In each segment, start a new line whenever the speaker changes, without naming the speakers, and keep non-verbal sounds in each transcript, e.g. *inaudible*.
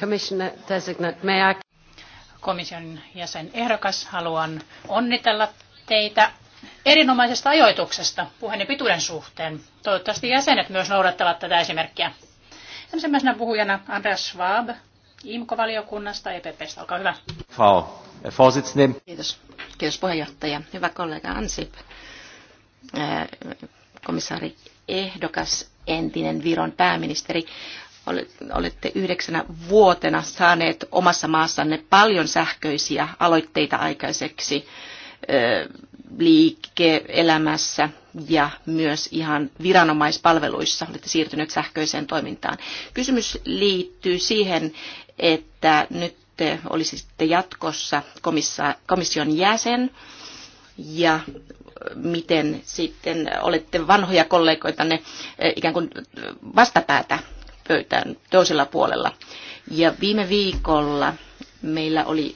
Commissioner designate, may I... Komission jäsen ehdokas, haluan onnitella teitä erinomaisesta ajoituksesta puheen pituuden suhteen. Toivottavasti jäsenet myös noudattavat tätä esimerkkiä. Ensimmäisenä puhujana Andreas Schwab, IMKO-valiokunnasta EPPstä. Olkaa hyvä.
Äh,
Kiitos. Kiitos puheenjohtaja. Hyvä kollega Ansip. Äh, komissaari ehdokas, entinen Viron pääministeri, olette yhdeksänä vuotena saaneet omassa maassanne paljon sähköisiä aloitteita aikaiseksi liike-elämässä ja myös ihan viranomaispalveluissa olette siirtyneet sähköiseen toimintaan. Kysymys liittyy siihen, että nyt te olisitte jatkossa komission jäsen ja miten sitten olette vanhoja kollegoitanne ikään kuin vastapäätä pöytään toisella puolella. Ja viime viikolla meillä oli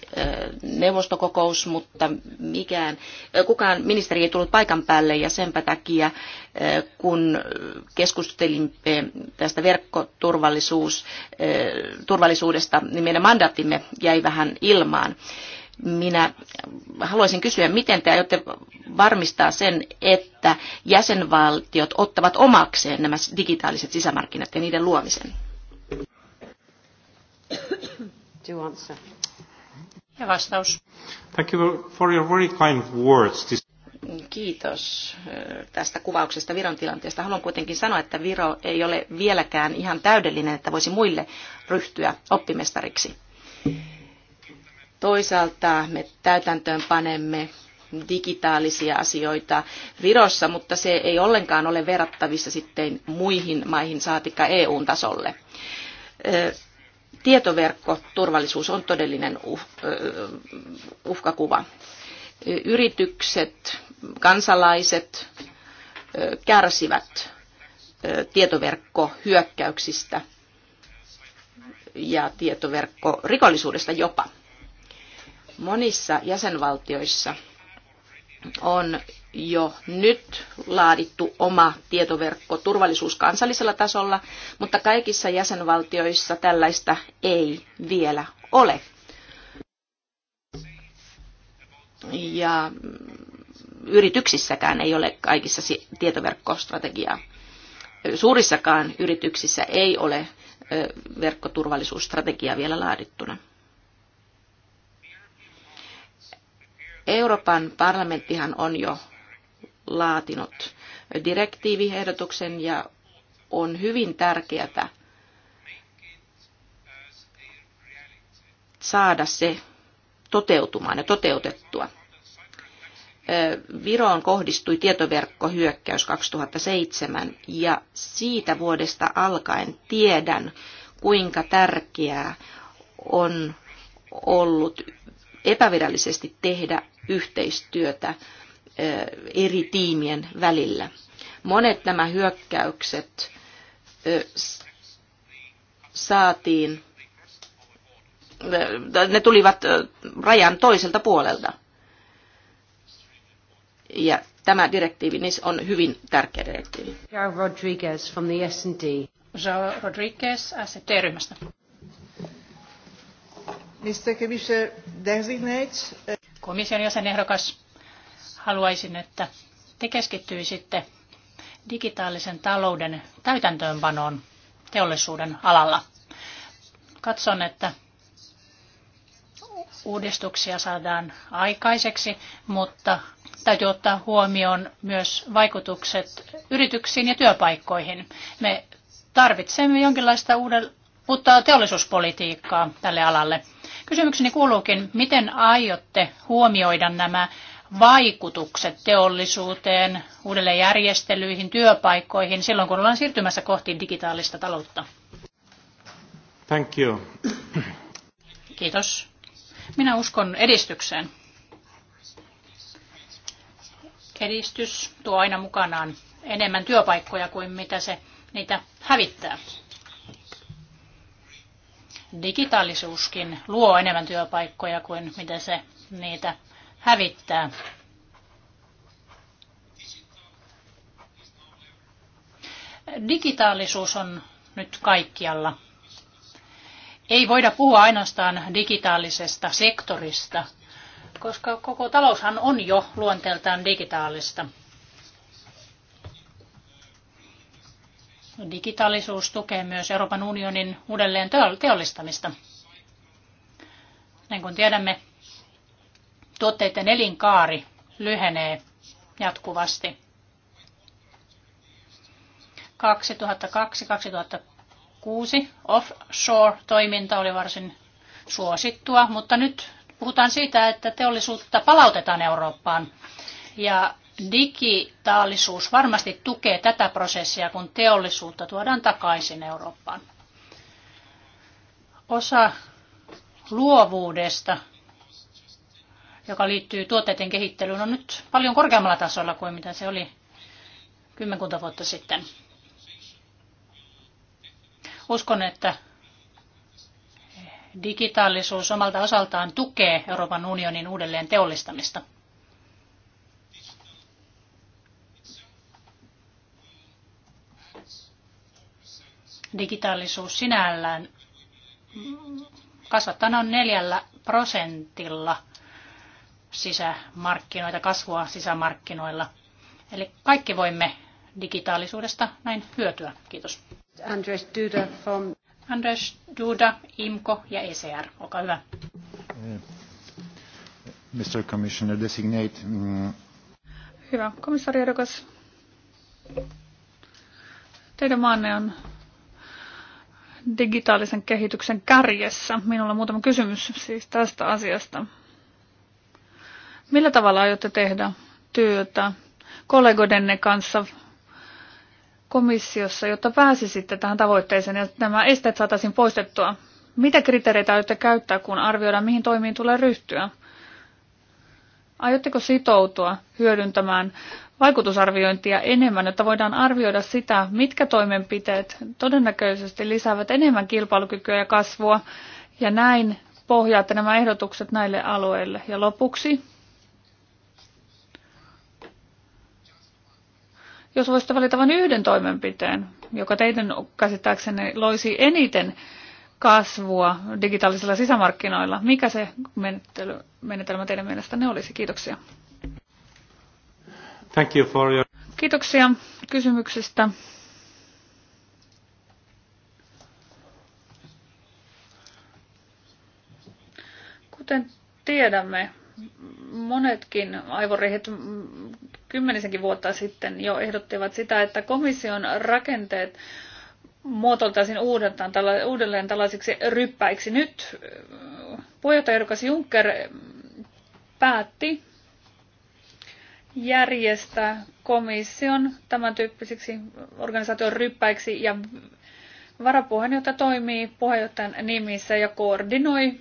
neuvostokokous, mutta mikään, kukaan ministeri ei tullut paikan päälle ja senpä takia, kun keskustelimme tästä verkkoturvallisuudesta, niin meidän mandaattimme jäi vähän ilmaan. Minä haluaisin kysyä, miten te aiotte varmistaa sen, että jäsenvaltiot ottavat omakseen nämä digitaaliset sisämarkkinat ja niiden luomisen? Ja vastaus.
Thank you for your very kind words. This
kiitos tästä kuvauksesta Viron tilanteesta. Haluan kuitenkin sanoa, että Viro ei ole vieläkään ihan täydellinen, että voisi muille ryhtyä oppimestariksi. Toisaalta me täytäntöön panemme digitaalisia asioita Virossa, mutta se ei ollenkaan ole verrattavissa sitten muihin maihin saatikka eu tasolle. Tietoverkkoturvallisuus on todellinen uh, uhkakuva. Yritykset, kansalaiset kärsivät tietoverkkohyökkäyksistä ja tietoverkkorikollisuudesta jopa Monissa jäsenvaltioissa on jo nyt laadittu oma tietoverkko turvallisuus kansallisella tasolla, mutta kaikissa jäsenvaltioissa tällaista ei vielä ole. Ja yrityksissäkään ei ole kaikissa tietoverkkostrategiaa. Suurissakaan yrityksissä ei ole verkkoturvallisuusstrategiaa vielä laadittuna. Euroopan parlamenttihan on jo laatinut direktiiviehdotuksen ja on hyvin tärkeää saada se toteutumaan ja toteutettua. Viroon kohdistui tietoverkkohyökkäys 2007 ja siitä vuodesta alkaen tiedän, kuinka tärkeää on ollut epävirallisesti tehdä yhteistyötä eri tiimien välillä. Monet nämä hyökkäykset saatiin, ne tulivat rajan toiselta puolelta. Ja tämä direktiivi on hyvin tärkeä direktiivi.
Rodriguez from the S&D.
Rodriguez, ST-ryhmästä. Uh, Komission jäsenehdokas, haluaisin, että te keskittyisitte digitaalisen talouden täytäntöönpanoon teollisuuden alalla. Katson, että uudistuksia saadaan aikaiseksi, mutta täytyy ottaa huomioon myös vaikutukset yrityksiin ja työpaikkoihin. Me tarvitsemme jonkinlaista uuden, uutta teollisuuspolitiikkaa tälle alalle. Kysymykseni kuuluukin, miten aiotte huomioida nämä vaikutukset teollisuuteen, uudelleenjärjestelyihin, työpaikkoihin silloin, kun ollaan siirtymässä kohti digitaalista taloutta? Thank you. Kiitos. Minä uskon edistykseen. Edistys tuo aina mukanaan enemmän työpaikkoja kuin mitä se niitä hävittää digitaalisuuskin luo enemmän työpaikkoja kuin mitä se niitä hävittää. Digitaalisuus on nyt kaikkialla. Ei voida puhua ainoastaan digitaalisesta sektorista, koska koko taloushan on jo luonteeltaan digitaalista. Digitaalisuus tukee myös Euroopan unionin uudelleen teollistamista. Niin kuin tiedämme, tuotteiden elinkaari lyhenee jatkuvasti. 2002-2006 offshore-toiminta oli varsin suosittua, mutta nyt puhutaan siitä, että teollisuutta palautetaan Eurooppaan. Ja digitaalisuus varmasti tukee tätä prosessia, kun teollisuutta tuodaan takaisin Eurooppaan. Osa luovuudesta, joka liittyy tuotteiden kehittelyyn, on nyt paljon korkeammalla tasolla kuin mitä se oli kymmenkunta vuotta sitten. Uskon, että digitaalisuus omalta osaltaan tukee Euroopan unionin uudelleen teollistamista. digitaalisuus sinällään noin neljällä prosentilla sisämarkkinoita, kasvua sisämarkkinoilla. Eli kaikki voimme digitaalisuudesta näin hyötyä. Kiitos. Andres Duda, from... Andres Duda IMKO ja ECR. Olkaa hyvä.
Eh, Mr. Commissioner Designate. Mm.
Hyvä.
Komissaari Edokas. Teidän maanne on digitaalisen kehityksen kärjessä. Minulla on muutama kysymys siis tästä asiasta. Millä tavalla aiotte tehdä työtä kollegoidenne kanssa komissiossa, jotta pääsisitte tähän tavoitteeseen ja nämä esteet saataisiin poistettua? Mitä kriteereitä aiotte käyttää, kun arvioidaan, mihin toimiin tulee ryhtyä? Aiotteko sitoutua hyödyntämään vaikutusarviointia enemmän, että voidaan arvioida sitä, mitkä toimenpiteet todennäköisesti lisäävät enemmän kilpailukykyä ja kasvua, ja näin pohjaatte nämä ehdotukset näille alueille. Ja lopuksi, jos voisitte valita vain yhden toimenpiteen, joka teidän käsittääksenne loisi eniten kasvua digitaalisilla sisämarkkinoilla. Mikä se menettely, menetelmä teidän mielestänne olisi? Kiitoksia.
Thank you for your...
Kiitoksia kysymyksestä. Kuten tiedämme, monetkin aivorihet kymmenisenkin vuotta sitten jo ehdottivat sitä, että komission rakenteet muotoiltaisiin uudeltaan, tällä, uudelleen tällaisiksi ryppäiksi. Nyt äh, puheenjohtajaehdokas Juncker äh, päätti järjestää komission tämän tyyppisiksi organisaation ryppäiksi ja varapuheenjohtaja toimii puheenjohtajan nimissä ja koordinoi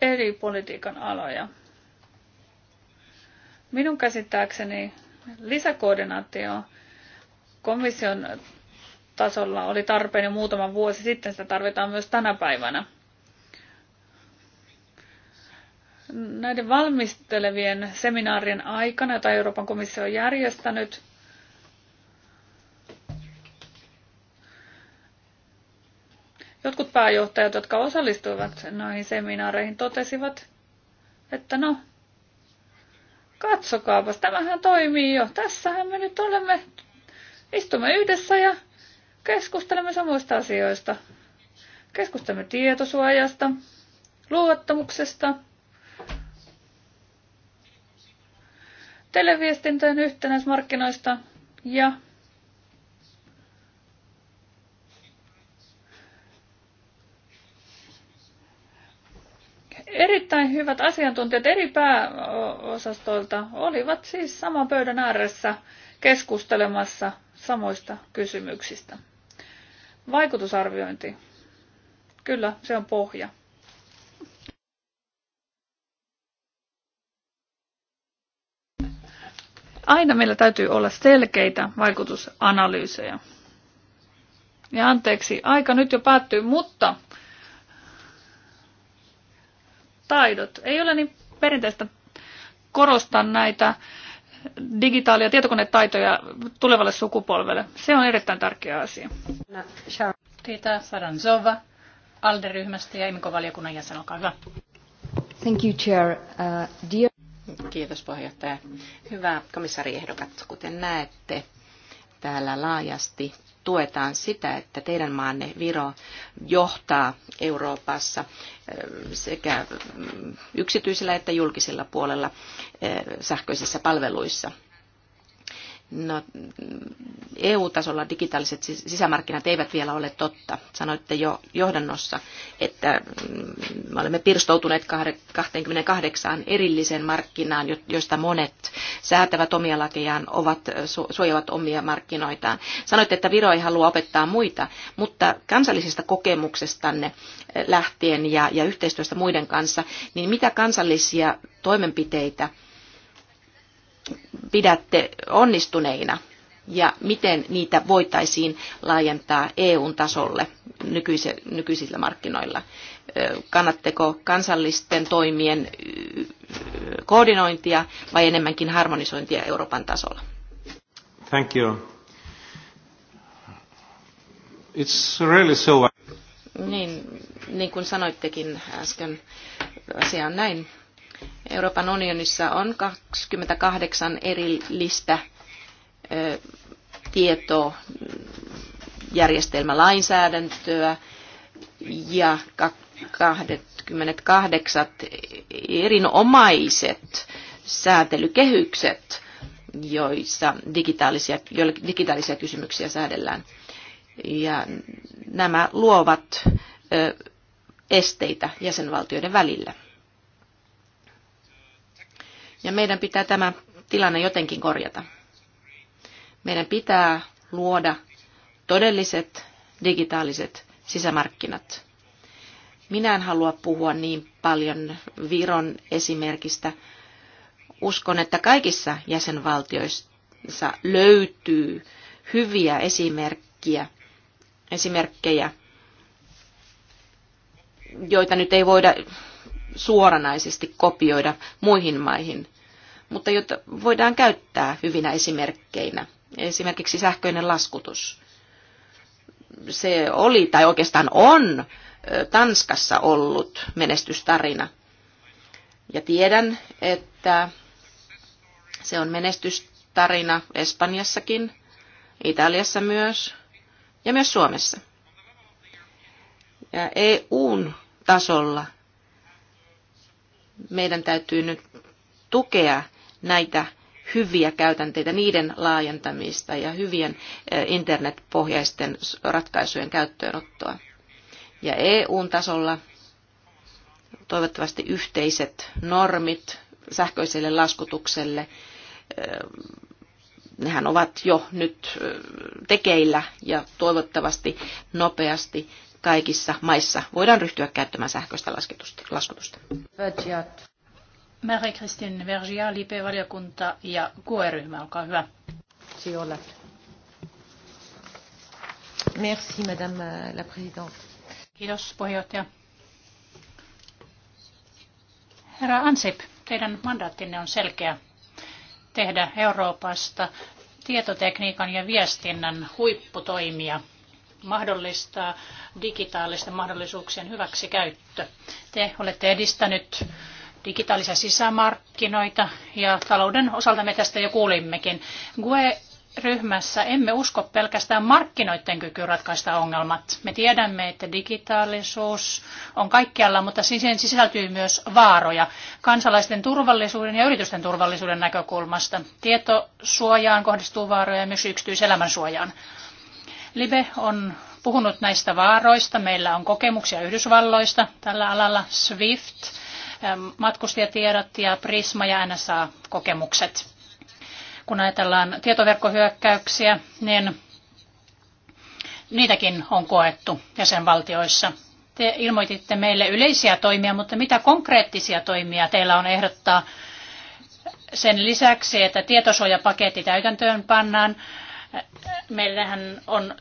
eri politiikan aloja. Minun käsittääkseni Lisäkoordinaatio komission tasolla oli tarpeen jo muutama vuosi sitten, sitä tarvitaan myös tänä päivänä. Näiden valmistelevien seminaarien aikana, joita Euroopan komissio on järjestänyt, jotkut pääjohtajat, jotka osallistuivat noihin seminaareihin, totesivat, että no, katsokaapas, tämähän toimii jo. Tässähän me nyt olemme, istumme yhdessä ja keskustelemme samoista asioista. Keskustelemme tietosuojasta, luottamuksesta, televiestintöjen yhtenäismarkkinoista ja Erittäin hyvät asiantuntijat eri pääosastoilta olivat siis saman pöydän ääressä keskustelemassa samoista kysymyksistä. Vaikutusarviointi. Kyllä, se on pohja. Aina meillä täytyy olla selkeitä vaikutusanalyysejä. Ja anteeksi, aika nyt jo päättyy, mutta taidot. Ei ole niin perinteistä korostaa näitä digitaali- ja tietokonetaitoja tulevalle sukupolvelle. Se on erittäin tärkeä asia.
Tiita Saranzova, ALDE-ryhmästä
ja IMCO-valiokunnan jäsen, olkaa hyvä. Thank you, Chair. Uh, dear... Kiitos puheenjohtaja. Hyvä komissaariehdokat, kuten näette, täällä laajasti tuetaan sitä, että teidän maanne Viro johtaa Euroopassa ehm, sekä ehm, yksityisellä että julkisella puolella ehm, sähköisissä palveluissa. No, EU-tasolla digitaaliset sisämarkkinat eivät vielä ole totta. Sanoitte jo johdannossa, että mm, me olemme pirstoutuneet 28 erilliseen markkinaan, joista monet säätävät omia lakejaan, ovat, suojavat omia markkinoitaan. Sanoitte, että Viro ei halua opettaa muita, mutta kansallisesta kokemuksestanne eh, lähtien ja, ja yhteistyöstä muiden kanssa, niin mitä kansallisia toimenpiteitä – pidätte onnistuneina ja miten niitä voitaisiin laajentaa EUn tasolle nykyisillä markkinoilla? Kannatteko kansallisten toimien koordinointia vai enemmänkin harmonisointia Euroopan tasolla?
Thank you. It's really so.
Niin, niin kuin sanoittekin äsken, asia on näin Euroopan unionissa on 28 erillistä tietojärjestelmälainsäädäntöä ja 28 erinomaiset säätelykehykset, joissa digitaalisia, digitaalisia kysymyksiä säädellään. Ja nämä luovat esteitä jäsenvaltioiden välillä. Ja meidän pitää tämä tilanne jotenkin korjata. Meidän pitää luoda todelliset digitaaliset sisämarkkinat. Minä en halua puhua niin paljon Viron esimerkistä. Uskon, että kaikissa jäsenvaltioissa löytyy hyviä esimerkkiä, esimerkkejä, joita nyt ei voida suoranaisesti kopioida muihin maihin, mutta jota voidaan käyttää hyvinä esimerkkeinä. Esimerkiksi sähköinen laskutus. Se oli tai oikeastaan on Tanskassa ollut menestystarina. Ja tiedän, että se on menestystarina Espanjassakin, Italiassa myös ja myös Suomessa. Ja EUn tasolla meidän täytyy nyt tukea näitä hyviä käytänteitä, niiden laajentamista ja hyvien eh, internetpohjaisten ratkaisujen käyttöönottoa. Ja EUn tasolla toivottavasti yhteiset normit sähköiselle laskutukselle, eh, nehän ovat jo nyt eh, tekeillä ja toivottavasti nopeasti kaikissa maissa voidaan ryhtyä käyttämään sähköistä laskutusta.
Marie-Christine Vergia, LIPE-valiokunta ja QE-ryhmä, olkaa hyvä.
Merci, Madame euh, la Présidente.
Kiitos, puheenjohtaja. Herra Ansip, teidän mandaattinne on selkeä tehdä Euroopasta tietotekniikan ja viestinnän huipputoimia – mahdollistaa digitaalisten mahdollisuuksien hyväksikäyttö. Te olette edistänyt digitaalisia sisämarkkinoita ja talouden osalta me tästä jo kuulimmekin. GUE ryhmässä emme usko pelkästään markkinoiden kyky ratkaista ongelmat. Me tiedämme, että digitaalisuus on kaikkialla, mutta siihen sisältyy myös vaaroja kansalaisten turvallisuuden ja yritysten turvallisuuden näkökulmasta. Tietosuojaan kohdistuu vaaroja ja myös yksityiselämän suojaan. Libe on puhunut näistä vaaroista. Meillä on kokemuksia Yhdysvalloista tällä alalla SWIFT, ähm, matkustajatiedot ja Prisma ja NSA-kokemukset. Kun ajatellaan tietoverkkohyökkäyksiä, niin niitäkin on koettu jäsenvaltioissa. Te ilmoititte meille yleisiä toimia, mutta mitä konkreettisia toimia teillä on ehdottaa sen lisäksi, että tietosuojapaketti täytäntöön pannaan? Meillähän on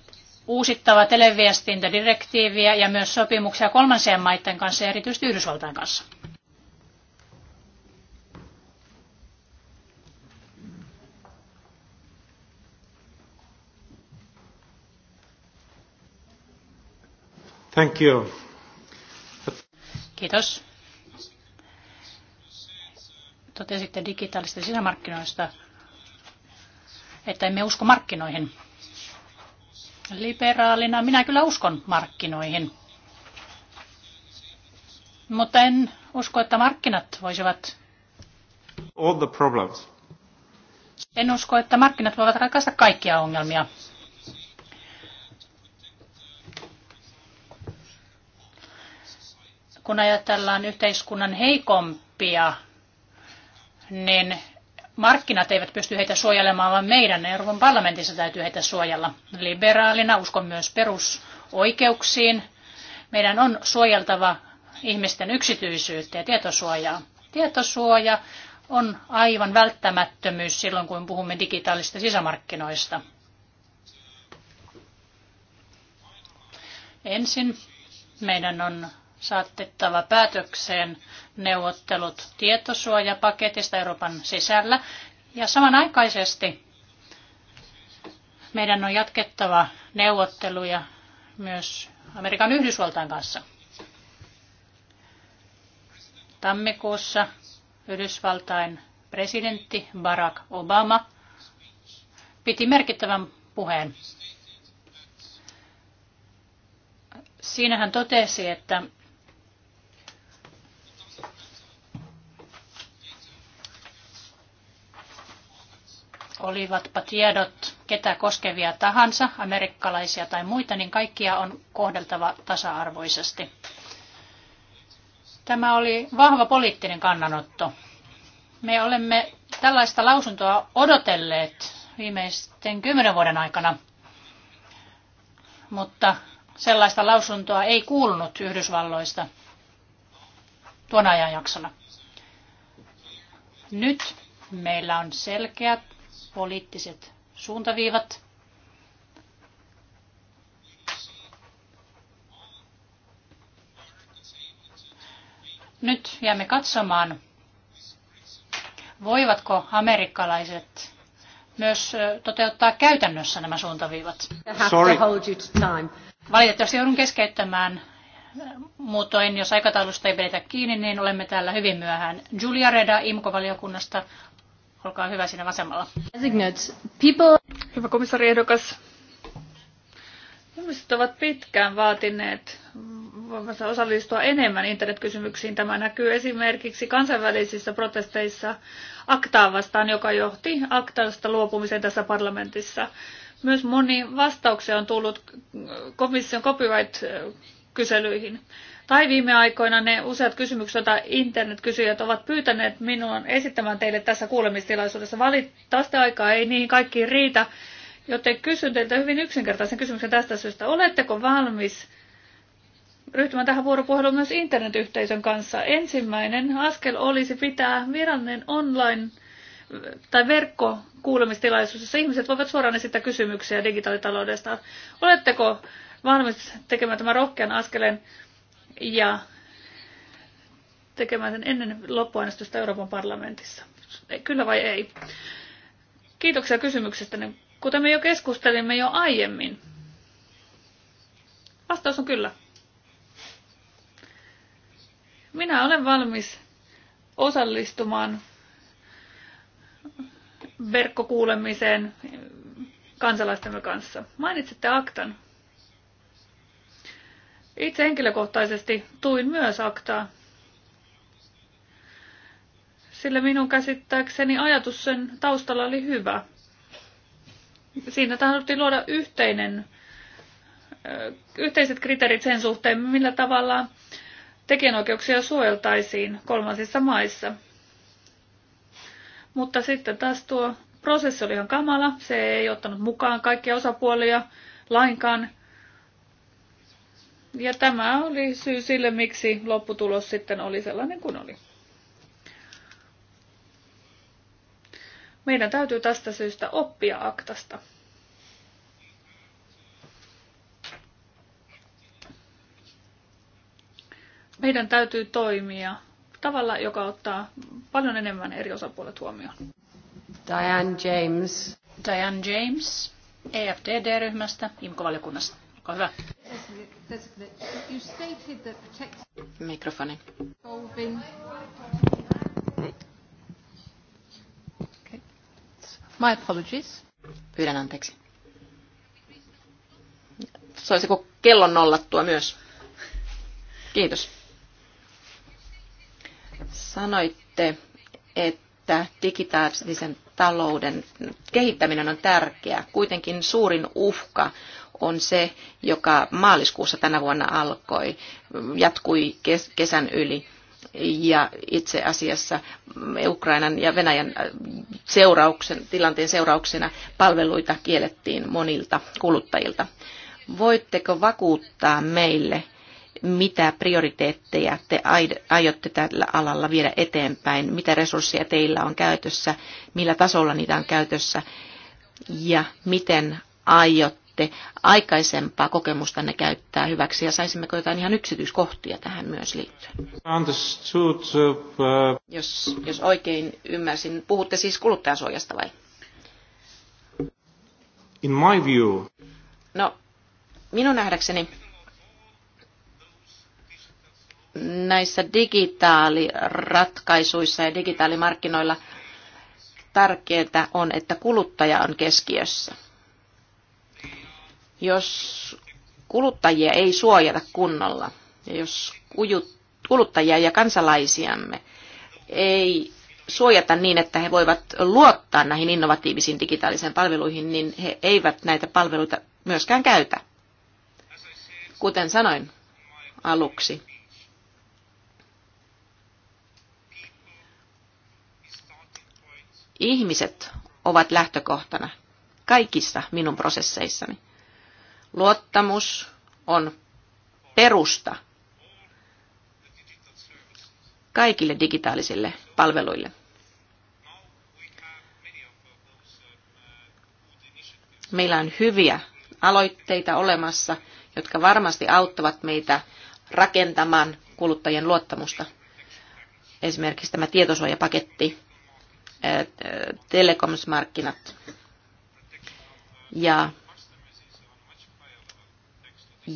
uusittava televiestintädirektiiviä ja myös sopimuksia kolmansien maiden kanssa ja erityisesti Yhdysvaltain kanssa.
Thank you.
Kiitos. Totesitte digitaalista sisämarkkinoista että emme usko markkinoihin. Liberaalina minä kyllä uskon markkinoihin. Mutta en usko, että markkinat voisivat...
All the problems.
En usko, että markkinat voivat ratkaista kaikkia ongelmia. Kun ajatellaan yhteiskunnan heikompia, niin markkinat eivät pysty heitä suojelemaan, vaan meidän Euroopan parlamentissa täytyy heitä suojella. Liberaalina uskon myös perusoikeuksiin. Meidän on suojeltava ihmisten yksityisyyttä ja tietosuojaa. Tietosuoja on aivan välttämättömyys silloin, kun puhumme digitaalisista sisämarkkinoista. Ensin meidän on saatettava päätökseen neuvottelut tietosuojapaketista Euroopan sisällä. Ja samanaikaisesti meidän on jatkettava neuvotteluja myös Amerikan Yhdysvaltain kanssa. Tammikuussa Yhdysvaltain presidentti Barack Obama piti merkittävän puheen. Siinä hän totesi, että olivatpa tiedot ketä koskevia tahansa, amerikkalaisia tai muita, niin kaikkia on kohdeltava tasa-arvoisesti. Tämä oli vahva poliittinen kannanotto. Me olemme tällaista lausuntoa odotelleet viimeisten kymmenen vuoden aikana, mutta sellaista lausuntoa ei kuulunut Yhdysvalloista tuona ajanjaksona. Nyt meillä on selkeät poliittiset suuntaviivat. Nyt jäämme katsomaan, voivatko amerikkalaiset myös toteuttaa käytännössä nämä suuntaviivat. Valitettavasti joudun keskeyttämään. Muutoin, jos aikataulusta ei pidetä kiinni, niin olemme täällä hyvin myöhään. Julia Reda IMKO-valiokunnasta Olkaa hyvä siinä vasemmalla.
People. Hyvä ehdokas. Ihmiset ovat pitkään vaatineet voimassa osallistua enemmän internetkysymyksiin. Tämä näkyy esimerkiksi kansainvälisissä protesteissa aktaa vastaan, joka johti aktaasta luopumiseen tässä parlamentissa. Myös moni vastauksia on tullut komission copyright-kyselyihin. Tai viime aikoina ne useat kysymykset, joita internetkysyjät ovat pyytäneet minua esittämään teille tässä kuulemistilaisuudessa. Valitettavasti aikaa ei niihin kaikkiin riitä, joten kysyn teiltä hyvin yksinkertaisen kysymyksen tästä syystä. Oletteko valmis ryhtymään tähän vuoropuheluun myös internetyhteisön kanssa? Ensimmäinen askel olisi pitää virallinen online tai verkkokuulemistilaisuus, jossa ihmiset voivat suoraan esittää kysymyksiä digitaalitaloudesta. Oletteko valmis tekemään tämän rohkean askeleen ja tekemään sen ennen loppuäänestystä Euroopan parlamentissa. Kyllä vai ei? Kiitoksia kysymyksestä. Kuten me jo keskustelimme jo aiemmin, vastaus on kyllä. Minä olen valmis osallistumaan verkkokuulemiseen kansalaistemme kanssa. Mainitsitte aktan. Itse henkilökohtaisesti tuin myös aktaa, sillä minun käsittääkseni ajatus sen taustalla oli hyvä. Siinä tahdottiin luoda yhteinen, yhteiset kriteerit sen suhteen, millä tavalla tekijänoikeuksia suojeltaisiin kolmansissa maissa. Mutta sitten taas tuo prosessi oli ihan kamala. Se ei ottanut mukaan kaikkia osapuolia lainkaan. Ja tämä oli syy sille, miksi lopputulos sitten oli sellainen kuin oli. Meidän täytyy tästä syystä oppia aktasta. Meidän täytyy toimia tavalla, joka ottaa paljon enemmän eri osapuolet huomioon.
Diane James.
Diane James, EFDD-ryhmästä, IMKO-valiokunnasta. Olkaa hyvä. Mikrofoni.
My apologies. Pyydän anteeksi. Saisiko kellon nollattua myös? Kiitos. Sanoitte, että digitaalisen talouden kehittäminen on tärkeää. Kuitenkin suurin uhka on se, joka maaliskuussa tänä vuonna alkoi, jatkui kesän yli. Ja itse asiassa Ukrainan ja Venäjän äh, seurauksen, tilanteen seurauksena palveluita kiellettiin monilta kuluttajilta. Voitteko vakuuttaa meille, mitä prioriteetteja te aiotte tällä alalla viedä eteenpäin, mitä resursseja teillä on käytössä, millä tasolla niitä on käytössä ja miten aiot sitten aikaisempaa kokemustanne käyttää hyväksi ja saisimmeko jotain ihan yksityiskohtia tähän myös liittyen? Uh, jos, jos oikein ymmärsin, puhutte siis kuluttajansuojasta vai?
In my view.
No, minun nähdäkseni näissä digitaaliratkaisuissa ja digitaalimarkkinoilla tärkeää on, että kuluttaja on keskiössä jos kuluttajia ei suojata kunnolla, ja jos kuluttajia ja kansalaisiamme ei suojata niin, että he voivat luottaa näihin innovatiivisiin digitaalisiin palveluihin, niin he eivät näitä palveluita myöskään käytä. Kuten sanoin aluksi, ihmiset ovat lähtökohtana kaikissa minun prosesseissani. Luottamus on perusta kaikille digitaalisille palveluille. Meillä on hyviä aloitteita olemassa, jotka varmasti auttavat meitä rakentamaan kuluttajien luottamusta. Esimerkiksi tämä tietosuojapaketti, eh, telekomsmarkkinat ja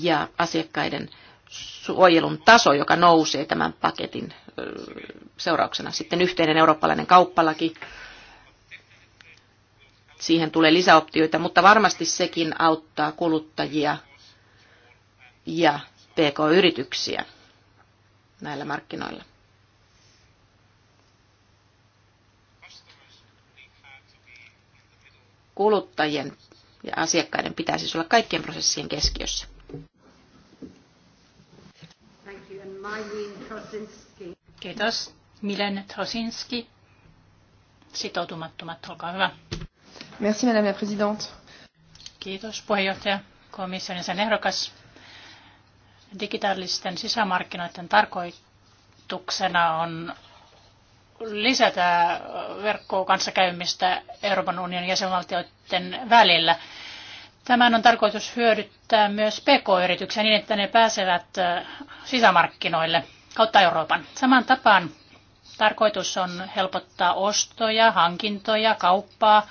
ja asiakkaiden suojelun taso, joka nousee tämän paketin seurauksena. Sitten yhteinen eurooppalainen kauppalaki, siihen tulee lisäoptioita, mutta varmasti sekin auttaa kuluttajia ja pk-yrityksiä näillä markkinoilla. Kuluttajien ja asiakkaiden pitäisi olla kaikkien prosessien keskiössä.
Kiitos. Milen Trosinski. Sitoutumattomat, olkaa hyvä.
Merci, madame la présidente.
Kiitos, puheenjohtaja. Komission sen ehdokas. Digitaalisten sisämarkkinoiden tarkoituksena on lisätä verkkoa kanssakäymistä Euroopan unionin jäsenvaltioiden välillä. Tämän on tarkoitus hyödyttää myös PK-yrityksiä niin, että ne pääsevät sisämarkkinoille kautta Euroopan. Saman tapaan tarkoitus on helpottaa ostoja, hankintoja, kauppaa,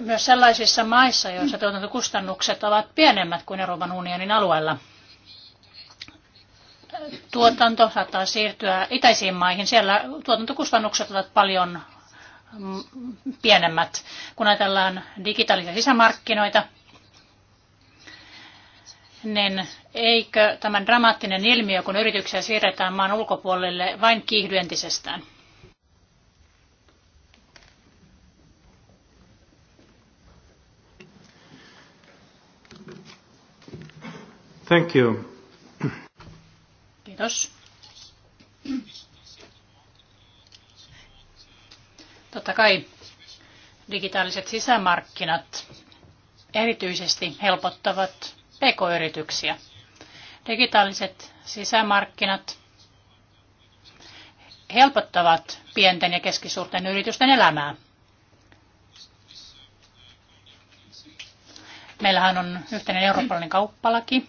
myös sellaisissa maissa, joissa tuotantokustannukset ovat pienemmät kuin Euroopan unionin alueella. Tuotanto saattaa siirtyä itäisiin maihin. Siellä tuotantokustannukset ovat paljon pienemmät. Kun ajatellaan digitaalisia sisämarkkinoita, niin eikö tämän dramaattinen ilmiö, kun yrityksiä siirretään maan ulkopuolelle, vain kiihdy entisestään?
Thank you.
Kiitos. Totta kai digitaaliset sisämarkkinat erityisesti helpottavat pk-yrityksiä. Digitaaliset sisämarkkinat helpottavat pienten ja keskisuurten yritysten elämää. Meillähän on yhteinen eurooppalainen kauppalaki.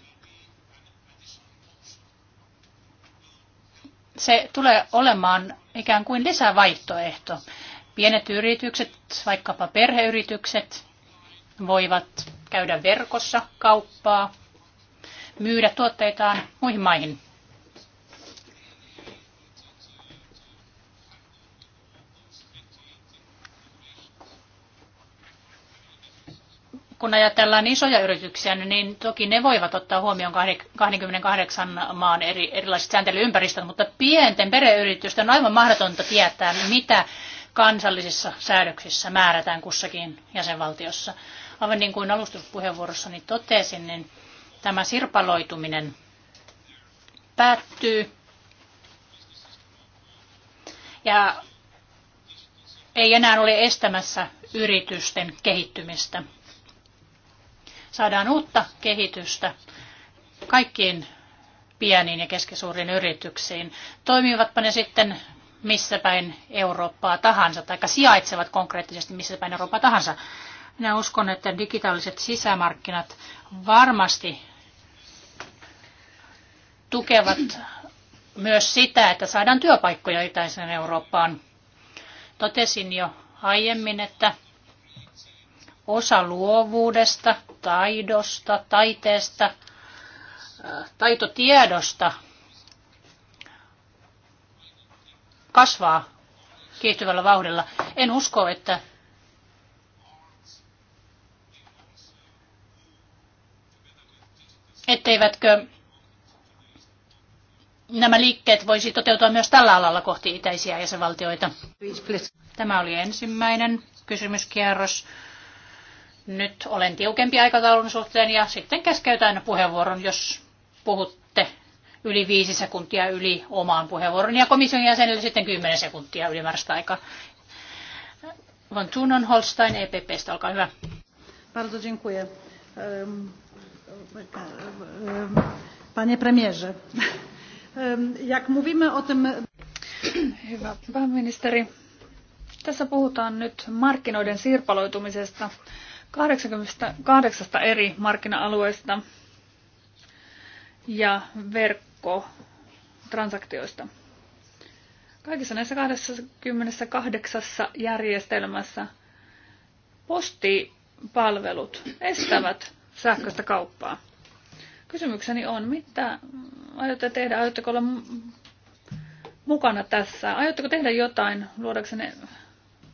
Se tulee olemaan ikään kuin lisävaihtoehto. Pienet yritykset, vaikkapa perheyritykset, voivat käydä verkossa kauppaa, myydä tuotteitaan muihin maihin. kun ajatellaan isoja yrityksiä, niin toki ne voivat ottaa huomioon 28 maan eri, erilaiset sääntelyympäristöt, mutta pienten pereyritysten on aivan mahdotonta tietää, mitä kansallisissa säädöksissä määrätään kussakin jäsenvaltiossa. Aivan niin kuin alustuspuheenvuorossani totesin, niin tämä sirpaloituminen päättyy ja ei enää ole estämässä yritysten kehittymistä. Saadaan uutta kehitystä kaikkiin pieniin ja keskisuuriin yrityksiin, toimivatpa ne sitten missä päin Eurooppaa tahansa, tai sijaitsevat konkreettisesti missä päin Eurooppaa tahansa. Minä uskon, että digitaaliset sisämarkkinat varmasti tukevat myös sitä, että saadaan työpaikkoja Itäiseen Eurooppaan. Totesin jo aiemmin, että osa luovuudesta, taidosta, taiteesta, taitotiedosta – kasvaa kiihtyvällä vauhdilla. En usko, että etteivätkö nämä liikkeet voisi toteutua myös tällä alalla kohti itäisiä jäsenvaltioita. Tämä oli ensimmäinen kysymyskierros. Nyt olen tiukempi aikataulun suhteen ja sitten keskeytän puheenvuoron, jos puhut yli viisi sekuntia yli omaan puheenvuoron ja komission jäsenelle sitten kymmenen sekuntia ylimääräistä aikaa. Von Tunon Holstein EPPstä, olkaa hyvä.
Bardzo dziękuję.
Panie premierze,
jak mówimy o tym... Hyvä pääministeri, tässä puhutaan nyt markkinoiden sirpaloitumisesta 88 eri markkina-alueesta ja verkko transaktioista. Kaikissa näissä 28 järjestelmässä postipalvelut estävät sähköistä kauppaa. Kysymykseni on, mitä aiotte tehdä? Aiotteko olla mukana tässä? Aiotteko tehdä jotain luodaksenne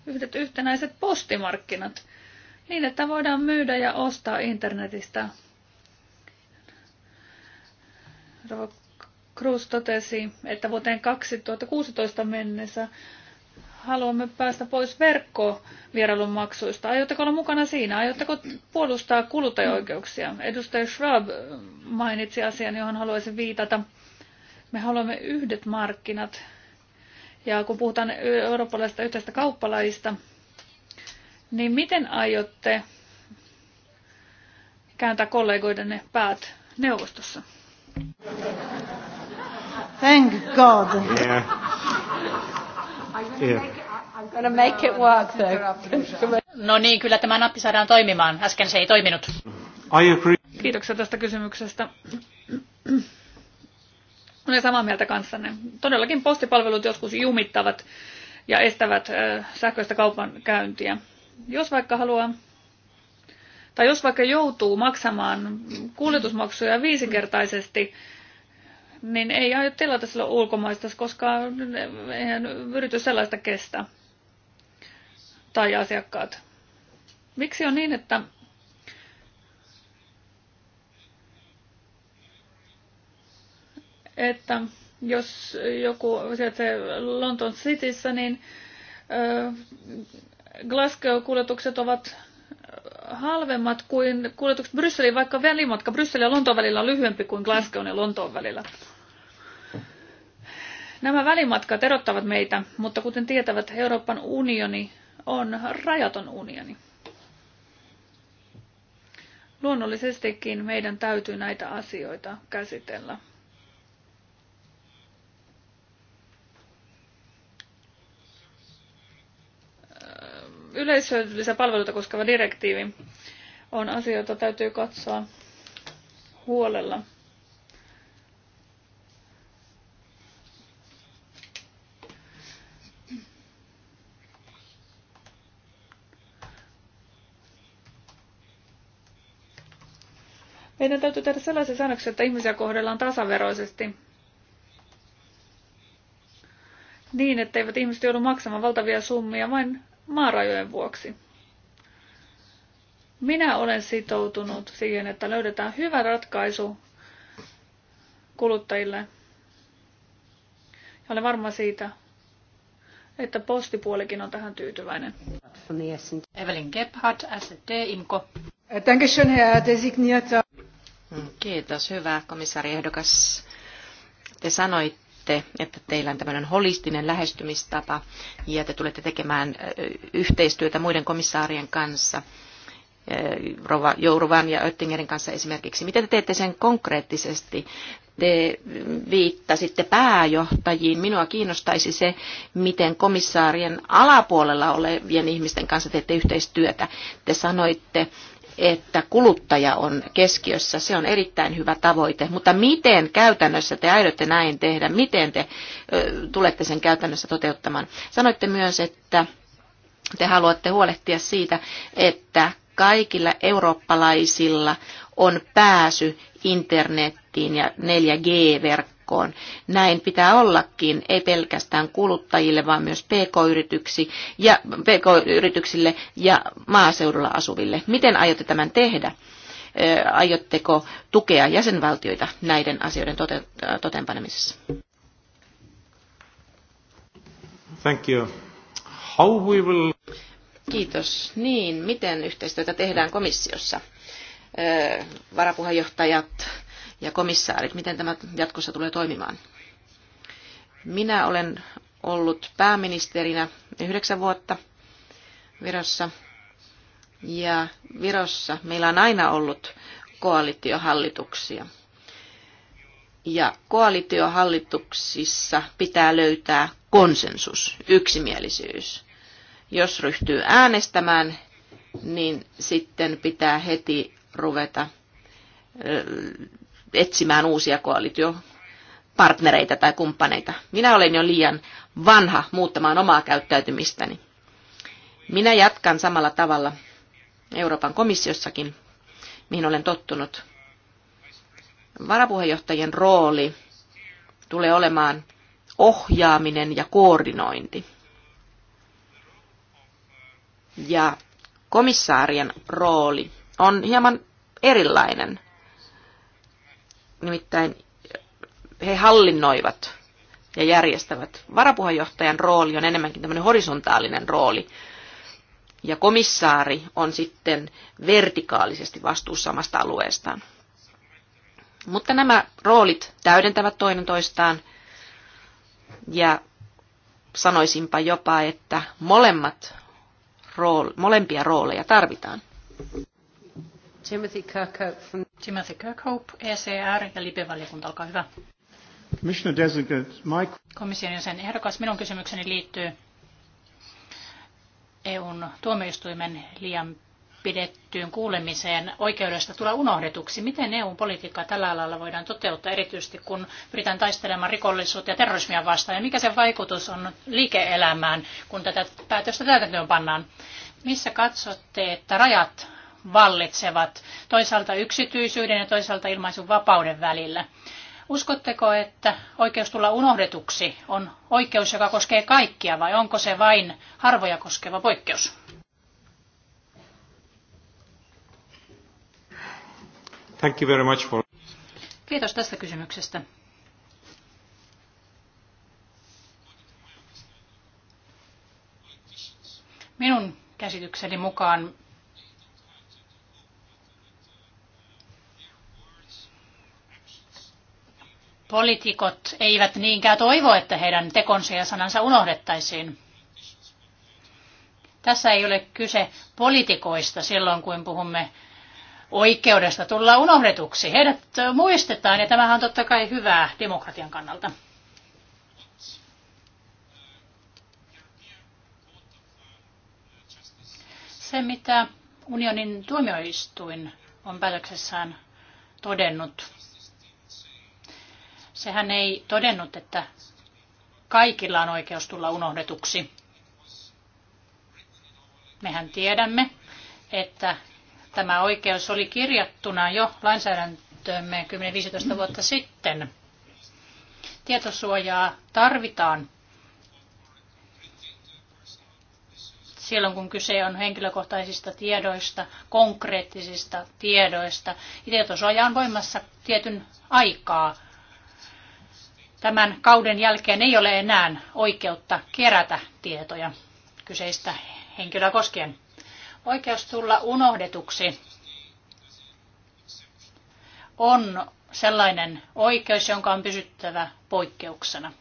yhdet yhtenäiset postimarkkinat niin, että voidaan myydä ja ostaa internetistä? Cruz totesi, että vuoteen 2016 mennessä haluamme päästä pois verkkovierailun maksuista. Aiotteko olla mukana siinä? Aiotteko puolustaa kuluttajoikeuksia? Edustaja Schwab mainitsi asian, johon haluaisin viitata. Me haluamme yhdet markkinat. Ja kun puhutaan eurooppalaisesta yhteistä kauppalaista, niin miten aiotte kääntää kollegoidenne päät neuvostossa?
Thank God. Yeah. Yeah. make it work No niin, kyllä tämä nappi saadaan toimimaan. Äsken se ei toiminut. I agree. Kiitoksia tästä kysymyksestä.
Olen samaa mieltä kanssanne. Todellakin postipalvelut joskus jumittavat ja estävät sähköistä kaupan käyntiä. Jos vaikka haluaa tai jos vaikka joutuu maksamaan kuljetusmaksuja viisinkertaisesti, niin ei aio tilata silloin ulkomaista, koska eihän yritys sellaista kestä. Tai asiakkaat. Miksi on niin, että että jos joku sijaitsee London Cityssä, niin Glasgow-kuljetukset ovat halvemmat kuin kuljetukset Brysseliin, vaikka välimatka Brysselin ja Lontoon välillä on lyhyempi kuin Glasgown ja Lontoon välillä. Nämä välimatkat erottavat meitä, mutta kuten tietävät, Euroopan unioni on rajaton unioni. Luonnollisestikin meidän täytyy näitä asioita käsitellä. Öö, yleishyödyllisiä palveluita koskeva direktiivi on asioita, täytyy katsoa huolella. Meidän täytyy tehdä sellaisia säännöksiä, että ihmisiä kohdellaan tasaveroisesti niin, että eivät ihmiset joudu maksamaan valtavia summia vain maarajojen vuoksi. Minä olen sitoutunut siihen, että löydetään hyvä ratkaisu kuluttajille. Ja olen varma siitä, että postipuolikin
on tähän tyytyväinen. Evelyn Gebhardt, SD Imko.
Dankeschön, Herr designierter.
Kiitos, hyvä komissaari ehdokas. Te sanoitte, että teillä on tämmöinen holistinen lähestymistapa ja te tulette tekemään yhteistyötä muiden komissaarien kanssa. Jouruvan ja Oettingerin kanssa esimerkiksi. Miten te teette sen konkreettisesti? Te viittasitte pääjohtajiin. Minua kiinnostaisi se, miten komissaarien alapuolella olevien ihmisten kanssa teette yhteistyötä. Te sanoitte, että kuluttaja on keskiössä. Se on erittäin hyvä tavoite, mutta miten käytännössä te aiotte näin tehdä? Miten te tulette sen käytännössä toteuttamaan? Sanoitte myös, että te haluatte huolehtia siitä, että kaikilla eurooppalaisilla on pääsy internettiin ja 4G-verkkoon verkkoon. Näin pitää ollakin, ei pelkästään kuluttajille, vaan myös pk-yrityksille ja, PK-yrityksille ja maaseudulla asuville. Miten aiotte tämän tehdä? Aiotteko tukea jäsenvaltioita näiden asioiden tote- toteenpanemisessa?
Thank you. How we will...
Kiitos. Niin, miten yhteistyötä tehdään komissiossa? Varapuheenjohtajat ja komissaarit, miten tämä jatkossa tulee toimimaan. Minä olen ollut pääministerinä yhdeksän vuotta Virossa ja Virossa meillä on aina ollut koalitiohallituksia. Ja koalitiohallituksissa pitää löytää konsensus, yksimielisyys. Jos ryhtyy äänestämään, niin sitten pitää heti ruveta etsimään uusia koalitiopartnereita tai kumppaneita. Minä olen jo liian vanha muuttamaan omaa käyttäytymistäni. Minä jatkan samalla tavalla Euroopan komissiossakin, mihin olen tottunut. Varapuheenjohtajien rooli tulee olemaan ohjaaminen ja koordinointi. Ja komissaarien rooli on hieman erilainen nimittäin he hallinnoivat ja järjestävät. Varapuheenjohtajan rooli on enemmänkin tämmöinen horisontaalinen rooli. Ja komissaari on sitten vertikaalisesti vastuussa omasta alueestaan. Mutta nämä roolit täydentävät toinen toistaan. Ja sanoisinpa jopa, että molemmat rool, molempia rooleja tarvitaan.
Timothy Kirkhope, from... Timothy Kirkhope ECR ja Libe-valiokunta, olkaa hyvä. my... Komission jäsen ehdokas, minun kysymykseni liittyy EUn tuomioistuimen liian pidettyyn kuulemiseen oikeudesta tulla unohdetuksi. Miten EUn politiikkaa tällä alalla voidaan toteuttaa, erityisesti kun pyritään taistelemaan rikollisuutta ja terrorismia vastaan, ja mikä sen vaikutus on liike-elämään, kun tätä päätöstä täytäntöön pannaan? Missä katsotte, että rajat vallitsevat toisaalta yksityisyyden ja toisaalta ilmaisun vapauden välillä. Uskotteko, että oikeus tulla unohdetuksi on oikeus, joka koskee kaikkia, vai onko se vain harvoja koskeva poikkeus?
Thank you very much for...
Kiitos tästä kysymyksestä. Minun käsitykseni mukaan Poliitikot eivät niinkään toivo, että heidän tekonsa ja sanansa unohdettaisiin. Tässä ei ole kyse poliitikoista silloin, kun puhumme oikeudesta tulla unohdetuksi. Heidät muistetaan ja tämähän on totta kai hyvää demokratian kannalta. Se, mitä unionin tuomioistuin on päätöksessään todennut, Sehän ei todennut, että kaikilla on oikeus tulla unohdetuksi. Mehän tiedämme, että tämä oikeus oli kirjattuna jo lainsäädäntöömme 10-15 vuotta sitten. Tietosuojaa tarvitaan silloin, kun kyse on henkilökohtaisista tiedoista, konkreettisista tiedoista. Tietosuoja on voimassa tietyn aikaa tämän kauden jälkeen ei ole enää oikeutta kerätä tietoja kyseistä henkilöä koskien. Oikeus tulla unohdetuksi on sellainen oikeus, jonka on pysyttävä poikkeuksena.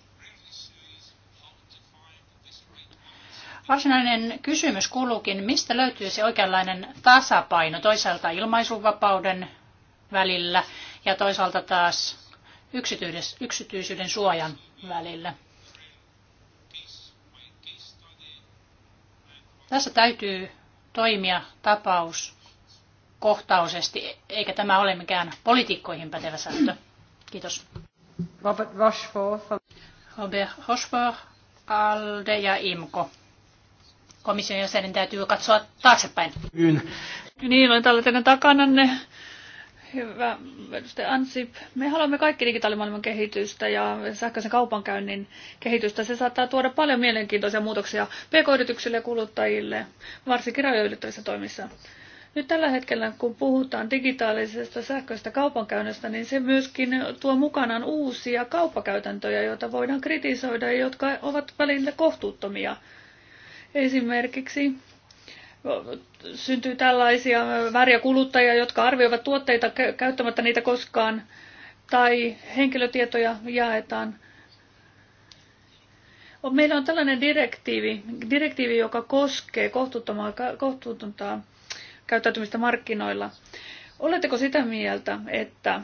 Varsinainen kysymys kuuluukin, mistä löytyy se oikeanlainen tasapaino toisaalta ilmaisuvapauden välillä ja toisaalta taas yksityisyyden suojan välillä. Tässä täytyy toimia tapaus kohtausesti, eikä tämä ole mikään politiikkoihin pätevä sääntö. Kiitos. Robert Rochefort. Robert Rochefort, Alde ja Imko. Komission jäsenen täytyy katsoa taaksepäin. Niin, olen tällä teidän
takananne. Hyvä edustaja Ansip. Me haluamme kaikki digitaalimaailman kehitystä ja sähköisen kaupankäynnin kehitystä. Se saattaa tuoda paljon mielenkiintoisia muutoksia pk-yrityksille ja kuluttajille, varsinkin rajoja ylittävissä toimissa. Nyt tällä hetkellä, kun puhutaan digitaalisesta sähköistä kaupankäynnistä, niin se myöskin tuo mukanaan uusia kauppakäytäntöjä, joita voidaan kritisoida ja jotka ovat välillä kohtuuttomia. Esimerkiksi syntyy tällaisia vääriä kuluttajia, jotka arvioivat tuotteita käyttämättä niitä koskaan, tai henkilötietoja jaetaan. Meillä on tällainen direktiivi, direktiivi joka koskee kohtuutonta käyttäytymistä markkinoilla. Oletteko sitä mieltä, että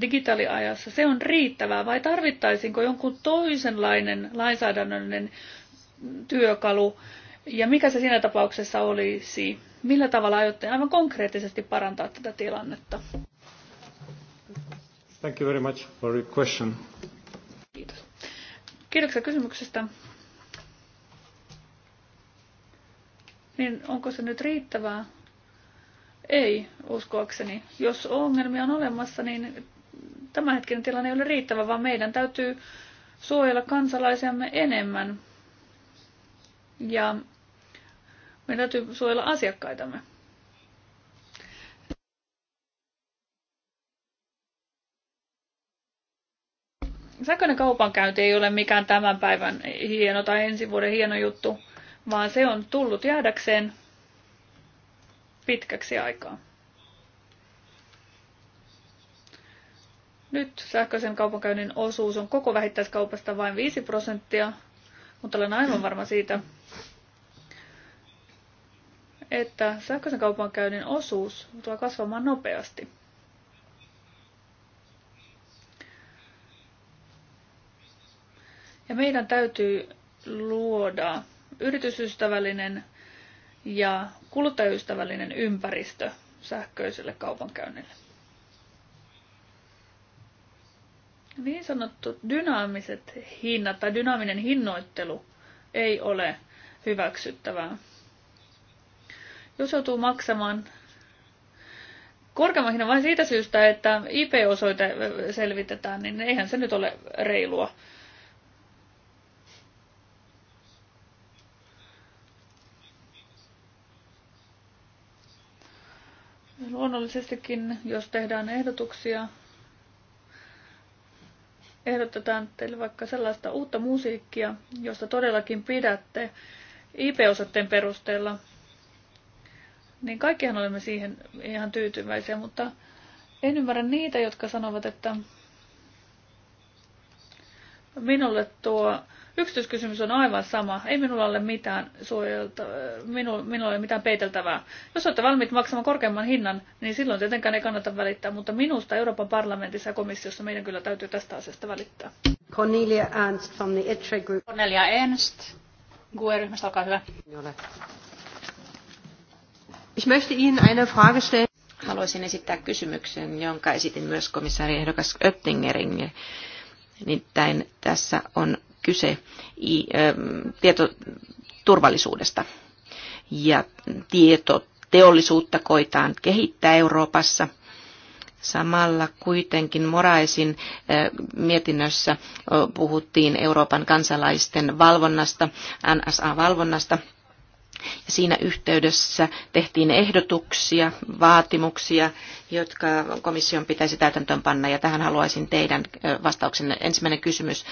digitaaliajassa se on riittävää vai tarvittaisinko jonkun toisenlainen lainsäädännöllinen työkalu ja mikä se siinä tapauksessa olisi? Millä tavalla aiotte aivan konkreettisesti parantaa tätä tilannetta?
Thank you very much for your question.
Kiitos. Kiitoksia kysymyksestä. Niin onko se nyt riittävää? Ei, uskoakseni. Jos ongelmia on olemassa, niin tämänhetkinen tilanne ei ole riittävä, vaan meidän täytyy suojella kansalaisiamme enemmän. Ja meidän täytyy suojella asiakkaitamme. Sähköinen kaupankäynti ei ole mikään tämän päivän hieno tai ensi vuoden hieno juttu, vaan se on tullut jäädäkseen pitkäksi aikaa. Nyt sähköisen kaupankäynnin osuus on koko vähittäiskaupasta vain 5 prosenttia, mutta olen aivan varma siitä, että sähköisen kaupankäynnin osuus tulee kasvamaan nopeasti. Ja meidän täytyy luoda yritysystävällinen ja kuluttajaystävällinen ympäristö sähköiselle kaupankäynnille. Niin sanottu dynaamiset hinnat tai dynaaminen hinnoittelu ei ole hyväksyttävää jos joutuu maksamaan korkeamman hinnan vain siitä syystä, että IP-osoite selvitetään, niin eihän se nyt ole reilua. Luonnollisestikin, jos tehdään ehdotuksia, ehdotetaan teille vaikka sellaista uutta musiikkia, josta todellakin pidätte IP-osoitteen perusteella – niin kaikkihan olemme siihen ihan tyytyväisiä, mutta en ymmärrä niitä, jotka sanovat, että minulle tuo yksityiskysymys on aivan sama. Ei minulla ole mitään suojelta, minu, minulla ei mitään peiteltävää. Jos olette valmiit maksamaan korkeamman hinnan, niin silloin tietenkään ei kannata välittää, mutta minusta Euroopan parlamentissa ja komissiossa meidän kyllä täytyy tästä asiasta
välittää. Cornelia Ernst from the ITRE Group. Cornelia Ernst, GUE-ryhmästä, olkaa
hyvä. Ich möchte Ihnen eine Frage stellen. Haluaisin esittää kysymyksen, jonka esitin myös komissaari ehdokas Oettingerin. Nimittäin tässä on kyse ähm, tietoturvallisuudesta. Ja tietoteollisuutta koitaan kehittää Euroopassa – Samalla kuitenkin Moraisin äh, mietinnössä puhuttiin Euroopan kansalaisten valvonnasta, NSA-valvonnasta, Siinä yhteydessä tehtiin ehdotuksia, vaatimuksia, jotka komission pitäisi täytäntöön panna, ja tähän haluaisin teidän vastauksen Ensimmäinen kysymys.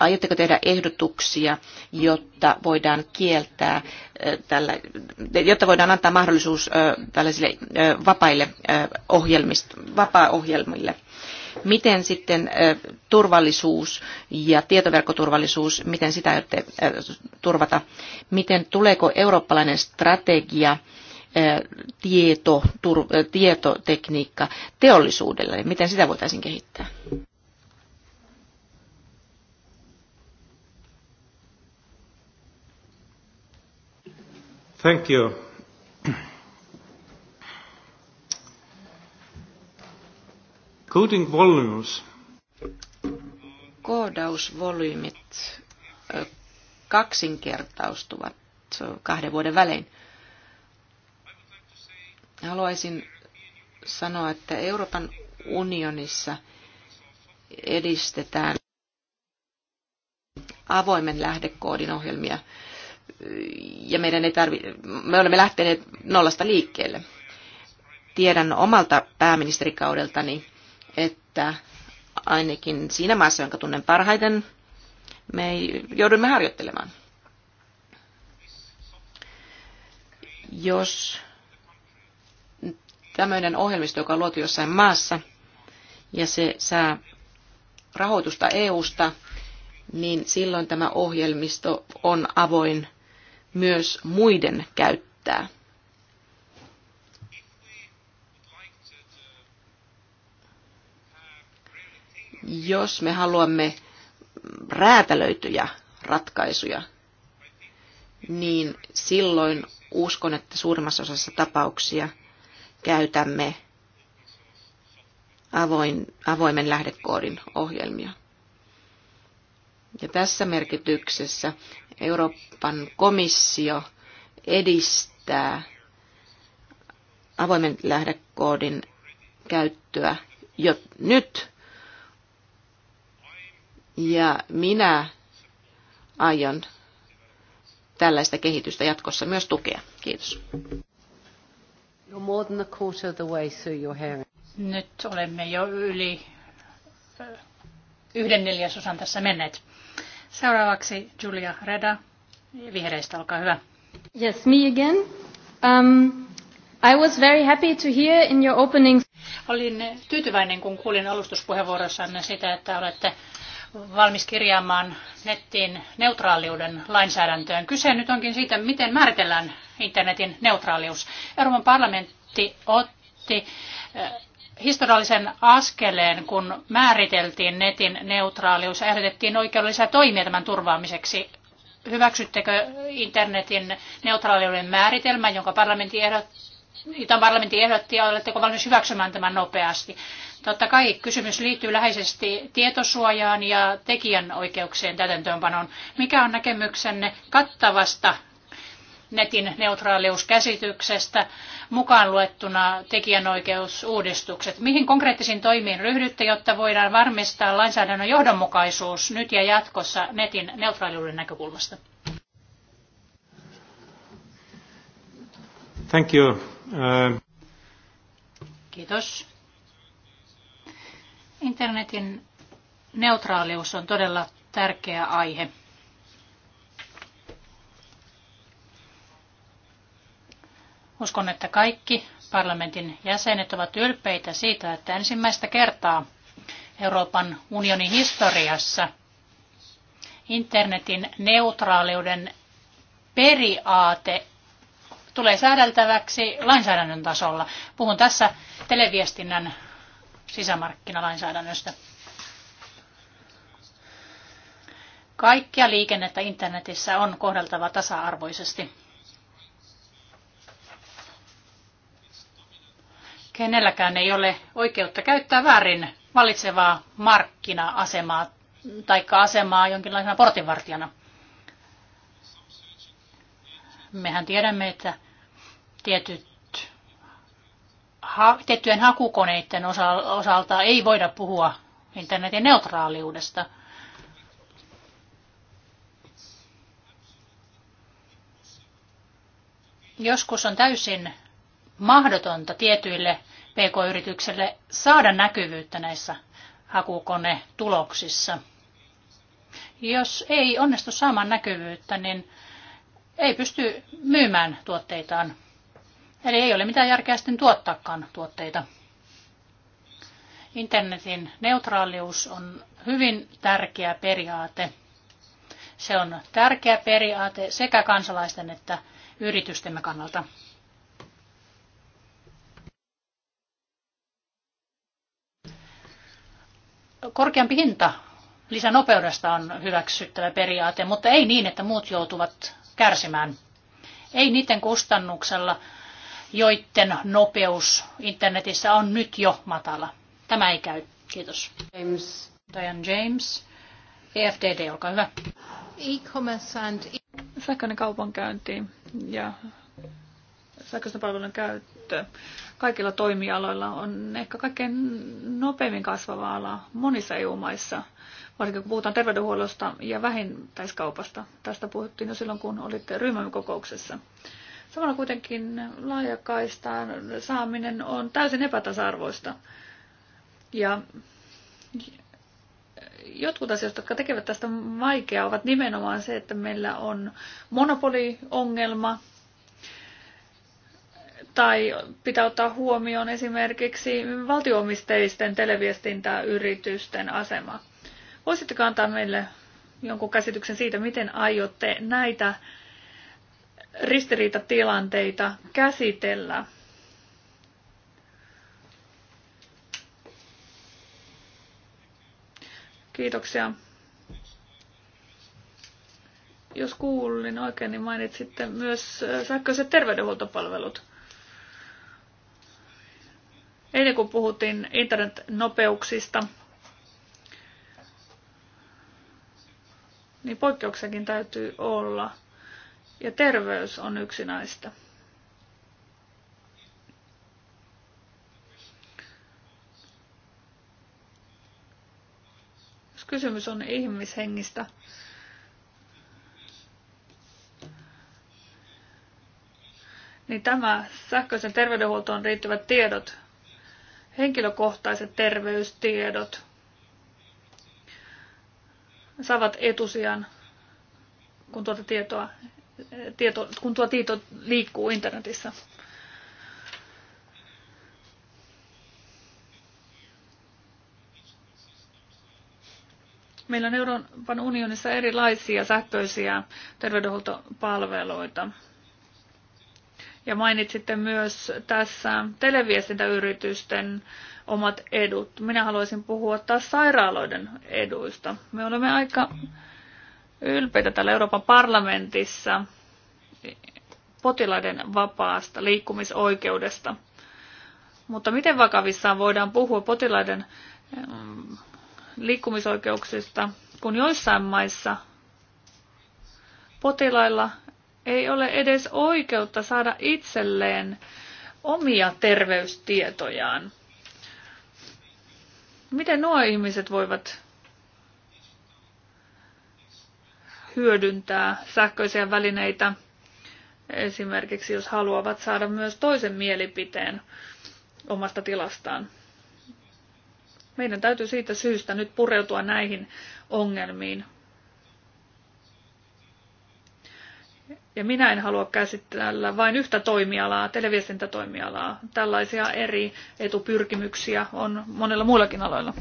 Aiotteko tehdä ehdotuksia, jotta voidaan kieltää, tällä, jotta voidaan antaa mahdollisuus tällaisille vapaille vapaa-ohjelmille? Miten sitten turvallisuus ja tietoverkkoturvallisuus, miten sitä aiotte turvata? Miten tuleeko eurooppalainen strategia tieto, tur, tietotekniikka teollisuudelle? Miten sitä voitaisiin kehittää?
Thank you. Coding volumes.
Koodausvolyymit kaksinkertaistuvat kahden vuoden välein. Haluaisin sanoa, että Euroopan unionissa edistetään avoimen lähdekoodin ohjelmia ja meidän ei tarvi, me olemme lähteneet nollasta liikkeelle. Tiedän omalta pääministerikaudeltani, että ainakin siinä maassa, jonka tunnen parhaiten, me joudumme harjoittelemaan. Jos tämmöinen ohjelmisto, joka on luotu jossain maassa, ja se saa rahoitusta EUsta, niin silloin tämä ohjelmisto on avoin myös muiden käyttää. Jos me haluamme räätälöityjä ratkaisuja, niin silloin uskon, että suurimmassa osassa tapauksia käytämme avoin, avoimen lähdekoodin ohjelmia. Ja tässä merkityksessä Euroopan komissio edistää avoimen lähdekoodin käyttöä jo nyt ja minä aion tällaista kehitystä jatkossa myös tukea. Kiitos.
Nyt olemme jo yli yhden neljäsosan tässä menneet. Seuraavaksi Julia Reda, vihreistä, olkaa hyvä. Yes, me again. Um, I was very happy to hear in your opening. Olin tyytyväinen, kun kuulin alustuspuheenvuorossanne sitä, että olette valmis kirjaamaan netin neutraaliuden lainsäädäntöön. Kyse nyt onkin siitä, miten määritellään internetin neutraalius. Euroopan parlamentti otti eh, historiallisen askeleen, kun määriteltiin netin neutraalius ja ehdotettiin oikeudellisia toimia tämän turvaamiseksi. Hyväksyttekö internetin neutraaliuden määritelmän, jonka parlamentti ehdotti jota parlamentti ehdotti, ja oletteko valmis hyväksymään tämän nopeasti? Totta kai kysymys liittyy läheisesti tietosuojaan ja tekijänoikeuksien täytäntöönpanoon. Mikä on näkemyksenne kattavasta netin neutraaliuskäsityksestä mukaan luettuna tekijänoikeusuudistukset? Mihin konkreettisiin toimiin ryhdytte, jotta voidaan varmistaa lainsäädännön johdonmukaisuus nyt ja jatkossa netin neutraaliuden näkökulmasta?
Thank you. Uh...
Kiitos. Internetin neutraalius on todella tärkeä aihe. Uskon, että kaikki parlamentin jäsenet ovat ylpeitä siitä, että ensimmäistä kertaa Euroopan unionin historiassa internetin neutraaliuden periaate tulee säädeltäväksi lainsäädännön tasolla. Puhun tässä televiestinnän sisämarkkinalainsäädännöstä. Kaikkia liikennettä internetissä on kohdeltava tasa-arvoisesti. Kenelläkään ei ole oikeutta käyttää väärin valitsevaa markkina-asemaa tai asemaa jonkinlaisena portinvartijana. Mehän tiedämme, että tietyt tiettyjen hakukoneiden osalta ei voida puhua internetin neutraaliudesta. Joskus on täysin mahdotonta tietyille pk-yrityksille saada näkyvyyttä näissä hakukonetuloksissa. Jos ei onnistu saamaan näkyvyyttä, niin ei pysty myymään tuotteitaan Eli ei ole mitään järkeä sitten tuottaakaan tuotteita. Internetin neutraalius on hyvin tärkeä periaate. Se on tärkeä periaate sekä kansalaisten että yritystemme kannalta. Korkeampi hinta lisänopeudesta on hyväksyttävä periaate, mutta ei niin, että muut joutuvat kärsimään. Ei niiden kustannuksella, joiden nopeus internetissä on nyt jo matala. Tämä ei käy. Kiitos. James. Diane James. EFDD, olkaa hyvä. E-commerce and... E
Sähköinen kaupankäynti ja
sähköisten palvelujen käyttö
kaikilla toimialoilla on ehkä kaikkein nopeimmin kasvava ala monissa EU-maissa, varsinkin kun puhutaan terveydenhuollosta ja vähintäiskaupasta. Tästä puhuttiin jo silloin, kun olitte ryhmämme kokouksessa. Samalla kuitenkin laajakaistaan saaminen on täysin epätasa-arvoista. Ja jotkut asioista, jotka tekevät tästä vaikeaa, ovat nimenomaan se, että meillä on monopoliongelma, tai pitää ottaa huomioon esimerkiksi valtioomisteisten televiestintäyritysten asema. Voisitteko antaa meille jonkun käsityksen siitä, miten aiotte näitä ristiriitatilanteita käsitellä. Kiitoksia. Jos kuulin oikein, niin mainitsitte myös äh, sähköiset terveydenhuoltopalvelut. Eilen kun puhuttiin internetnopeuksista, niin poikkeuksiakin täytyy olla – ja terveys on yksi näistä. Jos kysymys on ihmishengistä, niin tämä sähköisen terveydenhuoltoon riittyvät tiedot, henkilökohtaiset terveystiedot, saavat etusijan, kun tuota tietoa tieto, kun tuo tieto liikkuu internetissä. Meillä on Euroopan unionissa erilaisia sähköisiä terveydenhuoltopalveluita. Ja mainitsitte myös tässä televiestintäyritysten omat edut. Minä haluaisin puhua taas sairaaloiden eduista. Me olemme aika ylpeitä täällä Euroopan parlamentissa potilaiden vapaasta liikkumisoikeudesta. Mutta miten vakavissaan voidaan puhua potilaiden mm, liikkumisoikeuksista, kun joissain maissa potilailla ei ole edes oikeutta saada itselleen omia terveystietojaan. Miten nuo ihmiset voivat hyödyntää sähköisiä välineitä, esimerkiksi jos haluavat saada myös toisen mielipiteen omasta tilastaan. Meidän täytyy siitä syystä nyt pureutua näihin ongelmiin Ja minä en halua käsitellä vain yhtä toimialaa, televiestintätoimialaa.
Tällaisia eri etupyrkimyksiä on monella muillakin aloilla.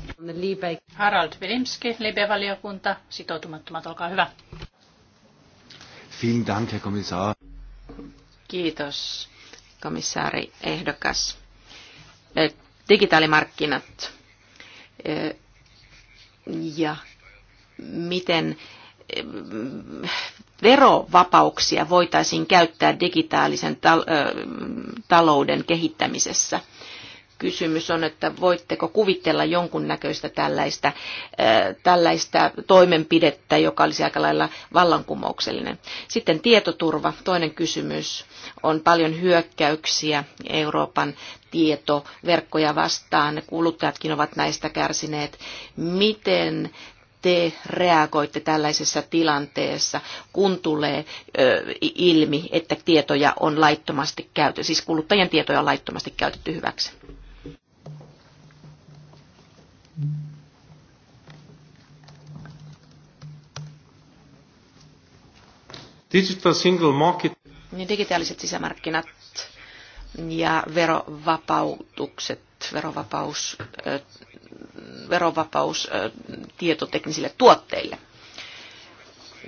Harald Vilimski, Libe-valiokunta, sitoutumattomat, olkaa hyvä.
Vielen Dank, Herr Kommissar.
Kiitos, komissaari ehdokas. Eh, digitaalimarkkinat eh, ja miten eh, verovapauksia voitaisiin käyttää digitaalisen talouden kehittämisessä. Kysymys on, että voitteko kuvitella jonkunnäköistä tällaista, tällaista toimenpidettä, joka olisi aika lailla vallankumouksellinen. Sitten tietoturva, toinen kysymys. On paljon hyökkäyksiä Euroopan tietoverkkoja vastaan. Kuluttajatkin ovat näistä kärsineet. Miten te reagoitte tällaisessa tilanteessa, kun tulee ö, ilmi, että tietoja on laittomasti käytetty, siis kuluttajien tietoja on laittomasti käytetty hyväksi?
Digital single market.
Niin digitaaliset sisämarkkinat ja verovapautukset, verovapaus verovapaus tietoteknisille tuotteille.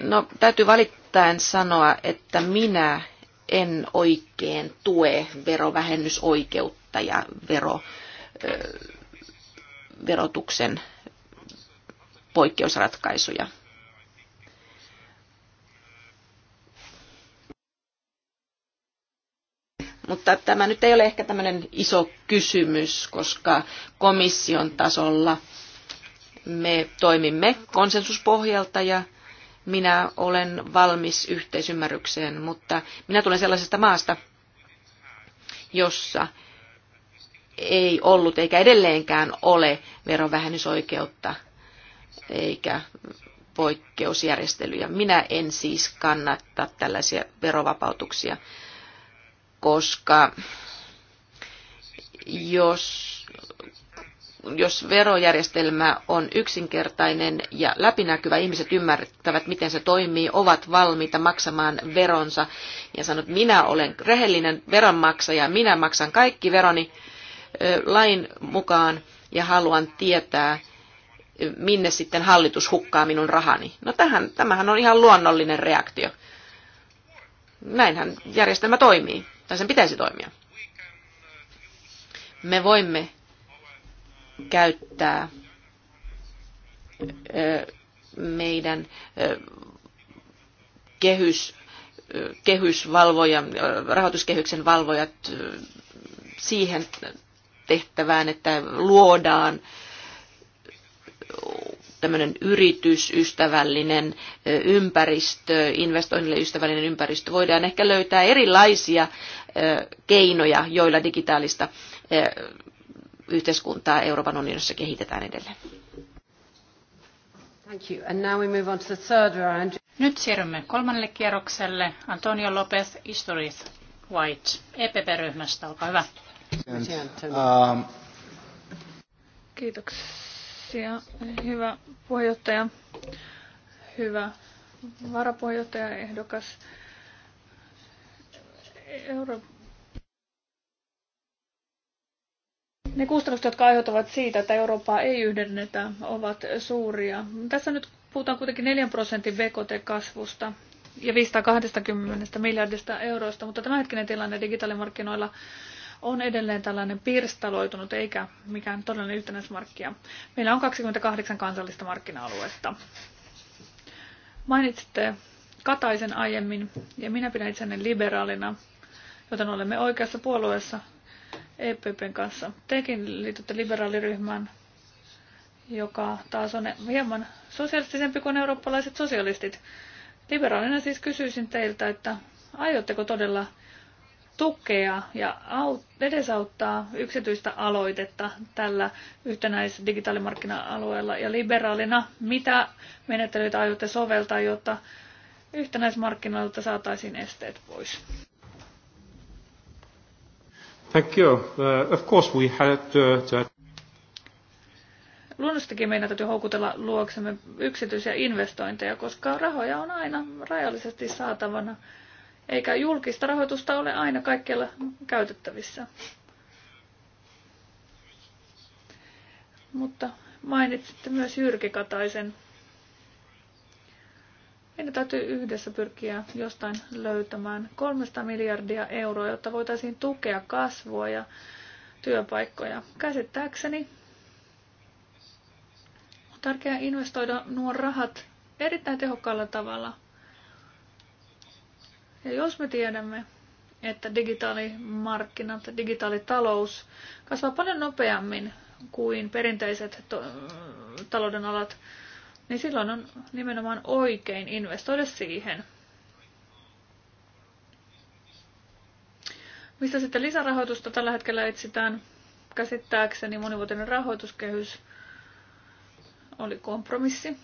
No, täytyy valittain sanoa, että minä en oikein tue verovähennysoikeutta ja vero, verotuksen poikkeusratkaisuja. Mutta tämä nyt ei ole ehkä tämmöinen iso kysymys, koska komission tasolla me toimimme konsensuspohjalta ja minä olen valmis yhteisymmärrykseen, mutta minä tulen sellaisesta maasta, jossa ei ollut eikä edelleenkään ole verovähennysoikeutta eikä poikkeusjärjestelyjä. Minä en siis kannata tällaisia verovapautuksia koska jos, jos verojärjestelmä on yksinkertainen ja läpinäkyvä, ihmiset ymmärtävät, miten se toimii, ovat valmiita maksamaan veronsa ja sanot, minä olen rehellinen veronmaksaja, minä maksan kaikki veroni lain mukaan ja haluan tietää, minne sitten hallitus hukkaa minun rahani. No tähän, tämähän on ihan luonnollinen reaktio. Näinhän järjestelmä toimii tai sen pitäisi toimia. Me voimme käyttää meidän kehys, kehysvalvoja, rahoituskehyksen valvojat siihen tehtävään, että luodaan tämmöinen yritysystävällinen ympäristö, investoinnille ystävällinen ympäristö. Voidaan ehkä löytää erilaisia keinoja, joilla digitaalista yhteiskuntaa Euroopan unionissa kehitetään edelleen.
Thank you. And now we move on to the third round.
Nyt siirrymme kolmannelle kierrokselle. Antonio Lopez Isturis White EPP-ryhmästä, olkaa hyvä.
Um,
Kiitoksia Kiitoksia, hyvä puheenjohtaja, hyvä varapuheenjohtaja ehdokas. Euro... Ne kustannukset, jotka aiheutuvat siitä, että Eurooppaa ei yhdennetä, ovat suuria. Tässä nyt puhutaan kuitenkin 4 prosentin BKT-kasvusta ja 520 miljardista eurosta, mutta tämänhetkinen tilanne digitaalimarkkinoilla on edelleen tällainen pirstaloitunut eikä mikään todellinen yhtenäismarkkia. Meillä on 28 kansallista markkina-aluetta. Mainitsitte Kataisen aiemmin, ja minä pidän itsenne liberaalina, joten olemme oikeassa puolueessa EPPn kanssa. Tekin liitytte liberaaliryhmään, joka taas on hieman sosialistisempi kuin eurooppalaiset sosialistit. Liberaalina siis kysyisin teiltä, että aiotteko todella tukea ja edesauttaa yksityistä aloitetta tällä yhtenäisessä digitaalimarkkina-alueella ja liberaalina, mitä menettelyitä aiotte soveltaa, jotta yhtenäismarkkinoilta saataisiin esteet pois?
Thank you. Uh, of course we had uh, to, to...
Luonnostakin meidän täytyy houkutella luoksemme yksityisiä investointeja, koska rahoja on aina rajallisesti saatavana eikä julkista rahoitusta ole aina kaikkialla käytettävissä. Mutta mainitsitte myös Jyrki Kataisen. Meidän täytyy yhdessä pyrkiä jostain löytämään 300 miljardia euroa, jotta voitaisiin tukea kasvua ja työpaikkoja. Käsittääkseni on tärkeää investoida nuo rahat erittäin tehokkaalla tavalla ja jos me tiedämme, että digitaalimarkkinat, digitaalitalous kasvaa paljon nopeammin kuin perinteiset talouden alat, niin silloin on nimenomaan oikein investoida siihen. Mistä sitten lisärahoitusta tällä hetkellä etsitään? Käsittääkseni monivuotinen rahoituskehys oli kompromissi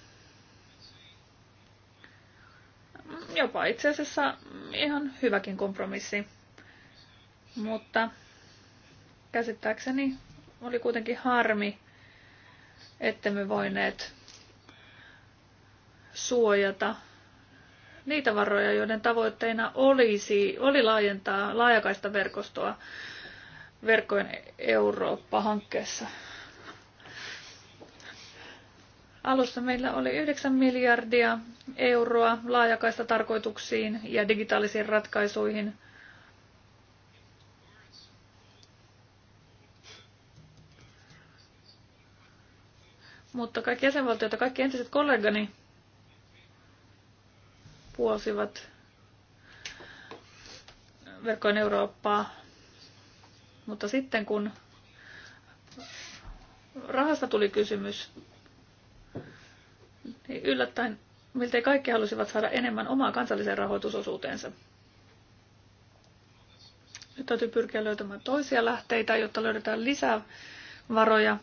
jopa itse asiassa ihan hyväkin kompromissi. Mutta käsittääkseni oli kuitenkin harmi, että me voineet suojata niitä varoja, joiden tavoitteena olisi, oli laajentaa laajakaista verkostoa verkkojen
Eurooppa-hankkeessa
alussa meillä oli 9 miljardia euroa laajakaista tarkoituksiin ja digitaalisiin ratkaisuihin. Mutta kaikki jäsenvaltiot ja kaikki entiset kollegani puolsivat verkkojen Eurooppaa. Mutta sitten kun rahasta tuli kysymys, niin yllättäen miltei kaikki halusivat saada enemmän omaa kansalliseen rahoitusosuuteensa. Nyt täytyy pyrkiä löytämään toisia lähteitä, jotta löydetään lisää varoja,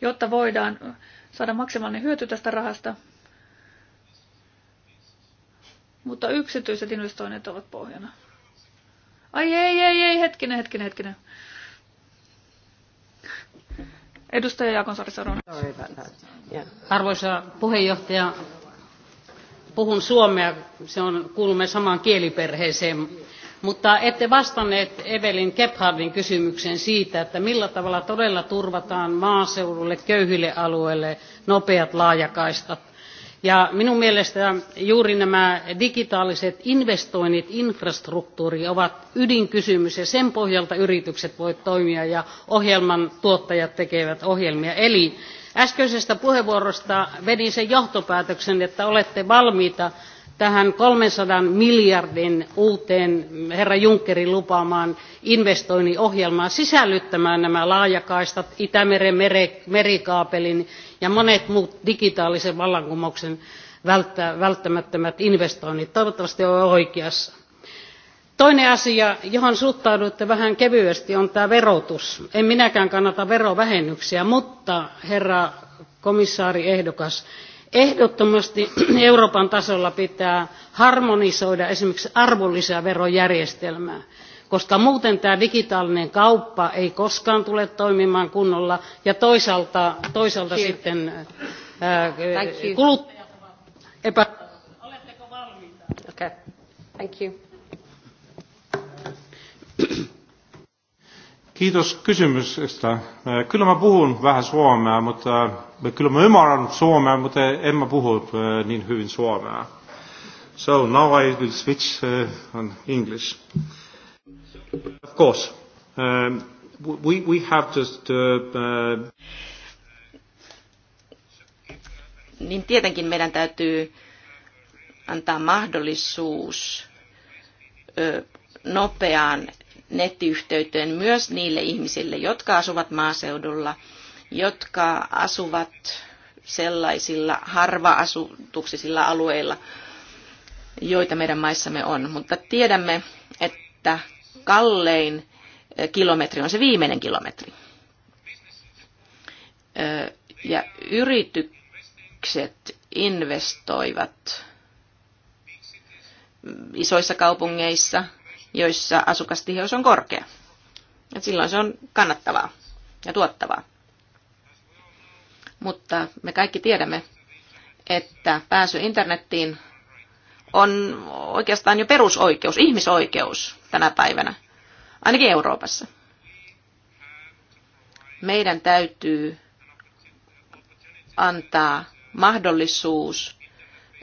jotta voidaan saada maksimaalinen hyöty tästä rahasta. Mutta yksityiset investoinnit ovat pohjana. Ai ei, ei, ei, hetkinen, hetkinen, hetkinen.
Edustaja Jaakonsaari Arvoisa puheenjohtaja, puhun suomea, se on, kuulumme samaan kieliperheeseen. Mutta ette vastanneet Evelin Kephardin kysymykseen siitä, että millä tavalla todella turvataan maaseudulle, köyhille alueille nopeat laajakaistat ja minun mielestäni juuri nämä digitaaliset investoinnit infrastruktuuriin ovat ydinkysymys ja sen pohjalta yritykset voivat toimia ja ohjelman tuottajat tekevät ohjelmia. Eli äskeisestä puheenvuorosta vedin sen johtopäätöksen, että olette valmiita tähän 300 miljardin uuteen herra Junckerin lupaamaan ohjelmaan sisällyttämään nämä laajakaistat, Itämeren merikaapelin ja monet muut digitaalisen vallankumouksen välttämättömät investoinnit. Toivottavasti olen oikeassa. Toinen asia, johon suhtaudutte vähän kevyesti, on tämä verotus. En minäkään kannata verovähennyksiä, mutta herra komissaari ehdokas, ehdottomasti *clears throat* Euroopan tasolla pitää harmonisoida esimerkiksi arvonlisäverojärjestelmää, koska muuten tämä digitaalinen kauppa ei koskaan tule toimimaan kunnolla ja toisaalta, toisaalta sitten ää, äh, kuluttajat ovat epä... Oletteko valmiita? Okay. Thank you.
*clears throat* Kiitos kysymyksestä. Äh, kyllä mä puhun vähän suomea, mutta äh, kyllä mä ymmärrän suomea, mutta en mä puhu äh, niin hyvin suomea. So now I will switch uh, on English. Of course, um, we, we have just... Uh, uh...
Niin tietenkin meidän täytyy antaa mahdollisuus nopeaan nettiyhteyteen myös niille ihmisille, jotka asuvat maaseudulla, jotka asuvat sellaisilla harva-asutuksisilla alueilla, joita meidän maissamme on. Mutta tiedämme, että kallein eh, kilometri on se viimeinen kilometri. Eh, ja yritykset investoivat isoissa kaupungeissa – joissa asukastiheys on korkea. Ja silloin se on kannattavaa ja tuottavaa. Mutta me kaikki tiedämme, että pääsy internettiin on oikeastaan jo perusoikeus, ihmisoikeus tänä päivänä, ainakin Euroopassa. Meidän täytyy antaa mahdollisuus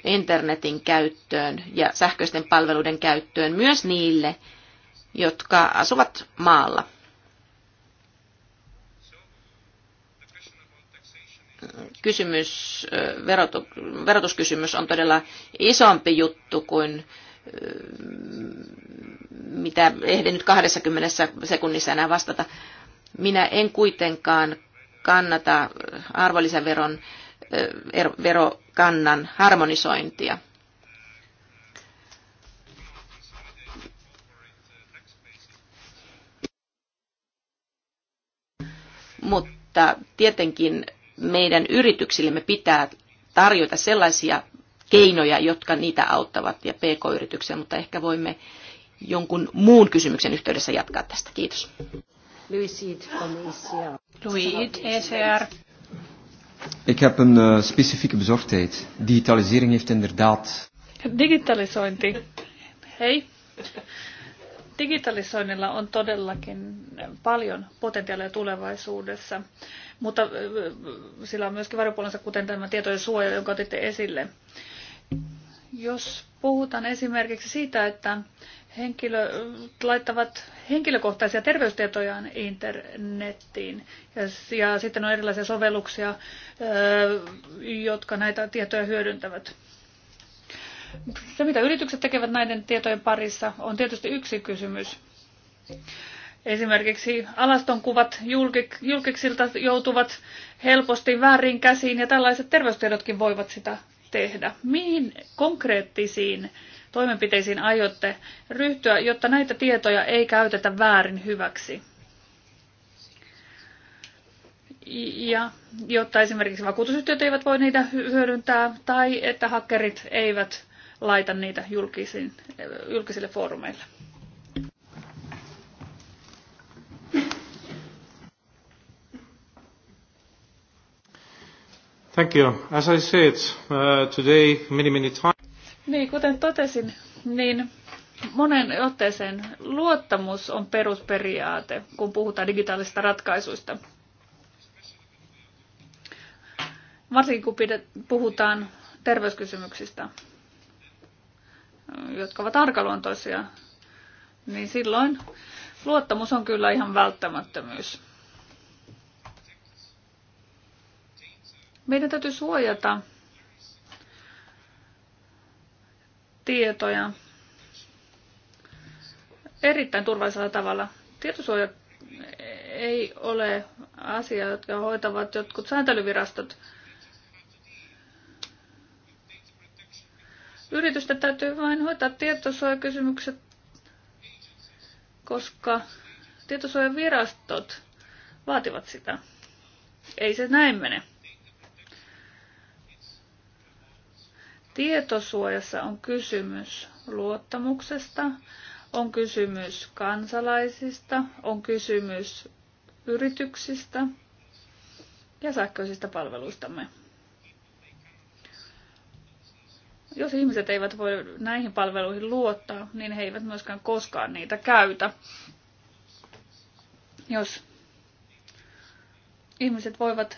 internetin käyttöön ja sähköisten palveluiden käyttöön myös niille, jotka asuvat maalla. Kysymys, verotu, verotuskysymys on todella isompi juttu kuin mitä ehdin nyt 20 sekunnissa enää vastata. Minä en kuitenkaan kannata arvonlisäveron Eh, er- verokannan harmonisointia. Mutta tietenkin meidän yrityksillemme pitää tarjota sellaisia keinoja, jotka niitä auttavat ja pk-yrityksiä, mutta ehkä voimme jonkun muun kysymyksen yhteydessä jatkaa tästä. Kiitos.
Luisid, e Luisit? ECR.
Ik heb een uh, specifieke bezorgdheid. Digitalisering heeft inderdaad.
Digitalisointi. Hei.
Digitalisoinnilla on todellakin eh, paljon potentiaalia tulevaisuudessa, mutta eh, sillä on myöskin varjopuolensa, kuten tämä tietojen suoja, jonka otitte esille. Jos puhutaan esimerkiksi siitä, että henkilö, laittavat henkilökohtaisia terveystietojaan internettiin. Ja, ja sitten on erilaisia sovelluksia, jotka näitä tietoja hyödyntävät. Se, mitä yritykset tekevät näiden tietojen parissa, on tietysti yksi kysymys. Esimerkiksi alastonkuvat julkik- julkiksilta joutuvat helposti väärin käsiin ja tällaiset terveystiedotkin voivat sitä tehdä. Mihin konkreettisiin toimenpiteisiin aiotte ryhtyä, jotta näitä tietoja ei käytetä väärin hyväksi? Ja jotta esimerkiksi vakuutusyhtiöt eivät voi niitä hyödyntää tai että hakkerit eivät laita niitä julkisiin, julkisille foorumeille.
Thank you. As I said uh, today many, many times.
Niin, kuten totesin, niin monen otteeseen luottamus on perusperiaate, kun puhutaan digitaalisista ratkaisuista. Varsinkin kun puhutaan terveyskysymyksistä, jotka ovat arkaluontoisia, niin silloin luottamus on kyllä ihan välttämättömyys. Meidän täytyy suojata tietoja erittäin turvallisella tavalla. Tietosuoja ei ole asia, jotka hoitavat jotkut sääntelyvirastot. Yritystä täytyy vain hoitaa tietosuojakysymykset, koska tietosuojavirastot vaativat sitä. Ei se näin mene. Tietosuojassa on kysymys luottamuksesta, on kysymys kansalaisista, on kysymys yrityksistä ja sähköisistä
palveluistamme.
Jos ihmiset
eivät voi näihin palveluihin luottaa, niin he eivät myöskään koskaan niitä käytä. Jos ihmiset voivat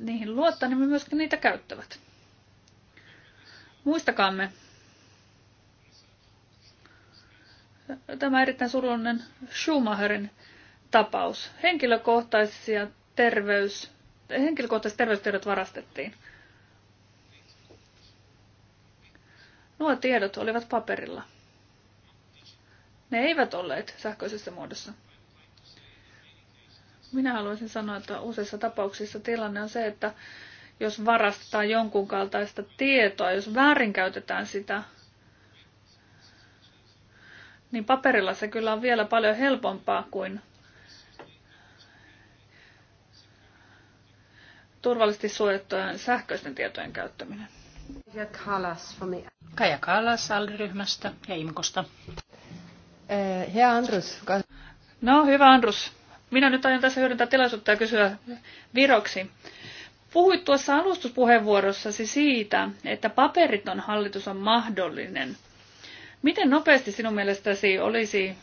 niihin luottaa, niin me myöskin niitä käyttävät. Muistakaamme tämä erittäin surullinen Schumacherin tapaus. Henkilökohtaisia terveys, henkilökohtaiset terveystiedot varastettiin. Nuo tiedot olivat paperilla. Ne eivät olleet sähköisessä muodossa. Minä haluaisin sanoa, että useissa tapauksissa tilanne on se, että jos varastetaan jonkun kaltaista tietoa, jos väärinkäytetään sitä, niin paperilla se kyllä on vielä paljon helpompaa kuin turvallisesti suojattujen sähköisten tietojen käyttäminen.
Kaja Kallas, Kaja ryhmästä ja Imkosta.
Eh, hea Andrus. No, hyvä Andrus. Minä nyt aion tässä hyödyntää tilaisuutta ja kysyä viroksi. Puhuit tuossa alustuspuheenvuorossasi siitä, että paperiton hallitus on mahdollinen. Miten nopeasti sinun mielestäsi olisi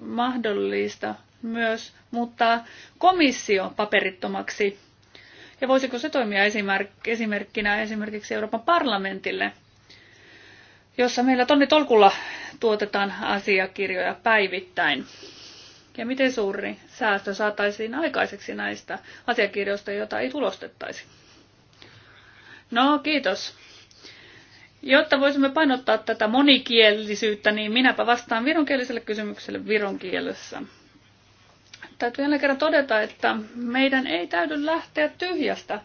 mahdollista myös muuttaa komissio paperittomaksi? Ja voisiko se toimia esimerkkinä esimerkiksi Euroopan parlamentille, jossa meillä tonni tolkulla tuotetaan asiakirjoja päivittäin? ja miten suuri säästö saataisiin aikaiseksi näistä asiakirjoista, joita ei tulostettaisi? No, kiitos. Jotta voisimme painottaa tätä monikielisyyttä, niin minäpä vastaan vironkieliselle kysymykselle vironkielessä. Täytyy jälleen kerran todeta, että meidän ei täydy lähteä tyhjästä,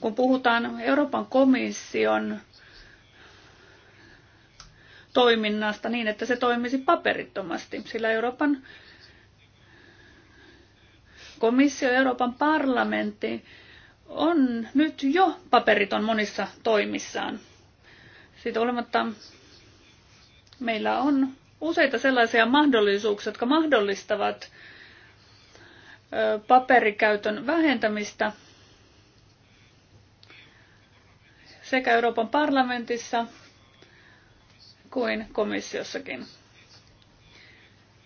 kun puhutaan Euroopan komission toiminnasta niin, että se toimisi paperittomasti, sillä Euroopan Komissio ja Euroopan parlamentti on nyt jo paperiton monissa toimissaan. Siitä olematta meillä on useita sellaisia mahdollisuuksia, jotka mahdollistavat paperikäytön vähentämistä sekä Euroopan parlamentissa kuin komissiossakin.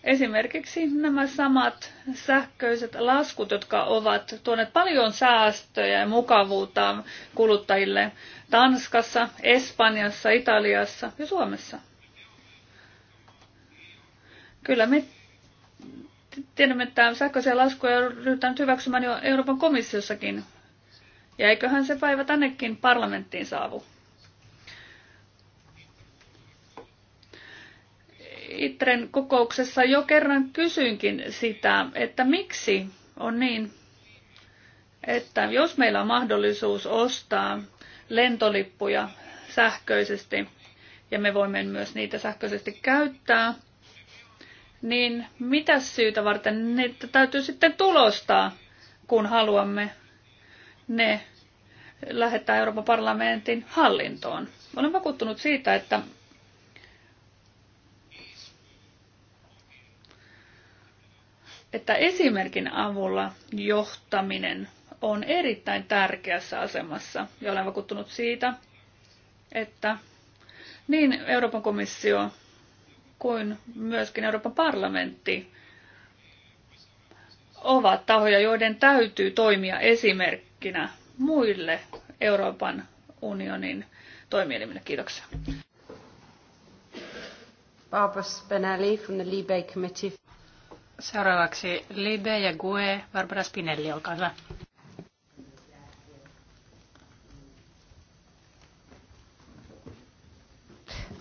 Esimerkiksi nämä samat sähköiset laskut, jotka ovat tuoneet paljon säästöjä ja mukavuutta kuluttajille Tanskassa, Espanjassa, Italiassa ja Suomessa. Kyllä me tiedämme, että sähköisiä laskuja ryhtynyt hyväksymään jo Euroopan komissiossakin. Ja eiköhän se päivä tännekin parlamenttiin saavu. Itren kokouksessa jo kerran kysyinkin sitä, että miksi on niin, että jos meillä on mahdollisuus ostaa lentolippuja sähköisesti ja me voimme myös niitä sähköisesti käyttää, niin mitä syytä varten niitä täytyy sitten tulostaa, kun haluamme ne lähettää Euroopan parlamentin hallintoon? Olen vakuuttunut siitä, että että esimerkin avulla johtaminen on erittäin tärkeässä asemassa ja olen vakuuttunut siitä, että niin Euroopan komissio kuin myöskin Euroopan parlamentti ovat tahoja, joiden täytyy toimia esimerkkinä muille Euroopan unionin
toimielimille. Kiitoksia. Barbara Spinelli from the Libe Committee. Seuraavaksi Libe ja Gue, Barbara Spinelli, olkaa hyvä.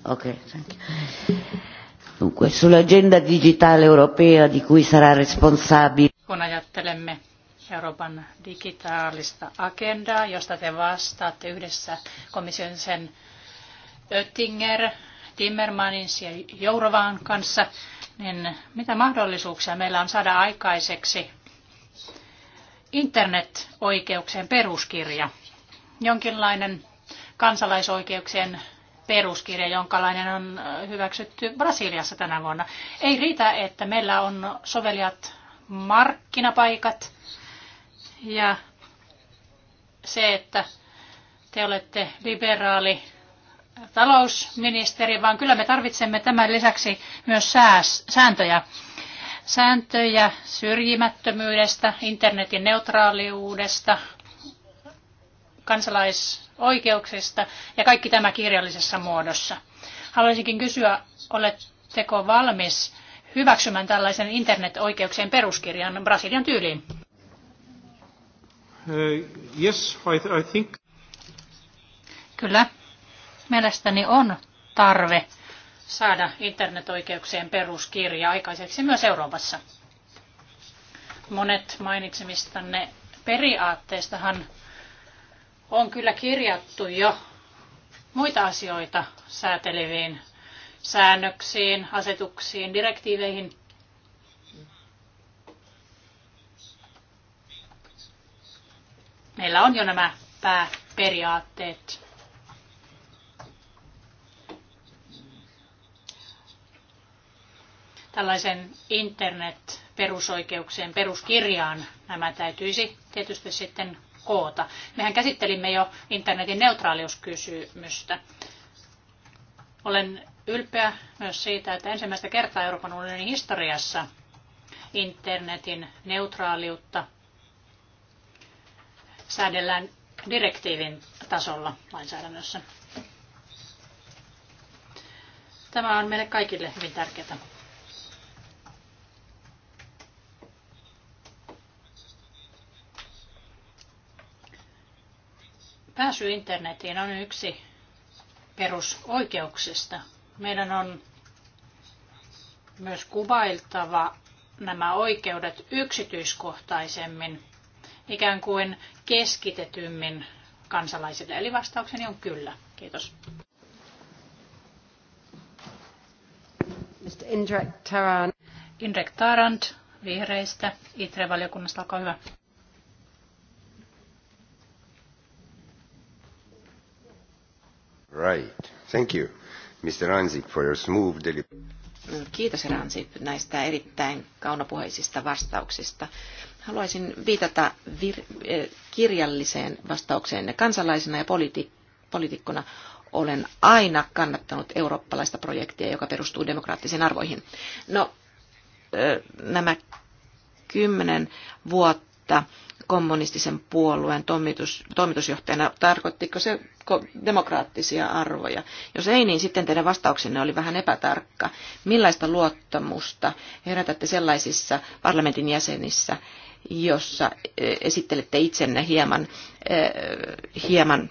Ok, thank you. Dunque, sull'agenda digitale europea di cui sarà responsabile.
Kun ajattelemme Euroopan digitaalista agendaa, josta te vastaatte yhdessä komission sen Oettinger, Timmermanin ja Jourovaan kanssa, niin mitä mahdollisuuksia meillä on saada aikaiseksi internet-oikeuksien peruskirja, jonkinlainen kansalaisoikeuksien peruskirja, jonkalainen on hyväksytty Brasiliassa tänä vuonna. Ei riitä, että meillä on soveliat markkinapaikat ja se, että te olette liberaali talousministeri, vaan kyllä me tarvitsemme tämän lisäksi myös sääntöjä. Sääntöjä syrjimättömyydestä, internetin neutraaliudesta, kansalaisoikeuksista ja kaikki tämä kirjallisessa muodossa. Haluaisinkin kysyä, oletteko valmis hyväksymään tällaisen internet-oikeuksien peruskirjan Brasilian tyyliin?
Uh, yes, I, I think.
Kyllä, Mielestäni on tarve saada internetoikeuksien peruskirja aikaiseksi myös Euroopassa. Monet mainitsemistanne periaatteistahan on kyllä kirjattu jo muita asioita sääteleviin säännöksiin, asetuksiin, direktiiveihin. Meillä on jo nämä pääperiaatteet tällaisen internet-perusoikeuksien peruskirjaan nämä täytyisi tietysti sitten koota. Mehän käsittelimme jo internetin neutraaliuskysymystä. Olen ylpeä myös siitä, että ensimmäistä kertaa Euroopan unionin historiassa internetin neutraaliutta säädellään direktiivin tasolla lainsäädännössä. Tämä on meille kaikille hyvin tärkeää. Pääsy internetiin on yksi perusoikeuksista. Meidän on myös kuvailtava nämä oikeudet yksityiskohtaisemmin, ikään kuin keskitetymmin kansalaisille. Eli vastaukseni on kyllä. Kiitos. Mr. Indrek Tarant. Indrek Tarant vihreistä. Itre-valiokunnasta, olkaa hyvä.
Right. Thank you, Mr. for your smooth delivery.
Kiitos, Ansip, näistä erittäin kaunopuheisista vastauksista. Haluaisin viitata vir- eh, kirjalliseen vastaukseen. Kansalaisena ja politi- poliitikkona olen aina kannattanut eurooppalaista projektia, joka perustuu demokraattisiin arvoihin. No, eh, nämä kymmenen vuotta että kommunistisen puolueen toimitus, toimitusjohtajana, tarkoittiko se demokraattisia arvoja? Jos ei, niin sitten teidän vastauksenne oli vähän epätarkka. Millaista luottamusta herätätte sellaisissa parlamentin jäsenissä, jossa e, esittelette itsenne hieman, e, hieman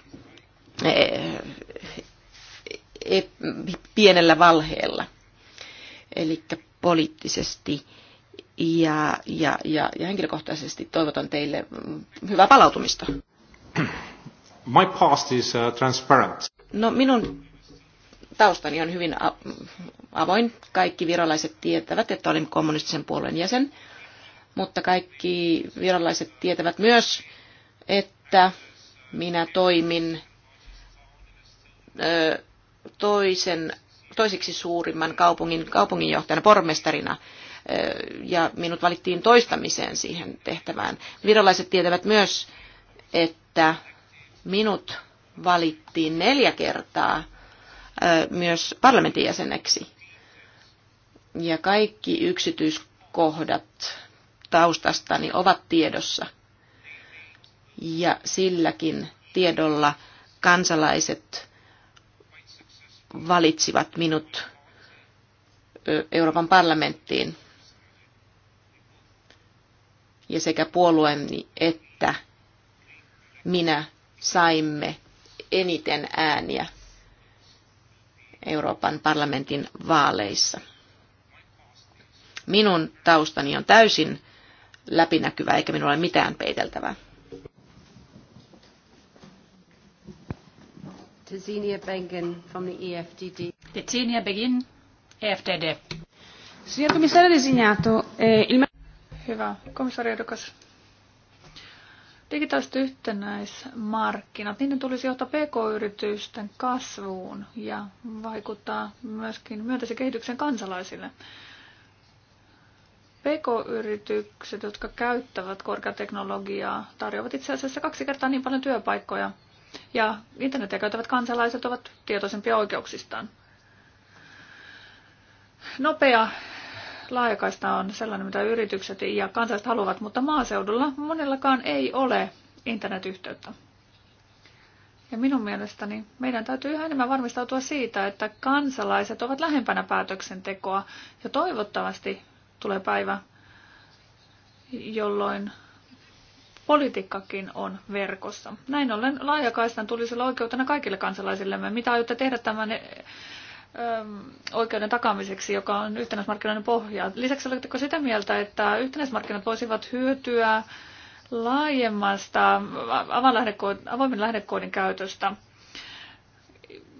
e, pienellä valheella? Eli poliittisesti ja, ja, ja, ja henkilökohtaisesti toivotan teille mm, hyvää palautumista.
My past is uh, transparent.
No minun taustani on hyvin avoin. Kaikki virolaiset tietävät, että olin kommunistisen puolueen jäsen, mutta kaikki virolaiset tietävät myös, että minä toimin toisen, toiseksi suurimman kaupungin kaupunginjohtajana, pormestarina ja minut valittiin toistamiseen siihen tehtävään. Virolaiset tietävät myös, että minut valittiin neljä kertaa myös parlamentin jäseneksi. Ja kaikki yksityiskohdat taustastani ovat tiedossa. Ja silläkin tiedolla kansalaiset valitsivat minut Euroopan parlamenttiin ja sekä puolueeni että minä saimme eniten ääniä Euroopan parlamentin vaaleissa. Minun taustani on täysin läpinäkyvä eikä minulla ole mitään peiteltävää.
Tizinia Begin from the EFDD. Tizinia Bengen,
EFDD.
Signor commissario designato, eh, il...
Hyvä Edukas.
Digitaaliset yhtenäismarkkinat, niiden tulisi johtaa pk-yritysten kasvuun ja vaikuttaa myöskin myönteisen kehityksen kansalaisille. PK-yritykset, jotka käyttävät korkeateknologiaa, tarjoavat itse asiassa kaksi kertaa niin paljon työpaikkoja. Ja internetiä käyttävät kansalaiset ovat tietoisempia oikeuksistaan. Nopea laajakaista on sellainen, mitä yritykset ja kansalaiset haluavat, mutta maaseudulla monellakaan ei ole internetyhteyttä. Ja minun mielestäni meidän täytyy yhä enemmän varmistautua siitä, että kansalaiset ovat lähempänä päätöksentekoa ja toivottavasti tulee päivä, jolloin politiikkakin on verkossa. Näin ollen laajakaistan tulisi olla oikeutena kaikille kansalaisillemme. Mitä aiotte tehdä tämän oikeuden takaamiseksi, joka on yhtenäismarkkinoiden pohja. Lisäksi oletteko sitä mieltä, että yhtenäismarkkinat voisivat hyötyä laajemmasta avoimen lähdekoodin käytöstä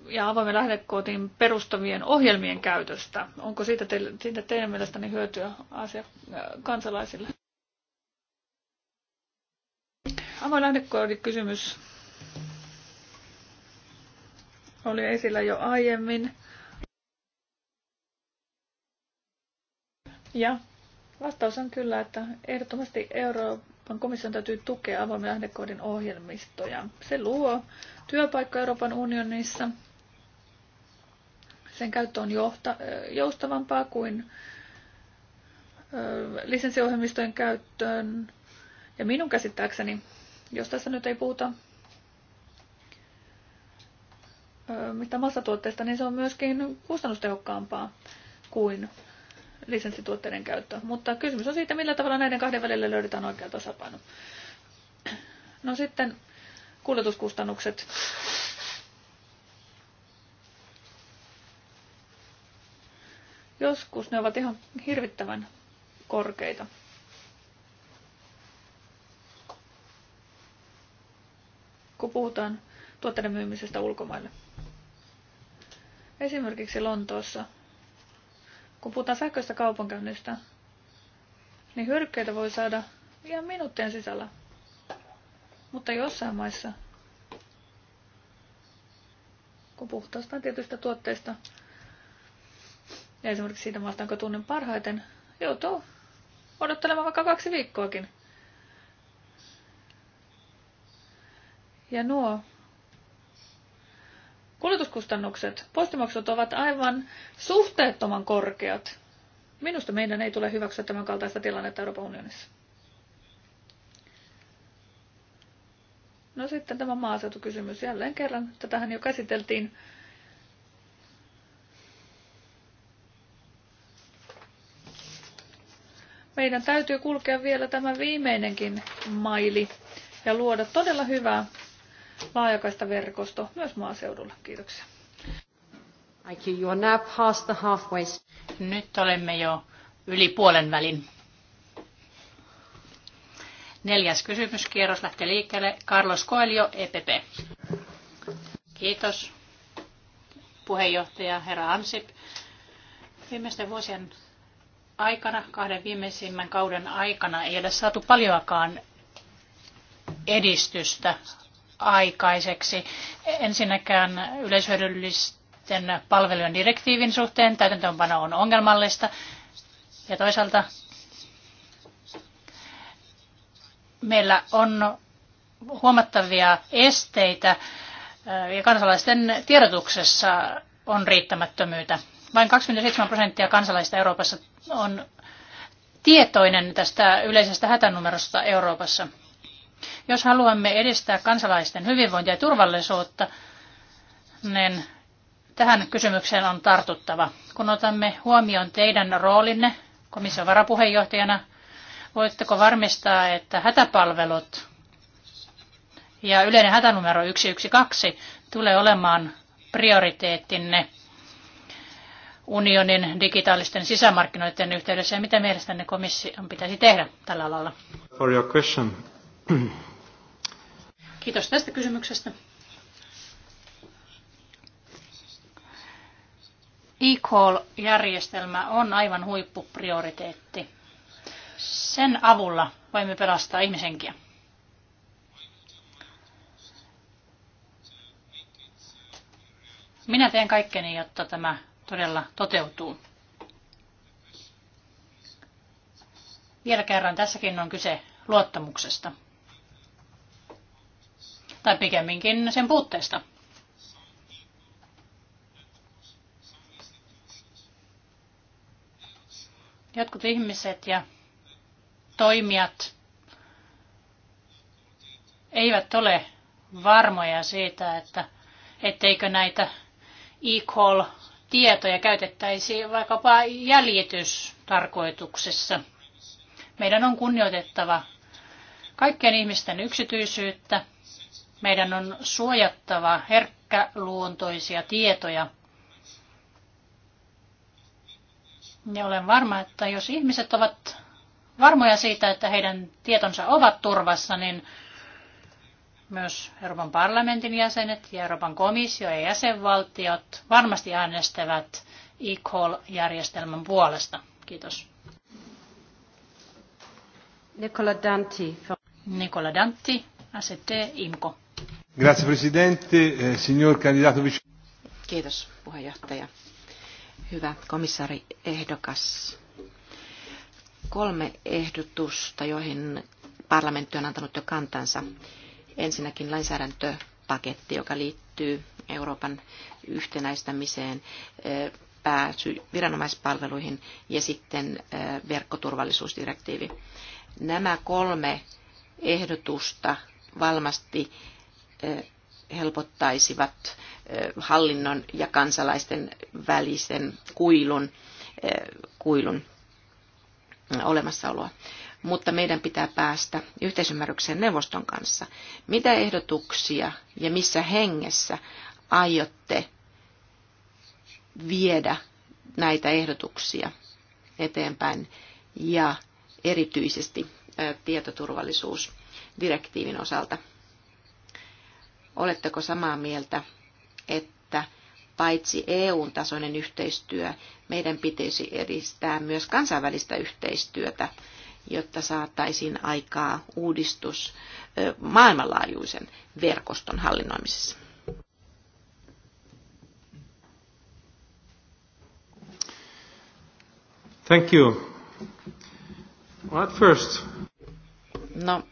ja avoimen lähdekoodin perustavien ohjelmien käytöstä? Onko siitä, teille, siitä teidän mielestäni hyötyä asia kansalaisille? Avoin lähdekoodin kysymys oli esillä jo aiemmin. Ja vastaus on kyllä, että ehdottomasti Euroopan komission täytyy tukea avoimen lähdekoodin ohjelmistoja. Se luo työpaikka Euroopan unionissa. Sen käyttö on johta, joustavampaa kuin lisenssiohjelmistojen käyttöön. Ja minun käsittääkseni, jos tässä nyt ei puhuta mitä massatuotteista, niin se on myöskin kustannustehokkaampaa kuin lisenssituotteiden käyttöä. Mutta kysymys on siitä, millä tavalla näiden kahden välillä löydetään oikea tasapaino. No sitten kuljetuskustannukset. Joskus ne ovat ihan hirvittävän korkeita. Kun puhutaan tuotteiden myymisestä ulkomaille. Esimerkiksi Lontoossa kun puhutaan sähköistä kaupankäynnistä, niin hyödykkeitä voi saada ihan minuuttien sisällä. Mutta jossain maissa, kun puhtaasta tietystä tuotteista, ja esimerkiksi siitä maasta, jonka tunnen parhaiten, joutuu odottelemaan vaikka kaksi viikkoakin. Ja nuo Kuljetuskustannukset, postimaksut ovat aivan suhteettoman korkeat. Minusta meidän ei tule hyväksyä tämän kaltaista tilannetta Euroopan unionissa. No sitten tämä maaseutukysymys jälleen kerran. Tätähän jo käsiteltiin. Meidän täytyy kulkea vielä tämä viimeinenkin maili ja luoda todella hyvää laajakaista verkosto myös maaseudulla.
Kiitoksia. Aiki, you are now past the halfway. Nyt olemme jo yli puolen välin. Neljäs kysymyskierros lähtee liikkeelle. Carlos Coelho, EPP. Kiitos puheenjohtaja herra Ansip. Viimeisten vuosien aikana, kahden viimeisimmän kauden aikana, ei ole saatu paljoakaan edistystä aikaiseksi. Ensinnäkään yleishyödyllisten palvelujen direktiivin suhteen täytäntöönpano on ongelmallista ja toisaalta meillä on huomattavia esteitä ja kansalaisten tiedotuksessa on riittämättömyyttä. Vain 27 prosenttia kansalaista Euroopassa on tietoinen tästä yleisestä hätänumerosta Euroopassa. Jos haluamme edistää kansalaisten hyvinvointia ja turvallisuutta, niin tähän kysymykseen on tartuttava. Kun otamme huomioon teidän roolinne komission varapuheenjohtajana, voitteko varmistaa, että hätäpalvelut ja yleinen hätänumero 112 tulee olemaan prioriteettinne unionin digitaalisten sisämarkkinoiden yhteydessä ja mitä mielestänne komission pitäisi tehdä tällä alalla?
For your question.
Kiitos tästä kysymyksestä. E-call-järjestelmä on aivan huippuprioriteetti. Sen avulla voimme pelastaa ihmisenkiä. Minä teen kaikkeni, jotta tämä todella toteutuu. Vielä kerran tässäkin on kyse luottamuksesta tai pikemminkin sen puutteesta. Jotkut ihmiset ja toimijat eivät ole varmoja siitä, että etteikö näitä e-call-tietoja käytettäisi vaikkapa jäljitystarkoituksessa. Meidän on kunnioitettava kaikkien ihmisten yksityisyyttä meidän on suojattava herkkäluontoisia tietoja. Ja olen varma, että jos ihmiset ovat varmoja siitä, että heidän tietonsa ovat turvassa, niin myös Euroopan parlamentin jäsenet ja Euroopan komissio ja jäsenvaltiot varmasti äänestävät e-call-järjestelmän puolesta. Kiitos.
Nicola Danti.
Nicola Danti, ACT IMCO.
Grazie Presidente, eh, signor candidato
vice... Kiitos puheenjohtaja. Hyvä komissaari ehdokas. Kolme ehdotusta, joihin parlamentti on antanut jo kantansa. Ensinnäkin lainsäädäntöpaketti, joka liittyy Euroopan yhtenäistämiseen, eh, pääsy viranomaispalveluihin ja sitten eh, verkkoturvallisuusdirektiivi. Nämä kolme ehdotusta varmasti helpottaisivat hallinnon ja kansalaisten välisen kuilun, kuilun olemassaoloa. Mutta meidän pitää päästä yhteisymmärrykseen neuvoston kanssa. Mitä ehdotuksia ja missä hengessä aiotte viedä näitä ehdotuksia eteenpäin ja erityisesti tietoturvallisuusdirektiivin osalta – Oletteko samaa mieltä, että paitsi EU-tasoinen yhteistyö, meidän pitäisi edistää myös kansainvälistä yhteistyötä, jotta saataisiin aikaa uudistus maailmanlaajuisen verkoston hallinnoimisessa?
Thank you. At first?
No,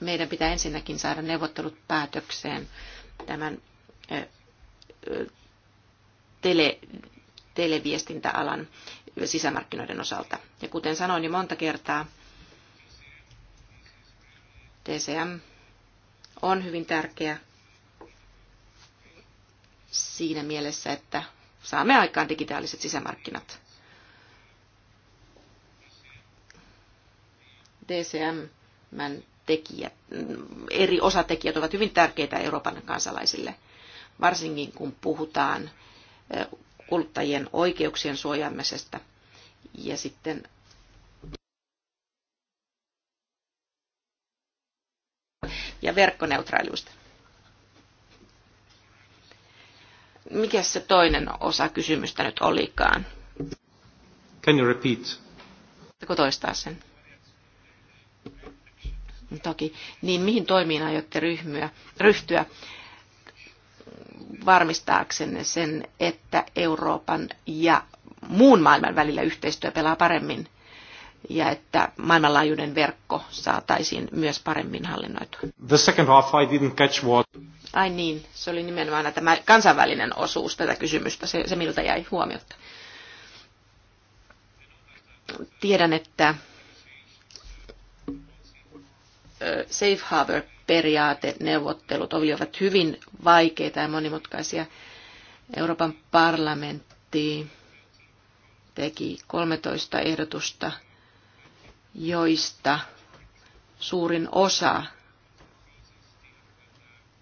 meidän pitää ensinnäkin saada neuvottelut päätökseen tämän tele, televiestintäalan sisämarkkinoiden osalta. Ja kuten sanoin niin monta kertaa, TCM on hyvin tärkeä siinä mielessä, että saamme aikaan digitaaliset sisämarkkinat. DCM tekijät, eri osatekijät ovat hyvin tärkeitä Euroopan kansalaisille, varsinkin kun puhutaan kuluttajien oikeuksien suojaamisesta ja sitten ja verkkoneutraaliusta. Mikä se toinen osa kysymystä nyt olikaan?
Can you repeat?
Voitteko toistaa sen? toki, niin mihin toimiin aiotte ryhmyä, ryhtyä varmistaaksenne sen, että Euroopan ja muun maailman välillä yhteistyö pelaa paremmin ja että maailmanlaajuinen verkko saataisiin myös paremmin hallinnoitua.
The second half I didn't catch what...
Ai niin, se oli nimenomaan tämä kansainvälinen osuus tätä kysymystä, se, se miltä jäi huomiota. Tiedän, että safe harbor neuvottelut olivat hyvin vaikeita ja monimutkaisia. Euroopan parlamentti teki 13 ehdotusta, joista suurin osa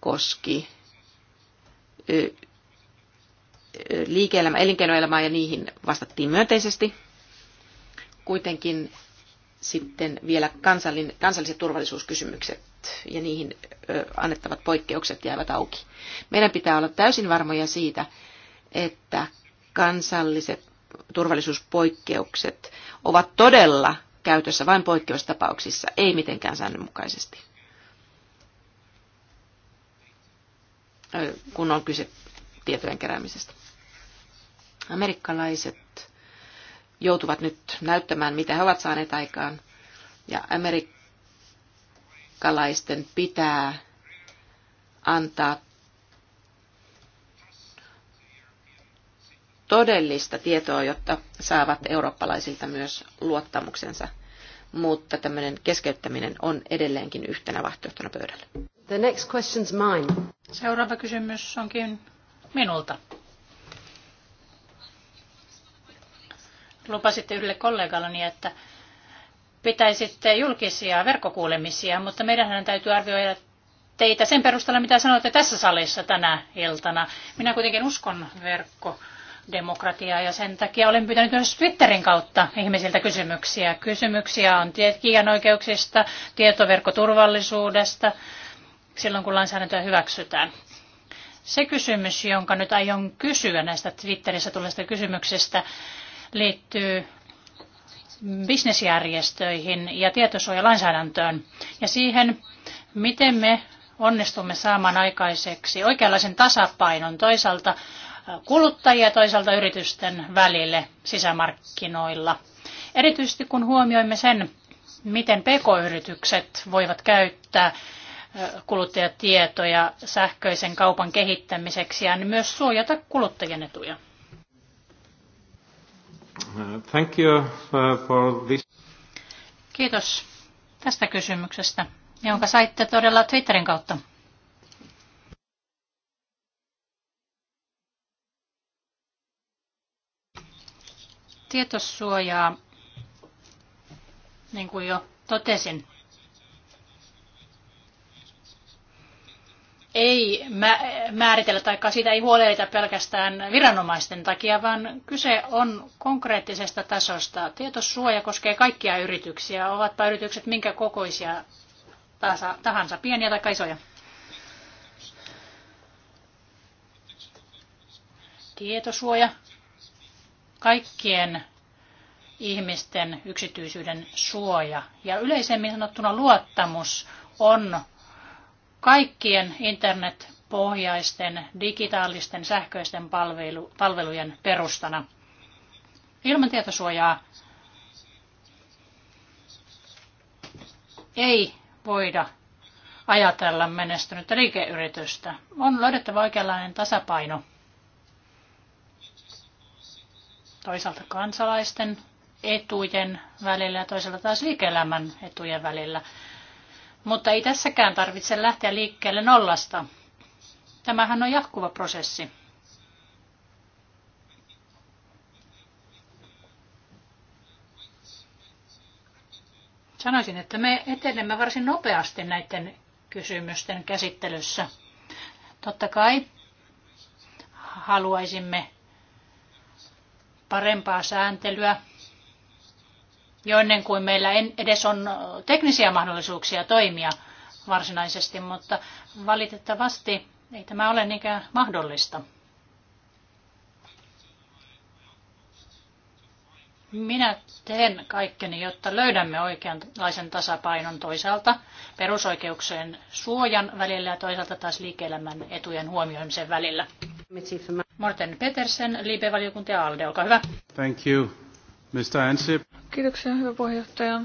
koski liike-elämä, elinkeinoelämää ja niihin vastattiin myönteisesti. Kuitenkin sitten vielä kansallin, kansalliset turvallisuuskysymykset ja niihin annettavat poikkeukset jäävät auki. Meidän pitää olla täysin varmoja siitä, että kansalliset turvallisuuspoikkeukset ovat todella käytössä vain poikkeustapauksissa, ei mitenkään säännönmukaisesti. kun on kyse tietojen keräämisestä. Amerikkalaiset joutuvat nyt näyttämään, mitä he ovat saaneet aikaan. Ja amerikkalaisten pitää antaa todellista tietoa, jotta saavat eurooppalaisilta myös luottamuksensa. Mutta tämmöinen keskeyttäminen on edelleenkin yhtenä vaihtoehtona pöydällä.
The next question's mine.
Seuraava kysymys onkin minulta. lupasitte yhdelle kollegalleni, että pitäisitte julkisia verkkokuulemisia, mutta meidän täytyy arvioida teitä sen perusteella, mitä sanoitte tässä salissa tänä iltana. Minä kuitenkin uskon verkkodemokratiaa ja sen takia olen pyytänyt myös Twitterin kautta ihmisiltä kysymyksiä. Kysymyksiä on kiianoikeuksista, tietoverkkoturvallisuudesta, silloin kun lainsäädäntöä hyväksytään. Se kysymys, jonka nyt aion kysyä näistä Twitterissä tulleista kysymyksistä, liittyy bisnesjärjestöihin ja tietosuojalainsäädäntöön ja siihen, miten me onnistumme saamaan aikaiseksi oikeanlaisen tasapainon toisaalta kuluttajia toisaalta yritysten välille sisämarkkinoilla. Erityisesti kun huomioimme sen, miten pk-yritykset voivat käyttää kuluttajatietoja sähköisen kaupan kehittämiseksi ja myös suojata kuluttajien etuja.
Thank you uh, for this.
Kiitos tästä kysymyksestä, jonka saitte todella Twitterin kautta. Tietosuojaa, niin kuin jo totesin, ei määritellä tai siitä ei huolehdita pelkästään viranomaisten takia, vaan kyse on konkreettisesta tasosta. Tietosuoja koskee kaikkia yrityksiä, ovatpa yritykset minkä kokoisia tahansa, pieniä tai isoja. Tietosuoja kaikkien ihmisten yksityisyyden suoja ja yleisemmin sanottuna luottamus on kaikkien internetpohjaisten digitaalisten sähköisten palvelu, palvelujen perustana. Ilman tietosuojaa ei voida ajatella menestynyttä liikeyritystä. On löydettävä oikeanlainen tasapaino toisaalta kansalaisten etujen välillä ja toisaalta taas liike-elämän etujen välillä. Mutta ei tässäkään tarvitse lähteä liikkeelle nollasta. Tämähän on jatkuva prosessi. Sanoisin, että me etenemme varsin nopeasti näiden kysymysten käsittelyssä. Totta kai haluaisimme parempaa sääntelyä, jo ennen kuin meillä en edes on teknisiä mahdollisuuksia toimia varsinaisesti, mutta valitettavasti ei tämä ole niinkään mahdollista. Minä teen kaikkeni, jotta löydämme oikeanlaisen tasapainon toisaalta perusoikeuksien suojan välillä ja toisaalta taas liike-elämän etujen huomioimisen välillä. Morten Petersen, Liipe-valiokunta ja Alde, olkaa hyvä.
Thank you. Ansip.
Kiitoksia, hyvä puheenjohtaja.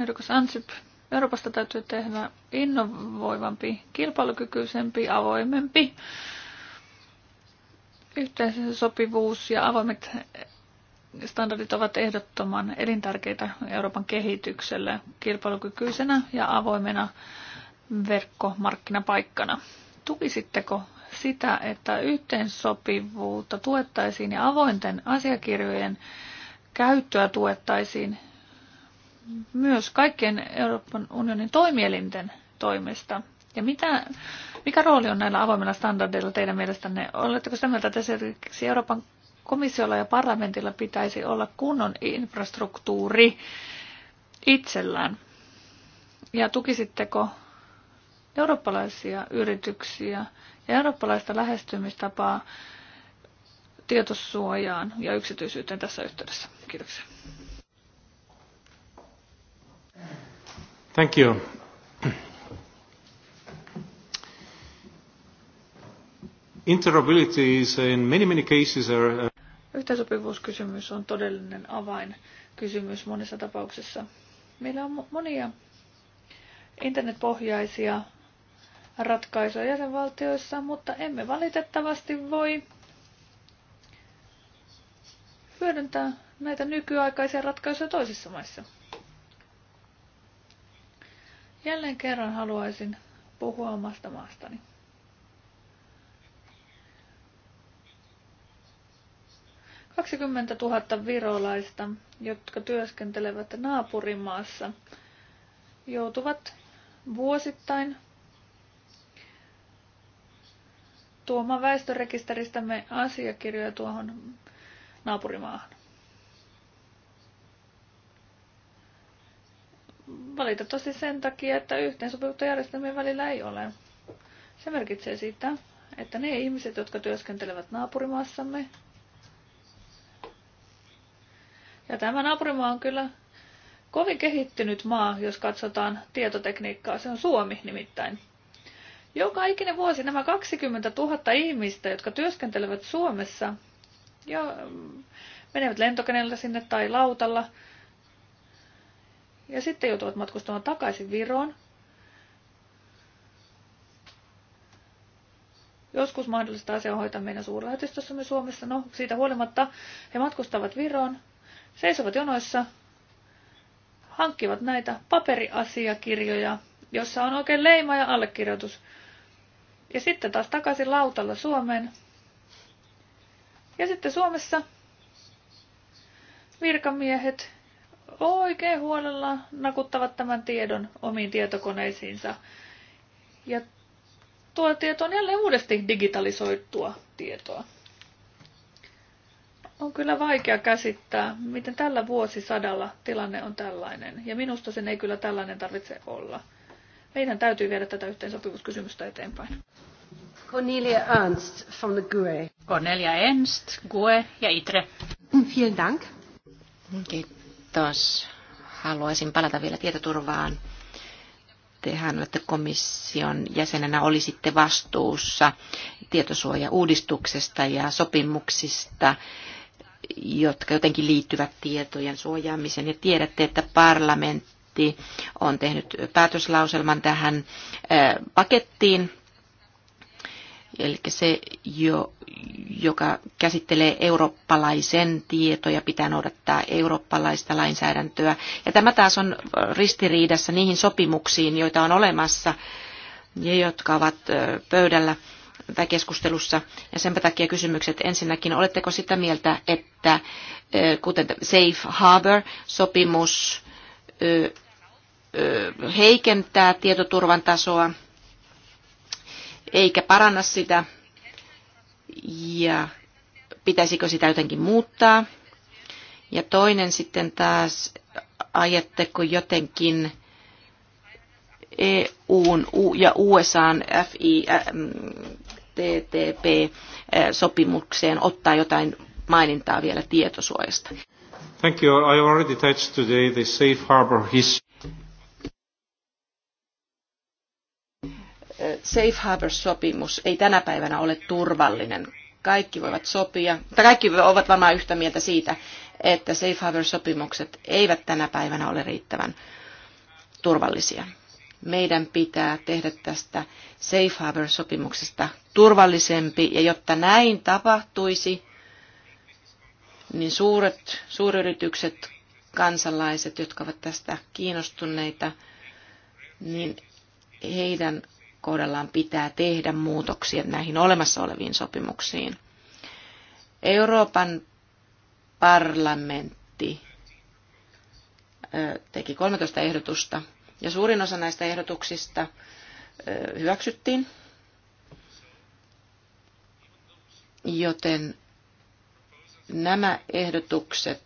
Ehdokas Ansip,
Euroopasta täytyy tehdä innovoivampi, kilpailukykyisempi, avoimempi. Yhteisen sopivuus ja avoimet standardit ovat ehdottoman elintärkeitä Euroopan kehitykselle kilpailukykyisenä ja avoimena verkkomarkkinapaikkana. Tukisitteko sitä, että yhteensopivuutta tuettaisiin ja avointen asiakirjojen käyttöä tuettaisiin myös kaikkien Euroopan unionin toimielinten toimesta. Ja mitä, mikä rooli on näillä avoimilla standardeilla teidän mielestänne? Oletteko sitä mieltä, että esimerkiksi Euroopan komissiolla ja parlamentilla pitäisi olla kunnon infrastruktuuri itsellään? Ja tukisitteko eurooppalaisia yrityksiä eurooppalaista lähestymistapaa tietosuojaan ja yksityisyyteen tässä yhteydessä. Kiitoksia.
Thank you. Interoperability is uh, in many, many cases are... Uh, uh,
Yhteensopivuuskysymys on todellinen avainkysymys monissa tapauksissa. Meillä on monia internetpohjaisia Ratkaisua jäsenvaltioissa, mutta emme valitettavasti voi hyödyntää näitä nykyaikaisia ratkaisuja toisissa maissa. Jälleen kerran haluaisin puhua omasta maastani. tuhatta virolaista, jotka työskentelevät naapurimaassa, joutuvat vuosittain tuomaan väestörekisteristämme asiakirjoja tuohon naapurimaahan. Valitettavasti sen takia, että yhteensopivuutta järjestelmien välillä ei ole. Se merkitsee sitä, että ne ihmiset, jotka työskentelevät naapurimaassamme, ja tämä naapurimaa on kyllä kovin kehittynyt maa, jos katsotaan tietotekniikkaa. Se on Suomi nimittäin. Joka ikinen vuosi nämä 20 000 ihmistä, jotka työskentelevät Suomessa ja mm, menevät lentokoneella sinne tai lautalla, ja sitten joutuvat matkustamaan takaisin Viroon. Joskus mahdollista asiaa hoitaa meidän suurlähetystössämme Suomessa. No, siitä huolimatta he matkustavat Viroon, seisovat jonoissa, hankkivat näitä paperiasiakirjoja, jossa on oikein leima ja allekirjoitus. Ja sitten taas takaisin lautalla Suomeen. Ja sitten Suomessa virkamiehet oikein huolella nakuttavat tämän tiedon omiin tietokoneisiinsa. Ja tuo tieto on jälleen uudesti digitalisoittua tietoa. On kyllä vaikea käsittää, miten tällä vuosisadalla tilanne on tällainen, ja minusta sen ei kyllä tällainen tarvitse olla – meidän täytyy viedä tätä yhteensopivuuskysymystä eteenpäin.
Cornelia Ernst from the GUE. Cornelia Ernst, GUE ja ITRE. Vielen Dank.
Kiitos. Haluaisin palata vielä tietoturvaan. Tehän olette komission jäsenenä olisitte vastuussa tietosuojauudistuksesta ja sopimuksista jotka jotenkin liittyvät tietojen suojaamiseen. Ja tiedätte, että parlamentti parlamentti on tehnyt päätöslauselman tähän pakettiin, eli se, jo, joka käsittelee eurooppalaisen tietoja, pitää noudattaa eurooppalaista lainsäädäntöä. Ja tämä taas on ristiriidassa niihin sopimuksiin, joita on olemassa ja jotka ovat pöydällä tai keskustelussa. Ja sen takia kysymykset ensinnäkin, oletteko sitä mieltä, että kuten Safe Harbor-sopimus heikentää tietoturvan tasoa eikä paranna sitä ja pitäisikö sitä jotenkin muuttaa. Ja toinen sitten taas, ajatteko jotenkin EUn ja USA FITTP-sopimukseen ottaa jotain mainintaa vielä tietosuojasta?
Thank you. I already touched today the safe harbor history.
Safe Harbor-sopimus ei tänä päivänä ole turvallinen. Kaikki voivat sopia, tai kaikki ovat varmaan yhtä mieltä siitä, että Safe Harbor-sopimukset eivät tänä päivänä ole riittävän turvallisia. Meidän pitää tehdä tästä Safe Harbor-sopimuksesta turvallisempi, ja jotta näin tapahtuisi, niin suuret, suuryritykset, kansalaiset, jotka ovat tästä kiinnostuneita, niin heidän kohdallaan pitää tehdä muutoksia näihin olemassa oleviin sopimuksiin. Euroopan parlamentti teki 13 ehdotusta ja suurin osa näistä ehdotuksista hyväksyttiin, joten nämä ehdotukset,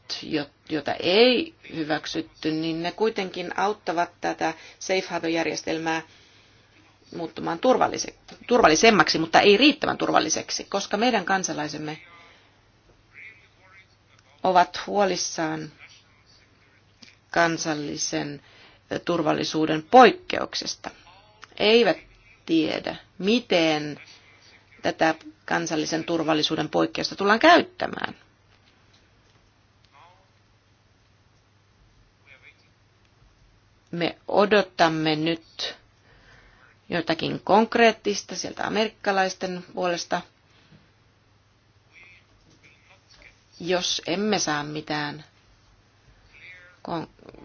joita ei hyväksytty, niin ne kuitenkin auttavat tätä safe harbor-järjestelmää muuttumaan turvallise, turvallisemmaksi, mutta ei riittävän turvalliseksi, koska meidän kansalaisemme ovat huolissaan kansallisen turvallisuuden poikkeuksesta. Eivät tiedä, miten tätä kansallisen turvallisuuden poikkeusta tullaan käyttämään. Me odotamme nyt jotakin konkreettista sieltä amerikkalaisten puolesta. Jos emme saa mitään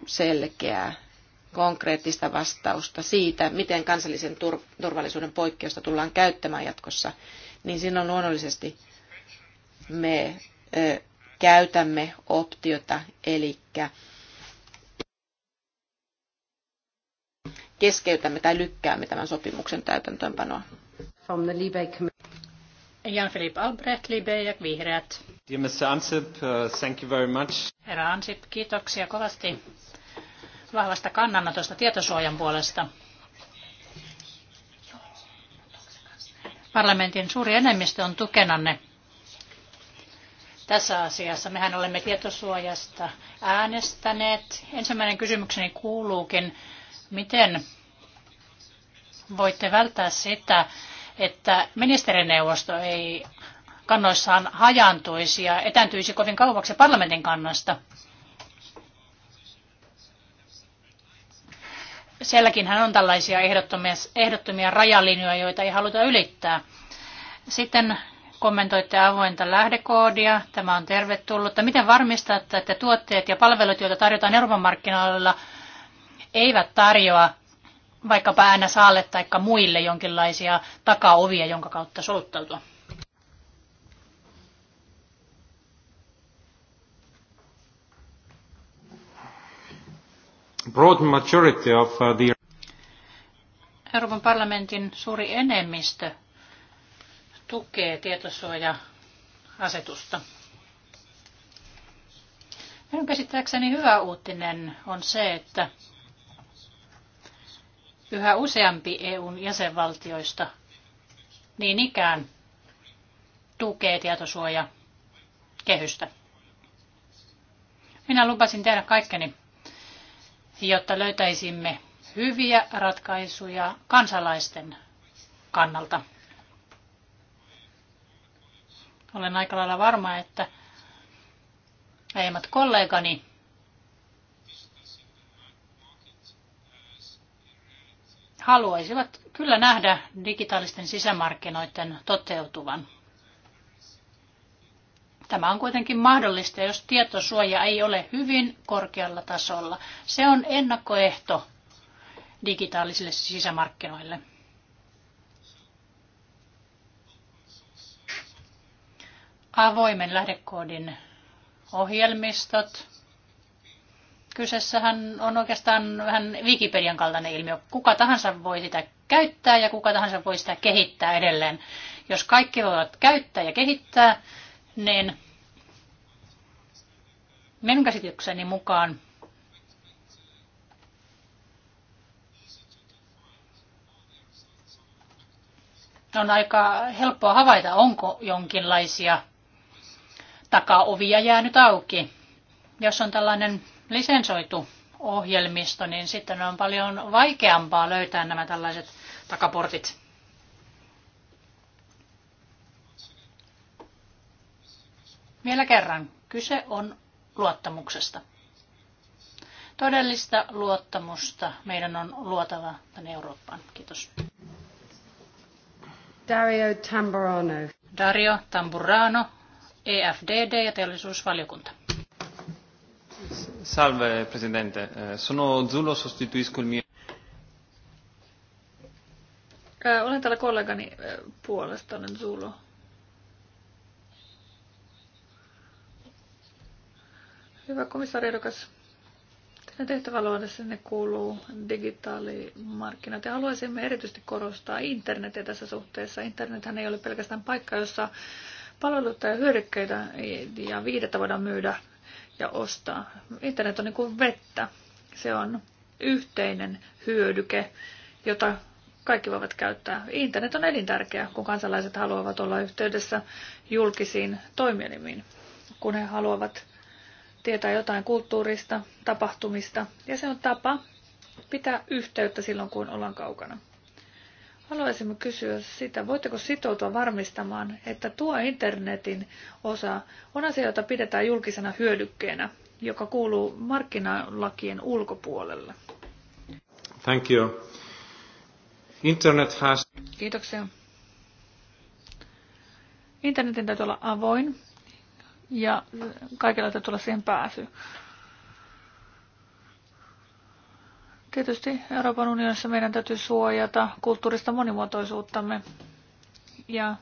selkeää, konkreettista vastausta siitä, miten kansallisen turvallisuuden poikkeusta tullaan käyttämään jatkossa, niin silloin luonnollisesti me käytämme optiota, eli keskeytämme tai lykkäämme tämän sopimuksen täytäntöönpanoa.
From the jan philippe Albrecht,
Libe ja Vihreät.
Dear Ansip, uh, thank you very much.
Herra Ansip, kiitoksia kovasti vahvasta kannanotosta tietosuojan puolesta. Parlamentin suuri enemmistö on tukenanne tässä asiassa. Mehän olemme tietosuojasta äänestäneet. Ensimmäinen kysymykseni kuuluukin, Miten voitte välttää sitä, että ministerineuvosto ei kannoissaan hajantuisi ja etääntyisi kovin kauaksi parlamentin kannasta? hän on tällaisia ehdottomia, ehdottomia rajalinjoja, joita ei haluta ylittää. Sitten kommentoitte avointa lähdekoodia. Tämä on tervetullut. Miten varmistatte, että tuotteet ja palvelut, joita tarjotaan Euroopan markkinoilla, eivät tarjoa vaikkapa NSAlle tai muille jonkinlaisia takaovia, jonka kautta soluttautua.
Broad majority of uh, the...
Euroopan parlamentin suuri enemmistö tukee tietosuoja-asetusta. Minun käsittääkseni hyvä uutinen on se, että Yhä useampi EUn jäsenvaltioista niin ikään tukee tietosuoja kehystä. Minä lupasin tehdä kaikkeni, jotta löytäisimme hyviä ratkaisuja kansalaisten kannalta. Olen aika lailla varma, että aiemmat kollegani haluaisivat kyllä nähdä digitaalisten sisämarkkinoiden toteutuvan. Tämä on kuitenkin mahdollista, jos tietosuoja ei ole hyvin korkealla tasolla. Se on ennakkoehto digitaalisille sisämarkkinoille. Avoimen lähdekoodin ohjelmistot Kyseessähän on oikeastaan vähän Wikipedian kaltainen ilmiö. Kuka tahansa voi sitä käyttää ja kuka tahansa voi sitä kehittää edelleen. Jos kaikki voivat käyttää ja kehittää, niin minun käsitykseni mukaan on aika helppoa havaita, onko jonkinlaisia takaovia jäänyt auki. Jos on tällainen lisensoitu ohjelmisto, niin sitten on paljon vaikeampaa löytää nämä tällaiset takaportit. Vielä kerran, kyse on
luottamuksesta.
Todellista luottamusta meidän on luotava tänne Eurooppaan. Kiitos.
Dario Tamburano.
Dario Tamburano, EFDD ja teollisuusvaliokunta.
Salve Presidente, eh, sono sostituisco il mio...
Eh, olen täällä kollegani eh, puolesta, olen Zulo. Hyvä komissaari Edukas, Teidän tehtäväluonne sinne kuuluu digitaalimarkkinat ja haluaisimme erityisesti korostaa internetiä tässä suhteessa. Internethän ei ole pelkästään paikka, jossa palveluita ja hyödykkeitä ja viidettä voidaan myydä ja ostaa. Internet on niin kuin vettä. Se on yhteinen hyödyke, jota kaikki voivat käyttää. Internet on elintärkeä, kun kansalaiset haluavat olla yhteydessä julkisiin toimielimiin, kun he haluavat tietää jotain kulttuurista, tapahtumista, ja se on tapa pitää yhteyttä silloin, kun ollaan kaukana. Haluaisimme kysyä sitä, voitteko sitoutua varmistamaan, että tuo internetin osa on asia, jota pidetään julkisena hyödykkeenä, joka kuuluu markkinalakien ulkopuolelle?
Thank you. Internet has...
Kiitoksia. Internetin täytyy olla avoin ja kaikilla täytyy olla siihen pääsy. Tietysti Euroopan unionissa meidän täytyy suojata kulttuurista monimuotoisuuttamme ja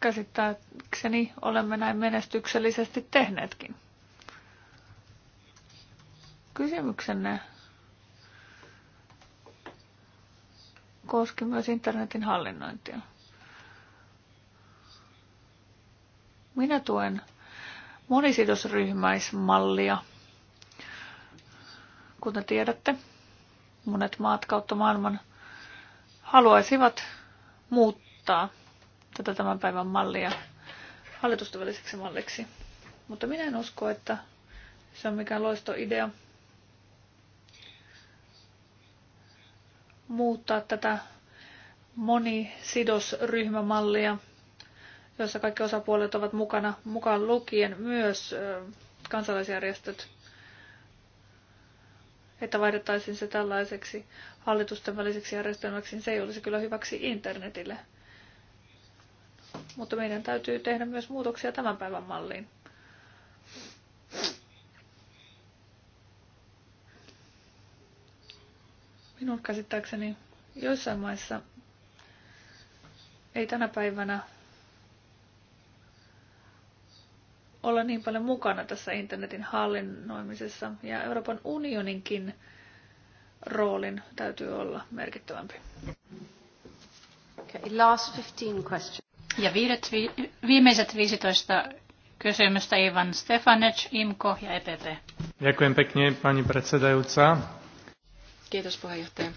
käsittääkseni olemme näin menestyksellisesti tehneetkin. Kysymyksenne koski myös internetin hallinnointia. Minä tuen monisidosryhmäismallia – Kuten tiedätte, monet maat kautta maailman haluaisivat muuttaa tätä tämän päivän mallia hallitusten malliksi. Mutta minä en usko, että se on mikään idea muuttaa tätä monisidosryhmämallia, jossa kaikki osapuolet ovat mukana, mukaan lukien myös kansalaisjärjestöt – että vaihdettaisiin se tällaiseksi hallitusten väliseksi järjestelmäksi, niin se ei olisi kyllä hyväksi internetille. Mutta meidän täytyy tehdä myös muutoksia tämän päivän malliin. Minun käsittääkseni joissain maissa ei tänä päivänä olla niin paljon mukana tässä internetin hallinnoimisessa ja Euroopan unioninkin roolin täytyy olla merkittävämpi. Okay, last 15
Ja viidet, viimeiset 15 kysymystä Ivan Stefanec, IMKO
ja EPP.
Ďakujem pekne, pani predsedajúca.
Kiitos puheenjohtaja.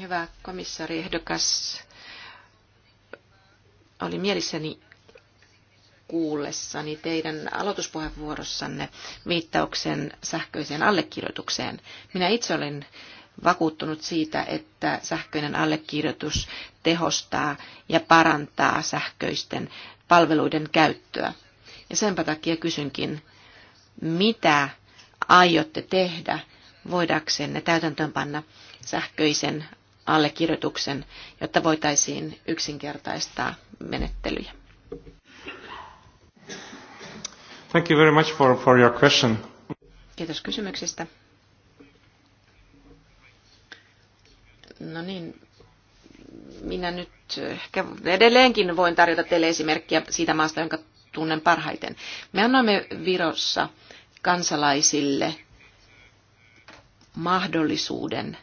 Hyvä komissaari ehdokas. Oli mielissäni kuullessani teidän aloituspuheenvuorossanne viittauksen sähköiseen allekirjoitukseen. Minä itse olen vakuuttunut siitä, että sähköinen allekirjoitus tehostaa ja parantaa sähköisten palveluiden käyttöä. Ja senpä takia kysynkin, mitä aiotte tehdä voidaksenne täytäntöönpanna sähköisen allekirjoituksen, jotta voitaisiin yksinkertaistaa menettelyjä.
Thank you very much for, for your question.
Kiitos kysymyksestä. No niin, minä nyt ehkä edelleenkin voin tarjota teille esimerkkiä siitä maasta, jonka tunnen parhaiten. Me annoimme Virossa kansalaisille mahdollisuuden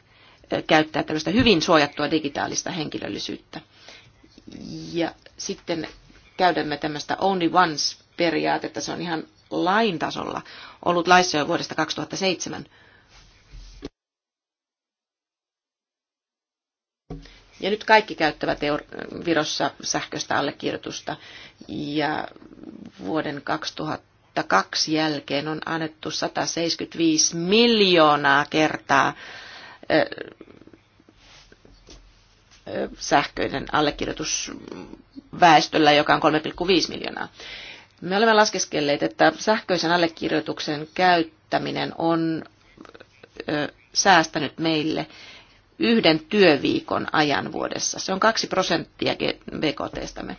käyttää tällaista hyvin suojattua digitaalista henkilöllisyyttä. Ja sitten käydämme tämmöistä only once periaatetta. Se on ihan lain tasolla ollut laissa jo vuodesta 2007. Ja nyt kaikki käyttävät Virossa sähköistä allekirjoitusta. Ja vuoden 2002 jälkeen on annettu 175 miljoonaa kertaa sähköinen allekirjoitus väestöllä, joka on 3,5 miljoonaa. Me olemme laskeskelleet, että sähköisen allekirjoituksen käyttäminen on säästänyt meille yhden työviikon ajan vuodessa. Se on kaksi prosenttia BKTstämme.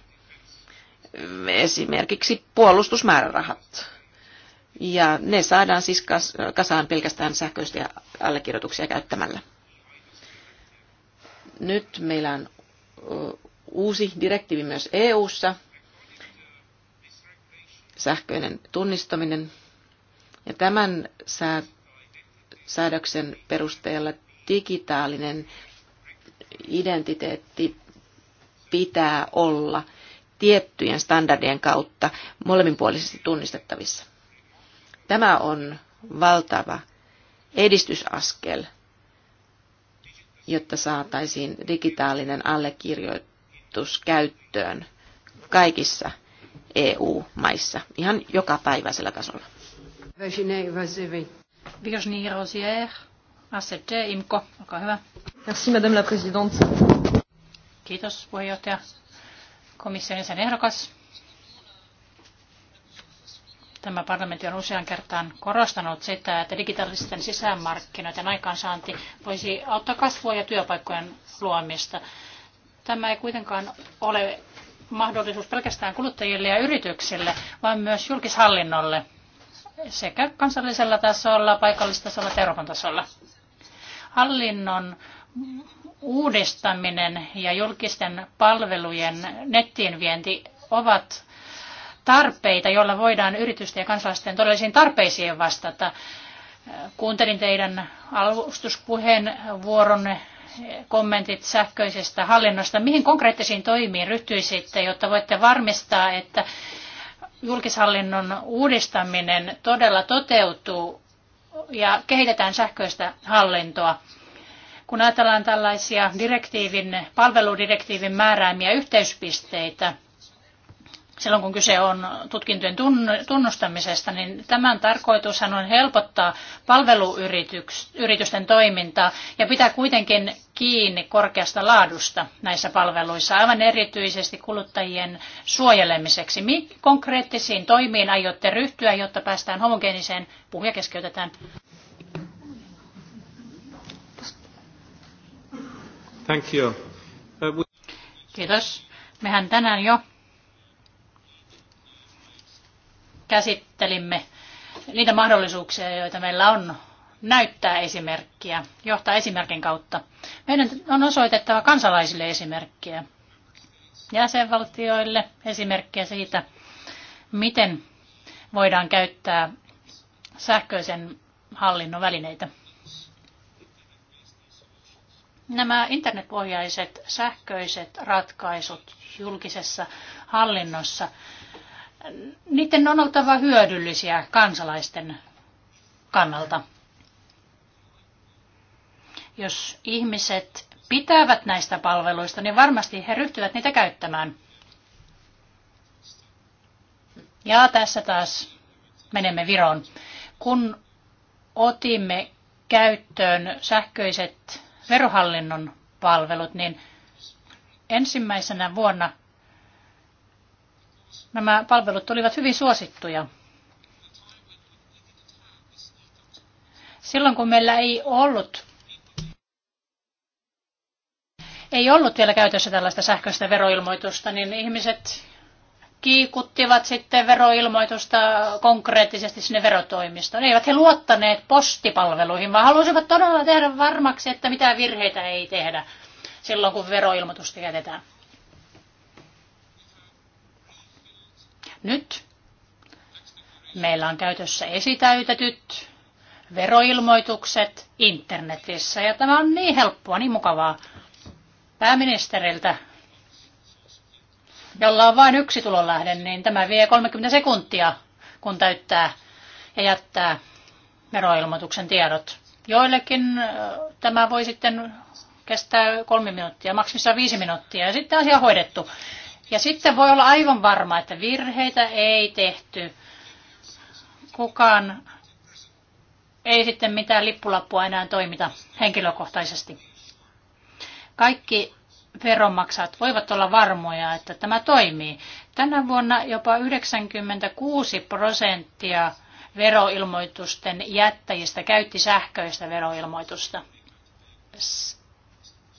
Esimerkiksi puolustusmäärärahat. Ja ne saadaan siis kasaan pelkästään sähköisiä allekirjoituksia käyttämällä. Nyt meillä on uusi direktiivi myös EU:ssa sähköinen tunnistaminen. Ja tämän säädöksen perusteella digitaalinen identiteetti pitää olla tiettyjen standardien kautta molemminpuolisesti tunnistettavissa. Tämä on valtava edistysaskel, jotta saataisiin digitaalinen allekirjoitus käyttöön kaikissa – EU-maissa ihan joka päiväisellä tasolla.
Virginie Rosier, ACT, IMCO, olkaa hyvä.
Merci, Madame la Présidente.
Kiitos, puheenjohtaja. Komission jäsen ehdokas. Tämä parlamentti on usean kertaan korostanut sitä, että digitaalisten sisämarkkinoiden aikaansaanti voisi auttaa kasvua ja työpaikkojen luomista. Tämä ei kuitenkaan ole mahdollisuus pelkästään kuluttajille ja yrityksille, vaan myös julkishallinnolle sekä kansallisella tasolla, paikallistasolla että Euroopan tasolla. Hallinnon uudistaminen ja julkisten palvelujen nettiin vienti ovat tarpeita, joilla voidaan yritysten ja kansalaisten todellisiin tarpeisiin vastata. Kuuntelin teidän alustuspuheen vuoronne kommentit sähköisestä hallinnosta. Mihin konkreettisiin toimiin ryhtyisitte, jotta voitte varmistaa, että julkishallinnon uudistaminen todella toteutuu ja kehitetään sähköistä hallintoa? Kun ajatellaan tällaisia direktiivin, palveludirektiivin määräämiä yhteyspisteitä, silloin kun kyse on tutkintojen tunnustamisesta, niin tämän tarkoitushan on helpottaa palveluyritysten toimintaa ja pitää kuitenkin kiinni korkeasta laadusta näissä palveluissa, aivan erityisesti kuluttajien suojelemiseksi. Mihin konkreettisiin toimiin aiotte ryhtyä, jotta päästään homogeeniseen? Puhuja keskeytetään.
Thank you. Uh,
Kiitos. Mehän tänään jo käsittelimme niitä mahdollisuuksia, joita meillä on näyttää esimerkkiä, johtaa esimerkin kautta. Meidän on osoitettava kansalaisille esimerkkiä, jäsenvaltioille esimerkkiä siitä, miten voidaan käyttää sähköisen hallinnon välineitä. Nämä internetpohjaiset sähköiset ratkaisut julkisessa hallinnossa niiden on oltava hyödyllisiä kansalaisten kannalta. Jos ihmiset pitävät näistä palveluista, niin varmasti he ryhtyvät niitä käyttämään. Ja tässä taas menemme Viroon. Kun otimme käyttöön sähköiset verohallinnon palvelut, niin ensimmäisenä vuonna Nämä palvelut olivat hyvin suosittuja. Silloin kun meillä ei ollut ei ollut vielä käytössä tällaista sähköistä veroilmoitusta, niin ihmiset kiikuttivat sitten veroilmoitusta konkreettisesti sinne verotoimistoon. Eivät he luottaneet postipalveluihin, vaan halusivat todella tehdä varmaksi, että mitään virheitä ei tehdä silloin, kun veroilmoitusta jätetään. Nyt meillä on käytössä esitäytetyt veroilmoitukset internetissä ja tämä on niin helppoa, niin mukavaa pääministeriltä, jolla on vain yksi tulonlähde, niin tämä vie 30 sekuntia, kun täyttää ja jättää veroilmoituksen tiedot. Joillekin tämä voi sitten kestää kolme minuuttia, maksimissaan viisi minuuttia ja sitten asia on hoidettu. Ja sitten voi olla aivan varma, että virheitä ei tehty. Kukaan ei sitten mitään lippulappua enää toimita henkilökohtaisesti. Kaikki veronmaksajat voivat olla varmoja, että tämä toimii. Tänä vuonna jopa 96 prosenttia veroilmoitusten jättäjistä käytti sähköistä veroilmoitusta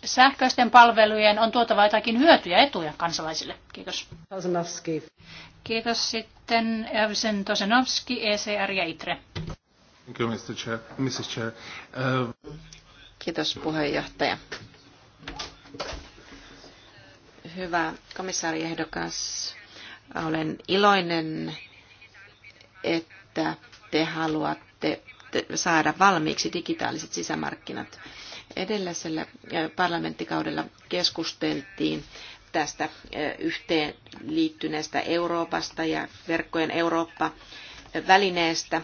sähköisten palvelujen on tuotava jotakin hyötyjä etuja kansalaisille. Kiitos. Tosenovski. Kiitos sitten Evsen Tosenovski, ECR ja ITRE.
Uh,
Kiitos puheenjohtaja. Hyvä komissaariehdokas, olen iloinen, että te haluatte saada valmiiksi digitaaliset sisämarkkinat edellisellä parlamenttikaudella keskusteltiin tästä yhteen liittyneestä Euroopasta ja verkkojen Eurooppa-välineestä,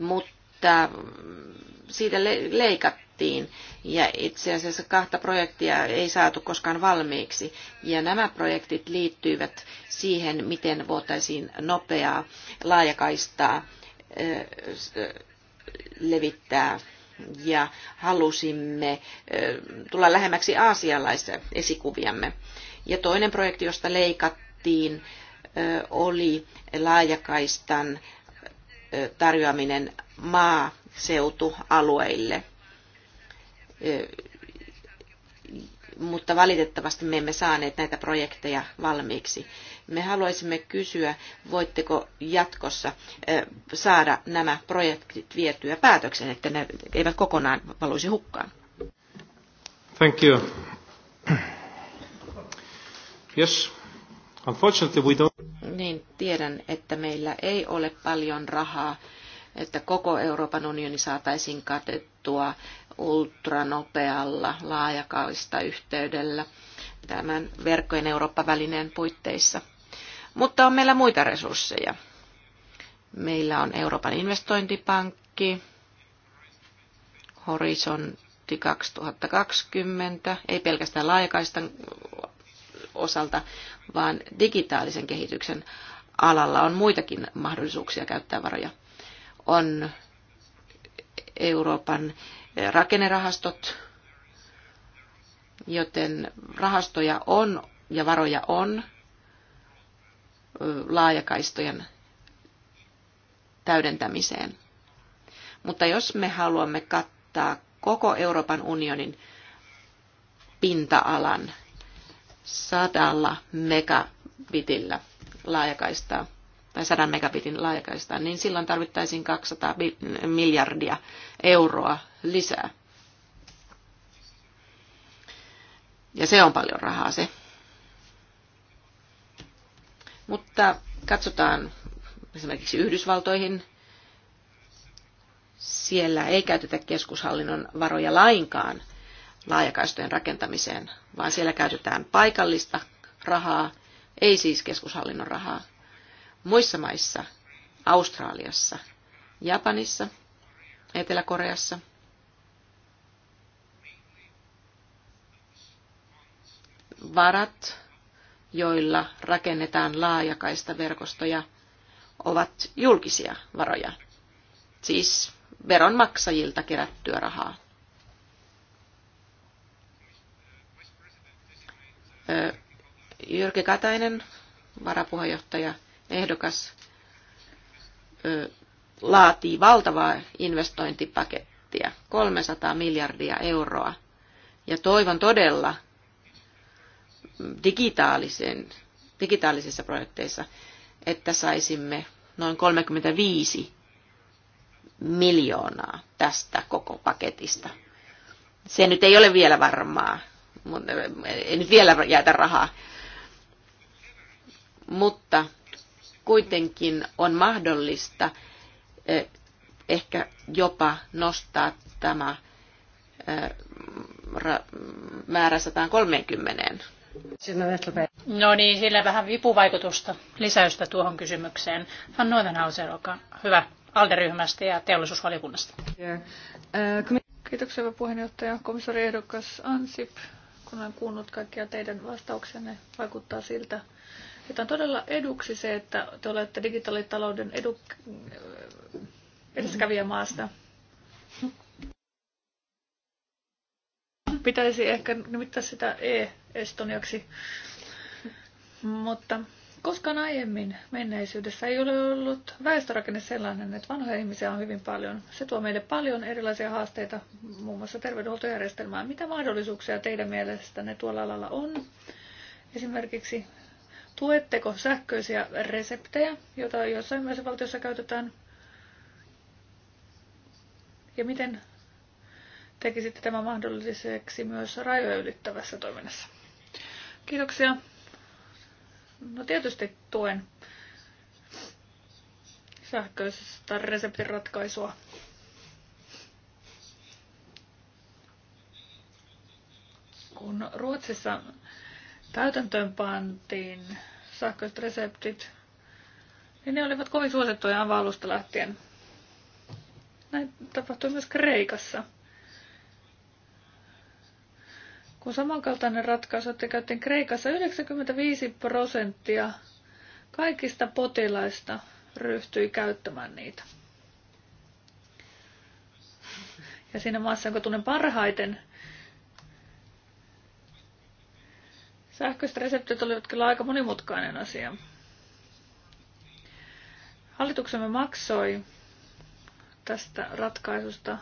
mutta siitä leikattiin ja itse asiassa kahta projektia ei saatu koskaan valmiiksi. Ja nämä projektit liittyivät siihen, miten voitaisiin nopeaa laajakaistaa levittää ja halusimme tulla lähemmäksi aasialaisia esikuviamme. Ja toinen projekti, josta leikattiin, oli laajakaistan tarjoaminen maaseutualueille mutta valitettavasti me emme saaneet näitä projekteja valmiiksi. Me haluaisimme kysyä, voitteko jatkossa saada nämä projektit vietyä päätökseen, että ne eivät kokonaan valuisi hukkaan.
Thank you. Yes. Unfortunately we don't...
Niin, tiedän, että meillä ei ole paljon rahaa että koko Euroopan unioni saataisiin katettua ultranopealla laajakaista yhteydellä tämän verkkojen Eurooppa-välineen puitteissa. Mutta on meillä muita resursseja. Meillä on Euroopan investointipankki, Horisontti 2020, ei pelkästään laajakaistan osalta, vaan digitaalisen kehityksen alalla on muitakin mahdollisuuksia käyttää varoja on Euroopan rakennerahastot, joten rahastoja on ja varoja on laajakaistojen täydentämiseen. Mutta jos me haluamme kattaa koko Euroopan unionin pinta-alan sadalla megabitillä laajakaistaa, tai 100 megabitin laajakaistaan, niin silloin tarvittaisiin 200 miljardia euroa lisää. Ja se on paljon rahaa se. Mutta katsotaan esimerkiksi Yhdysvaltoihin. Siellä ei käytetä keskushallinnon varoja lainkaan laajakaistojen rakentamiseen, vaan siellä käytetään paikallista rahaa, ei siis keskushallinnon rahaa, Muissa maissa, Australiassa, Japanissa, Etelä-Koreassa, varat, joilla rakennetaan laajakaista verkostoja, ovat julkisia varoja, siis veronmaksajilta kerättyä rahaa. Jyrki Katainen, varapuheenjohtaja, ehdokas laatii valtavaa investointipakettia, 300 miljardia euroa. Ja toivon todella digitaalisen, digitaalisissa projekteissa, että saisimme noin 35 miljoonaa tästä koko paketista. Se nyt ei ole vielä varmaa, mutta ei nyt vielä jäätä rahaa. Mutta kuitenkin on mahdollista ehkä jopa nostaa tämä määrä 130.
No niin, sillä vähän vipuvaikutusta, lisäystä tuohon kysymykseen. Van Noidenhauser, olkaa hyvä ALDE-ryhmästä ja teollisuusvaliokunnasta.
Kiitoksia, hyvä puheenjohtaja. Komissari ehdokas Ansip, kun olen kuunnellut kaikkia teidän vastauksenne, vaikuttaa siltä, Tämä on todella eduksi se, että te olette digitaalitalouden edeskäviä maasta. Pitäisi ehkä nimittää sitä e-estoniaksi, mutta koskaan aiemmin menneisyydessä ei ole ollut väestörakenne sellainen, että vanhoja ihmisiä on hyvin paljon. Se tuo meille paljon erilaisia haasteita, muun muassa terveydenhuoltojärjestelmään. Mitä mahdollisuuksia teidän mielestänne tuolla alalla on? Esimerkiksi Tuetteko sähköisiä reseptejä, joita jossain myös valtiossa käytetään? Ja miten tekisitte tämä mahdolliseksi myös rajoja ylittävässä toiminnassa? Kiitoksia. No tietysti tuen sähköisestä reseptiratkaisua. Kun Ruotsissa täytäntöön pantiin sähköiset reseptit, niin ne olivat kovin suosittuja avaalusta lähtien. Näin tapahtui myös Kreikassa. Kun samankaltainen ratkaisu otti käyttiin Kreikassa, 95 prosenttia kaikista potilaista ryhtyi käyttämään niitä. Ja siinä maassa, jonka tunnen parhaiten, Sähköiset reseptit olivat kyllä aika monimutkainen asia. Hallituksemme maksoi tästä ratkaisusta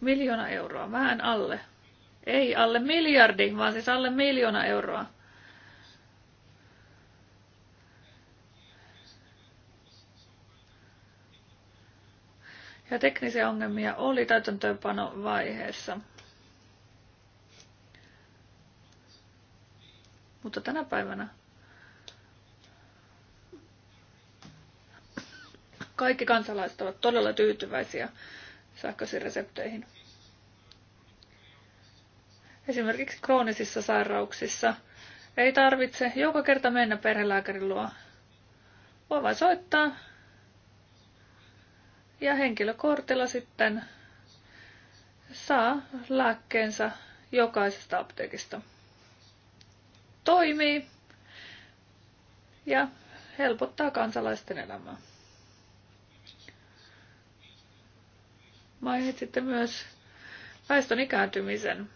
miljoona euroa, vähän alle. Ei alle miljardi, vaan siis alle miljoona euroa. Ja teknisiä ongelmia oli täytäntöönpanovaiheessa. vaiheessa. Mutta tänä päivänä kaikki kansalaiset ovat todella tyytyväisiä sähköisiin resepteihin. Esimerkiksi kroonisissa sairauksissa ei tarvitse joka kerta mennä perhelääkärin luo. Voi vain soittaa ja henkilökortilla sitten saa lääkkeensä jokaisesta apteekista toimii ja helpottaa kansalaisten elämää. Mainitsitte myös väestön ikääntymisen.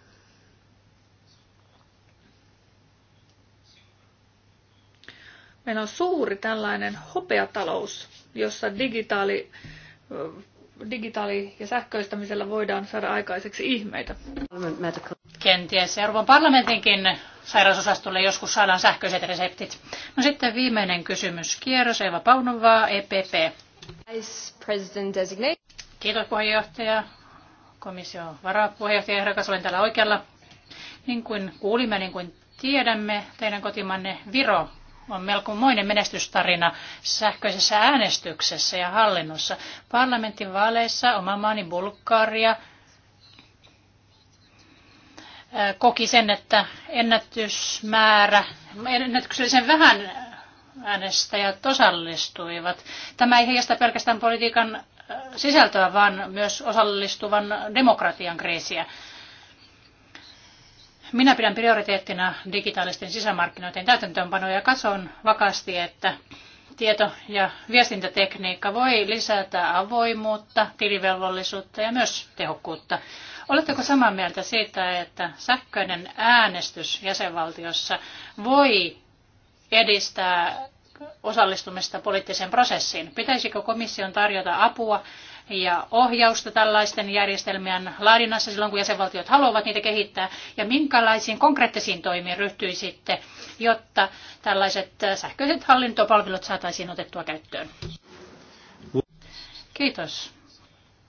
Meillä on suuri tällainen hopeatalous, jossa digitaali digitaali- ja sähköistämisellä voidaan saada aikaiseksi ihmeitä.
Kenties
Euroopan parlamentinkin sairausosastolle joskus saadaan sähköiset reseptit. No sitten viimeinen kysymys. Kierros Eva Paunovaa, EPP. Kiitos puheenjohtaja. Komissio varapuheenjohtaja ehdokas, olen täällä oikealla. Niin kuin kuulimme, niin kuin tiedämme, teidän kotimanne Viro on melkomoinen menestystarina sähköisessä äänestyksessä ja hallinnossa. Parlamentin vaaleissa oma maani Bulgaria koki sen, että ennätysmäärä, ennätyksellisen vähän äänestäjät osallistuivat. Tämä ei heijasta pelkästään politiikan sisältöä, vaan myös osallistuvan demokratian kriisiä. Minä pidän prioriteettina digitaalisten sisämarkkinoiden täytäntöönpanoa ja katson vakaasti, että tieto- ja viestintätekniikka voi lisätä avoimuutta, tilivelvollisuutta ja myös tehokkuutta. Oletteko samaa mieltä siitä, että sähköinen äänestys jäsenvaltiossa voi edistää osallistumista poliittiseen prosessiin? Pitäisikö komission tarjota apua ja ohjausta tällaisten järjestelmien laadinnassa silloin, kun jäsenvaltiot haluavat niitä kehittää, ja minkälaisiin konkreettisiin toimiin ryhtyisitte, jotta tällaiset sähköiset hallintopalvelut saataisiin otettua käyttöön? Kiitos.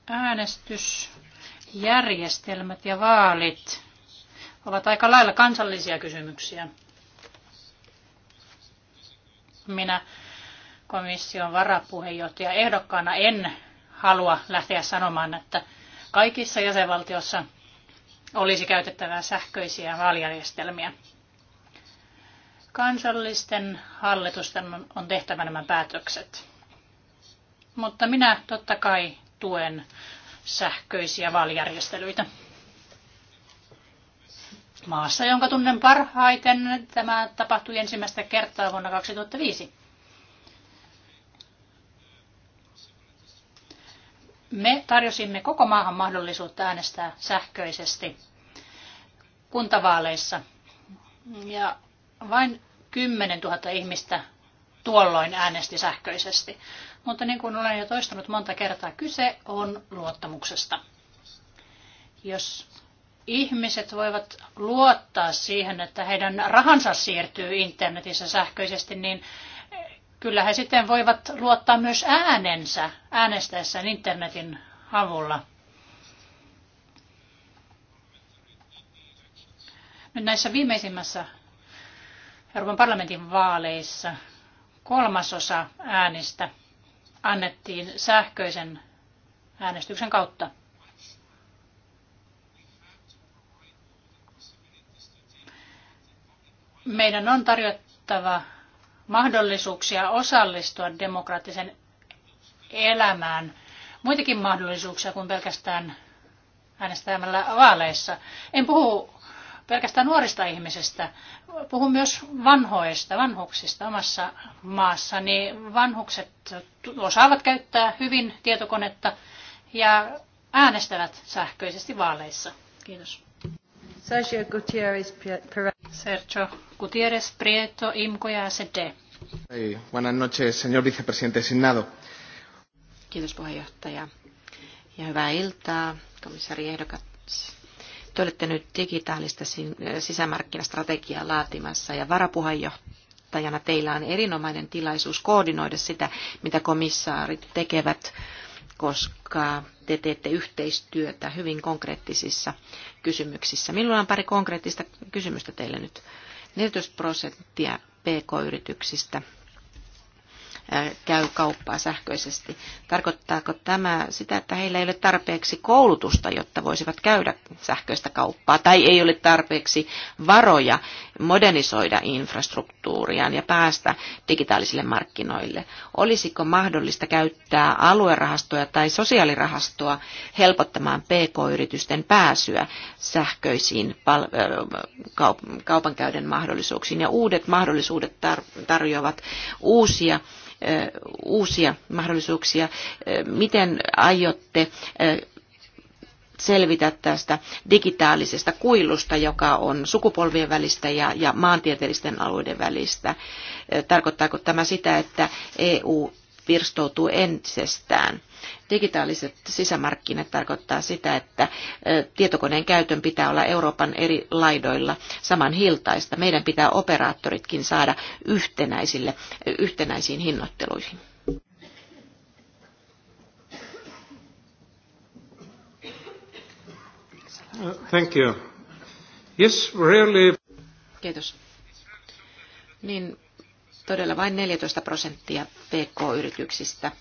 Äänestysjärjestelmät ja vaalit ovat aika lailla kansallisia kysymyksiä. Minä komission varapuheenjohtaja ehdokkaana en halua lähteä sanomaan, että kaikissa jäsenvaltiossa olisi käytettävää sähköisiä vaalijärjestelmiä. Kansallisten hallitusten on tehtävä nämä päätökset. Mutta minä totta kai tuen sähköisiä vaalijärjestelyitä. Maassa, jonka tunnen parhaiten, tämä tapahtui ensimmäistä kertaa vuonna 2005. Me tarjosimme koko maahan mahdollisuutta äänestää sähköisesti kuntavaaleissa. Ja vain 10 000 ihmistä tuolloin äänesti sähköisesti. Mutta niin kuin olen jo toistanut monta kertaa, kyse on luottamuksesta. Jos ihmiset voivat luottaa siihen, että heidän rahansa siirtyy internetissä sähköisesti, niin kyllä he sitten voivat luottaa myös äänensä äänestäessään internetin avulla. Nyt näissä viimeisimmässä Euroopan parlamentin vaaleissa kolmasosa äänistä annettiin sähköisen äänestyksen kautta. Meidän on tarjottava mahdollisuuksia osallistua demokraattisen elämään, muitakin mahdollisuuksia kuin pelkästään äänestämällä vaaleissa. En puhu pelkästään nuorista ihmisistä, puhun myös vanhoista, vanhuksista omassa maassa, niin vanhukset osaavat käyttää hyvin tietokonetta ja äänestävät sähköisesti vaaleissa. Kiitos. Sergio Gutierrez Perez. Sergio Gutierrez Prieto, IMCO ja SD.
Buenas noches, señor vicepresidente Signado.
Kiitos puheenjohtaja. Ja hyvää iltaa, komissaari ehdokas. Te olette nyt digitaalista sisämarkkinastrategiaa laatimassa ja varapuheenjohtajana teillä on erinomainen tilaisuus koordinoida sitä, mitä komissaarit tekevät koska te teette yhteistyötä hyvin konkreettisissa kysymyksissä. Minulla on pari konkreettista kysymystä teille nyt. 14 prosenttia pk-yrityksistä Äh, käy kauppaa sähköisesti. Tarkoittaako tämä sitä, että heillä ei ole tarpeeksi koulutusta, jotta voisivat käydä sähköistä kauppaa, tai ei ole tarpeeksi varoja modernisoida infrastruktuuriaan ja päästä digitaalisille markkinoille? Olisiko mahdollista käyttää aluerahastoja tai sosiaalirahastoa helpottamaan pk-yritysten pääsyä sähköisiin kaupankäyden mahdollisuuksiin? Ja uudet mahdollisuudet tarjoavat uusia uusia mahdollisuuksia. Miten aiotte selvitä tästä digitaalisesta kuilusta, joka on sukupolvien välistä ja, ja maantieteellisten alueiden välistä. Tarkoittaako tämä sitä, että EU pirstoutuu entisestään? Digitaaliset sisämarkkinat tarkoittaa sitä, että tietokoneen käytön pitää olla Euroopan eri laidoilla saman hiltaista. Meidän pitää operaattoritkin saada yhtenäisille, yhtenäisiin hinnoitteluihin.
Thank you. Yes, really.
Kiitos. Niin todella vain 14 prosenttia PK-yrityksistä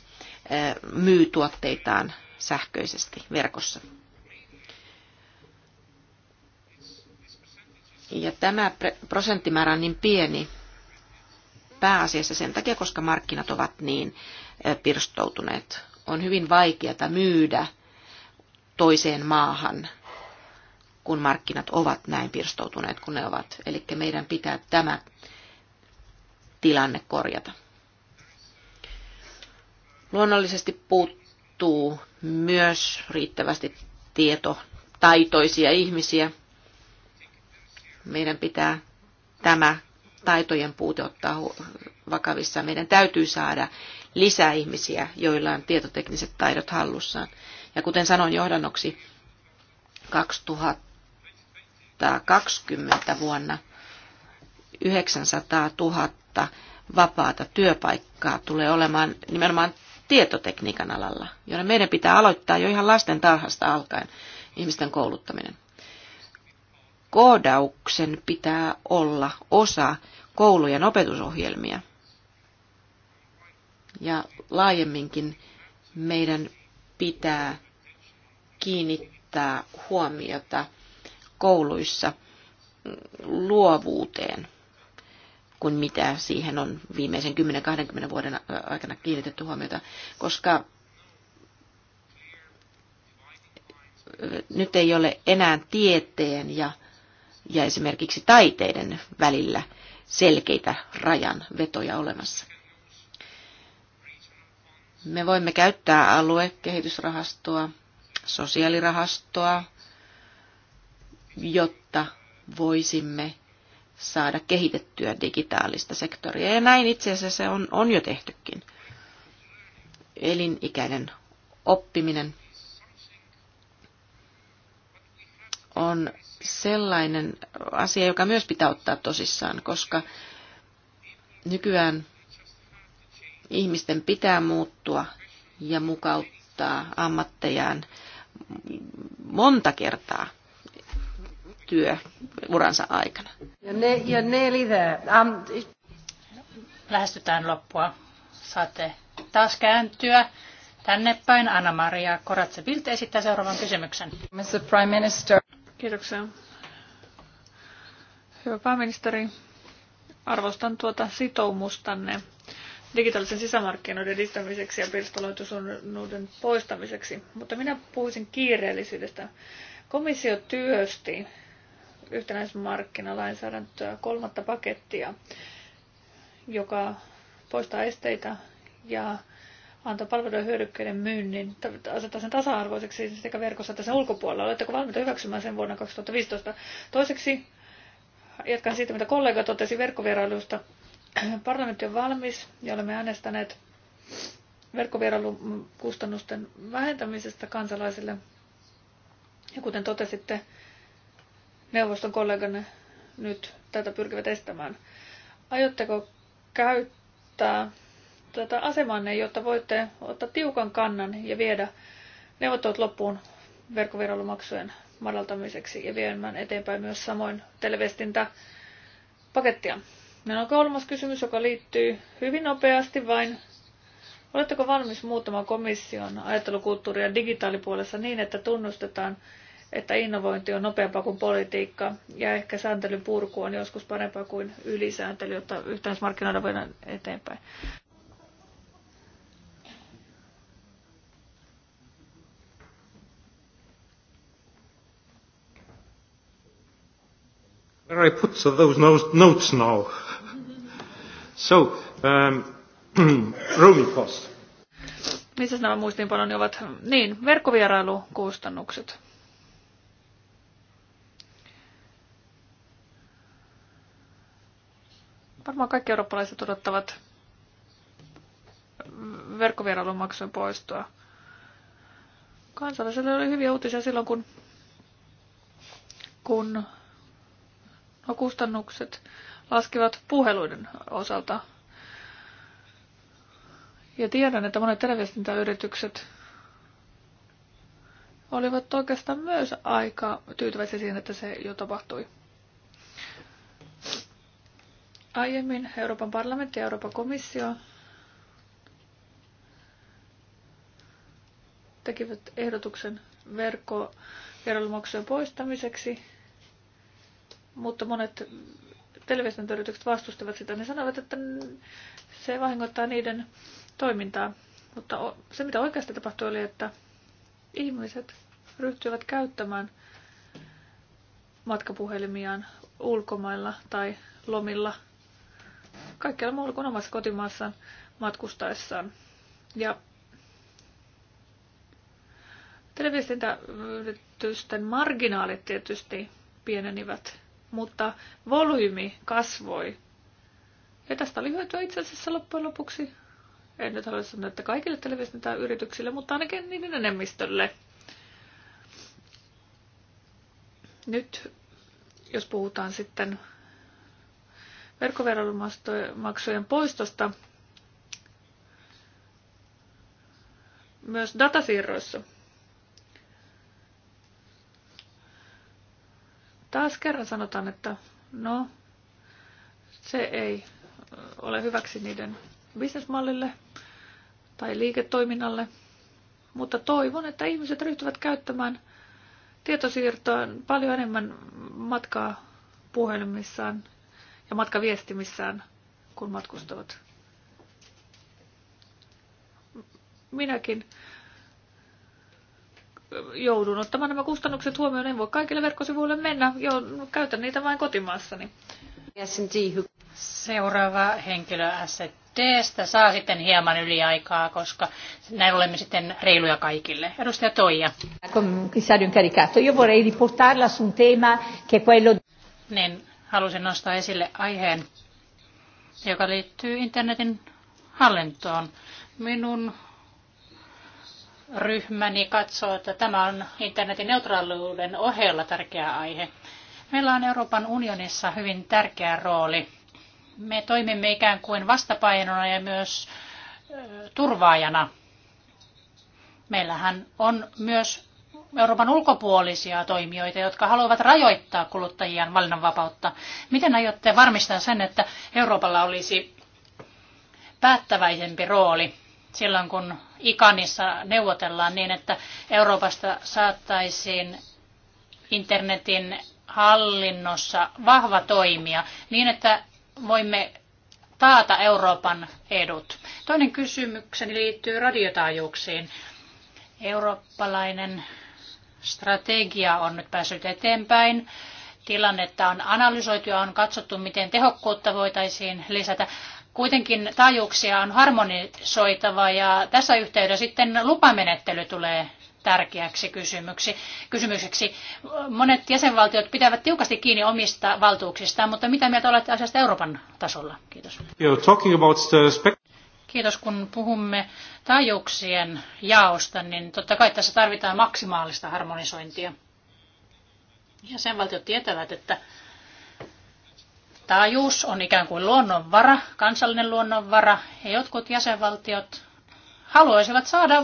Eh, myy tuotteitaan sähköisesti verkossa. Ja tämä prosenttimäärä on niin pieni pääasiassa sen takia, koska markkinat ovat niin eh, pirstoutuneet. On hyvin vaikeaa myydä toiseen maahan, kun markkinat ovat näin pirstoutuneet kuin ne ovat. Eli meidän pitää tämä tilanne korjata. Luonnollisesti puuttuu myös riittävästi tietotaitoisia ihmisiä. Meidän pitää tämä taitojen puute ottaa vakavissa. Meidän täytyy saada lisää ihmisiä, joilla on tietotekniset taidot hallussaan. Ja kuten sanoin johdannoksi, 2020 vuonna 900 000 vapaata työpaikkaa tulee olemaan nimenomaan tietotekniikan alalla, jolla meidän pitää aloittaa jo ihan lasten tarhasta alkaen ihmisten kouluttaminen. Koodauksen pitää olla osa koulujen opetusohjelmia. Ja laajemminkin meidän pitää kiinnittää huomiota kouluissa luovuuteen – kuin mitä siihen on viimeisen 10-20 vuoden aikana kiinnitetty huomiota, koska nyt ei ole enää tieteen ja, ja esimerkiksi taiteiden välillä selkeitä rajanvetoja olemassa. Me voimme käyttää aluekehitysrahastoa, sosiaalirahastoa, jotta voisimme saada kehitettyä digitaalista sektoria. Ja näin itse asiassa se on, on jo tehtykin. Elinikäinen oppiminen on sellainen asia, joka myös pitää ottaa tosissaan, koska nykyään ihmisten pitää muuttua ja mukauttaa ammattejaan monta kertaa työ uransa aikana.
Ja ne, ja ne Um, Lähestytään
loppua. Saatte taas kääntyä tänne päin. Anna-Maria Koratse-Bilt esittää seuraavan kysymyksen. Mr. Prime Minister.
Kiitoksia. Hyvä pääministeri, arvostan tuota sitoumustanne digitaalisen sisämarkkinoiden edistämiseksi ja pirstaloitusunnuuden poistamiseksi, mutta minä puhuisin kiireellisyydestä. Komissio työsti yhtenäismarkkinalainsäädäntöä, kolmatta pakettia, joka poistaa esteitä ja antaa palveluiden hyödykkeiden myynnin, asettaa sen tasa-arvoiseksi siis sekä verkossa että sen ulkopuolella. Oletteko valmiita hyväksymään sen vuonna 2015? Toiseksi, jatkan siitä, mitä kollega totesi verkkovierailusta. *clears throat* Parlamentti on valmis ja olemme äänestäneet verkkovierailukustannusten kustannusten vähentämisestä kansalaisille. Ja kuten totesitte, neuvoston kolleganne nyt tätä pyrkivät estämään. Aiotteko käyttää tätä asemanne, jotta voitte ottaa tiukan kannan ja viedä neuvottelut loppuun verkkoviralumaksujen madaltamiseksi ja viemään eteenpäin myös samoin pakettia? Meillä on kolmas kysymys, joka liittyy hyvin nopeasti vain. Oletteko valmis muuttamaan komission ajattelukulttuuria digitaalipuolessa niin, että tunnustetaan että innovointi on nopeampaa kuin politiikka ja ehkä sääntelyn purku on joskus parempaa kuin ylisääntely, jotta yhteismarkkinoida voidaan eteenpäin.
where I put so those notes now. So, um, *clears throat* roaming cost.
Missä nämä muistiinpanoni ovat? Niin, verkkovierailukustannukset. Varmaan kaikki eurooppalaiset odottavat verkkovierailumaksujen poistoa. Kansalaisille oli hyviä uutisia silloin, kun, kun no, kustannukset laskivat puheluiden osalta. Ja tiedän, että monet televiestintäyritykset olivat oikeastaan myös aika tyytyväisiä siihen, että se jo tapahtui. Aiemmin Euroopan parlamentti ja Euroopan komissio tekivät ehdotuksen verkkokerralmaksujen poistamiseksi, mutta monet televisioyritykset vastustivat sitä, niin sanovat, että se vahingoittaa niiden toimintaa. Mutta se, mitä oikeasti tapahtui, oli, että ihmiset ryhtyivät käyttämään matkapuhelimiaan ulkomailla tai lomilla – kaikkialla muualla kuin omassa kotimaassaan matkustaessaan. Ja televiestintäyritysten marginaalit tietysti pienenivät, mutta volyymi kasvoi. Ja tästä oli hyötyä itse asiassa loppujen lopuksi. En nyt halua sanoa, että kaikille televiestintäyrityksille, mutta ainakin niiden enemmistölle. Nyt, jos puhutaan sitten verkkoveromaksujen poistosta myös datasiirroissa. Taas kerran sanotaan, että no, se ei ole hyväksi niiden bisnesmallille tai liiketoiminnalle, mutta toivon, että ihmiset ryhtyvät käyttämään tietosiirtoa paljon enemmän matkaa puhelimissaan ja matkaviestimissään, kun matkustavat. Minäkin joudun ottamaan nämä kustannukset huomioon. En voi kaikille verkkosivuille mennä. Jo, käytän niitä vain kotimaassani.
Seuraava henkilö SDstä saa sitten hieman yliaikaa, koska näin olemme sitten reiluja kaikille. Edustaja Toija. Commissario incaricato, io vorrei riportarla su un tema che quello... Niin, halusin nostaa esille aiheen, joka liittyy internetin hallintoon. Minun ryhmäni katsoo, että tämä on internetin neutraaliuden ohella tärkeä aihe. Meillä on Euroopan unionissa hyvin tärkeä rooli. Me toimimme ikään kuin vastapainona ja myös turvaajana. Meillähän on myös Euroopan ulkopuolisia toimijoita, jotka haluavat rajoittaa kuluttajien valinnanvapautta. Miten aiotte varmistaa sen, että Euroopalla olisi päättäväisempi rooli silloin, kun Ikanissa neuvotellaan niin, että Euroopasta saattaisiin internetin hallinnossa vahva toimija niin, että voimme taata Euroopan edut. Toinen kysymykseni liittyy radiotaajuuksiin. Eurooppalainen strategia on nyt päässyt eteenpäin. Tilannetta on analysoitu ja on katsottu, miten tehokkuutta voitaisiin lisätä. Kuitenkin taajuuksia on harmonisoitava ja tässä yhteydessä sitten lupamenettely tulee tärkeäksi kysymyksi, kysymykseksi. Monet jäsenvaltiot pitävät tiukasti kiinni omista valtuuksistaan, mutta mitä mieltä olette asiasta Euroopan tasolla? Kiitos. Kiitos, kun puhumme taajuuksien jaosta, niin totta kai tässä tarvitaan maksimaalista harmonisointia. Ja sen valtiot tietävät, että taajuus on ikään kuin luonnonvara, kansallinen luonnonvara, ja jotkut jäsenvaltiot haluaisivat saada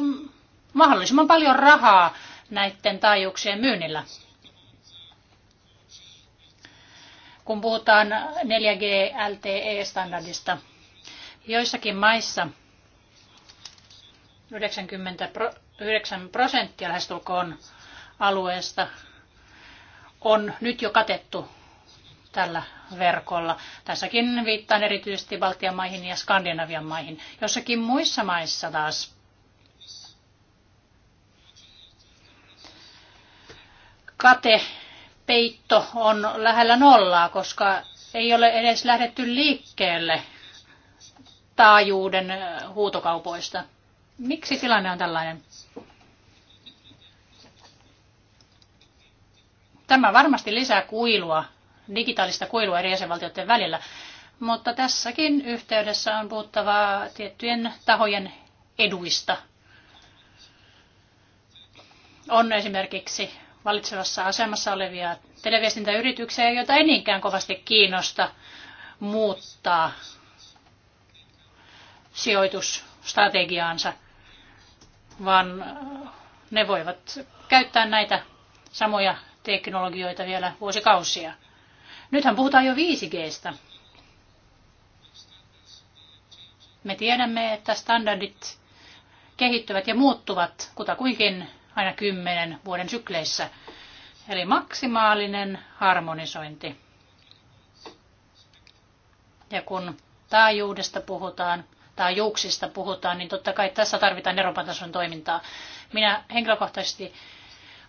mahdollisimman paljon rahaa näiden taajuuksien myynnillä. Kun puhutaan 4G LTE-standardista, Joissakin maissa 99 prosenttia lähestulkoon alueesta on nyt jo katettu tällä verkolla. Tässäkin viittaan erityisesti Baltian maihin ja Skandinavian maihin. Jossakin muissa maissa taas katepeitto on lähellä nollaa, koska ei ole edes lähdetty liikkeelle taajuuden huutokaupoista. Miksi tilanne on tällainen? Tämä varmasti lisää kuilua, digitaalista kuilua eri jäsenvaltioiden välillä, mutta tässäkin yhteydessä on puhuttava tiettyjen tahojen eduista. On esimerkiksi valitsevassa asemassa olevia televiestintäyrityksiä, joita ei niinkään kovasti kiinnosta muuttaa sijoitusstrategiaansa, vaan ne voivat käyttää näitä samoja teknologioita vielä vuosikausia. Nythän puhutaan jo 5Gstä. Me tiedämme, että standardit kehittyvät ja muuttuvat kutakuinkin aina kymmenen vuoden sykleissä. Eli maksimaalinen harmonisointi. Ja kun taajuudesta puhutaan, taajuuksista puhutaan, niin totta kai tässä tarvitaan Euroopan tason toimintaa. Minä henkilökohtaisesti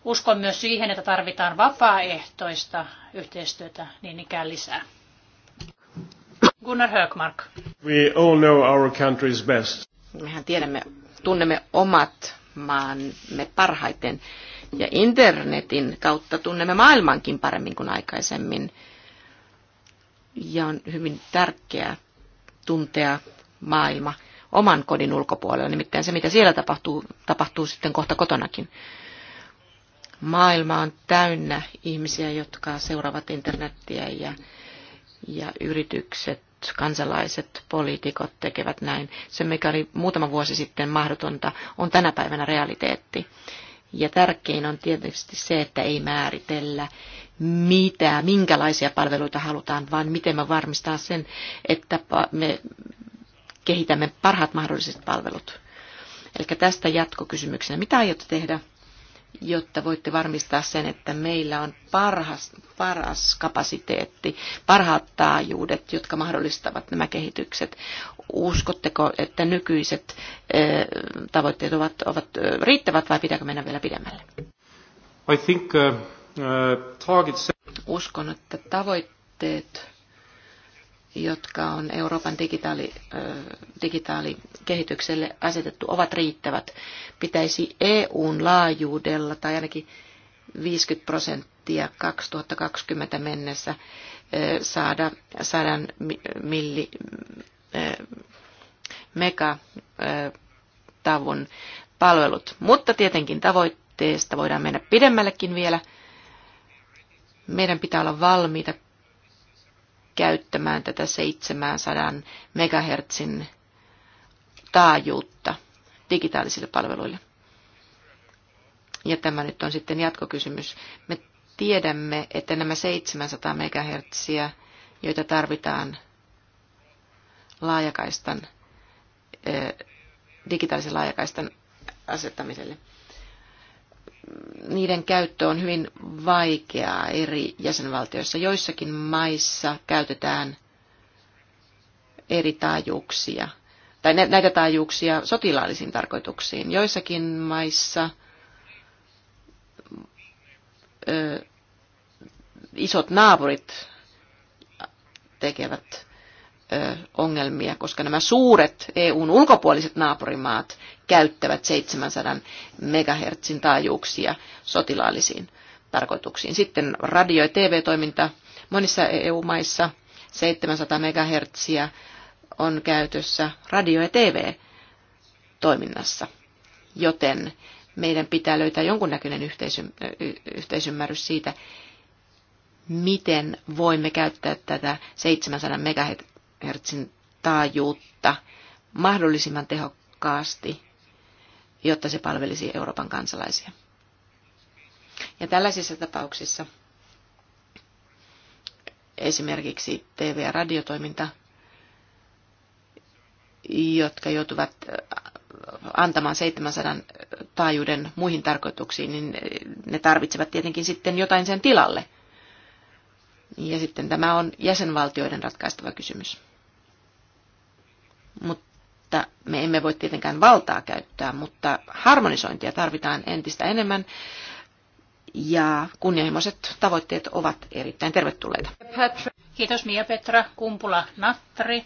uskon myös siihen, että tarvitaan vapaaehtoista yhteistyötä niin ikään lisää.
Gunnar Högmark.
We all know our best.
Mehän tiedämme, tunnemme omat maamme parhaiten ja internetin kautta tunnemme maailmankin paremmin kuin aikaisemmin. Ja on hyvin tärkeää tuntea maailma oman kodin ulkopuolella. Nimittäin se, mitä siellä tapahtuu, tapahtuu sitten kohta kotonakin. Maailma on täynnä ihmisiä, jotka seuraavat internettiä ja, ja yritykset, kansalaiset, poliitikot tekevät näin. Se, mikä oli muutama vuosi sitten mahdotonta, on tänä päivänä realiteetti. Ja tärkein on tietysti se, että ei määritellä mitä, minkälaisia palveluita halutaan, vaan miten me varmistaa sen, että me kehitämme parhaat mahdolliset palvelut. Eli tästä jatkokysymyksenä. Mitä aiotte tehdä, jotta voitte varmistaa sen, että meillä on parhas, paras kapasiteetti, parhaat taajuudet, jotka mahdollistavat nämä kehitykset? Uskotteko, että nykyiset tavoitteet ovat, ovat riittävät vai pitääkö mennä vielä pidemmälle?
I think, uh, uh, targets...
Uskon, että tavoitteet jotka on Euroopan digitaali, digitaalikehitykselle asetettu, ovat riittävät. Pitäisi EUn laajuudella tai ainakin 50 prosenttia 2020 mennessä saada 100 milli, megatavun palvelut. Mutta tietenkin tavoitteesta voidaan mennä pidemmällekin vielä. Meidän pitää olla valmiita käyttämään tätä 700 megahertsin taajuutta digitaalisille palveluille. Ja tämä nyt on sitten jatkokysymys. Me tiedämme, että nämä 700 MHz, joita tarvitaan laajakaistan, digitaalisen laajakaistan asettamiselle – niiden käyttö on hyvin vaikeaa eri jäsenvaltioissa. Joissakin maissa käytetään eri taajuuksia, tai näitä taajuuksia sotilaallisiin tarkoituksiin. Joissakin maissa ö, isot naapurit tekevät ongelmia, koska nämä suuret EUn ulkopuoliset naapurimaat käyttävät 700 megahertsin taajuuksia sotilaallisiin tarkoituksiin. Sitten radio- ja TV-toiminta monissa EU-maissa 700 megahertsiä on käytössä radio- ja TV-toiminnassa, joten meidän pitää löytää jonkunnäköinen yhteisy- yhteisymmärrys siitä, miten voimme käyttää tätä 700 megahertsin taajuutta mahdollisimman tehokkaasti, jotta se palvelisi Euroopan kansalaisia. Ja tällaisissa tapauksissa esimerkiksi TV- ja radiotoiminta, jotka joutuvat äh, antamaan 700 taajuuden muihin tarkoituksiin, niin ne tarvitsevat tietenkin sitten jotain sen tilalle. Ja sitten tämä on jäsenvaltioiden ratkaistava kysymys mutta me emme voi tietenkään valtaa käyttää, mutta harmonisointia tarvitaan entistä enemmän ja kunnianhimoiset tavoitteet ovat erittäin tervetulleita.
Kiitos Mia Petra, Kumpula Nattari,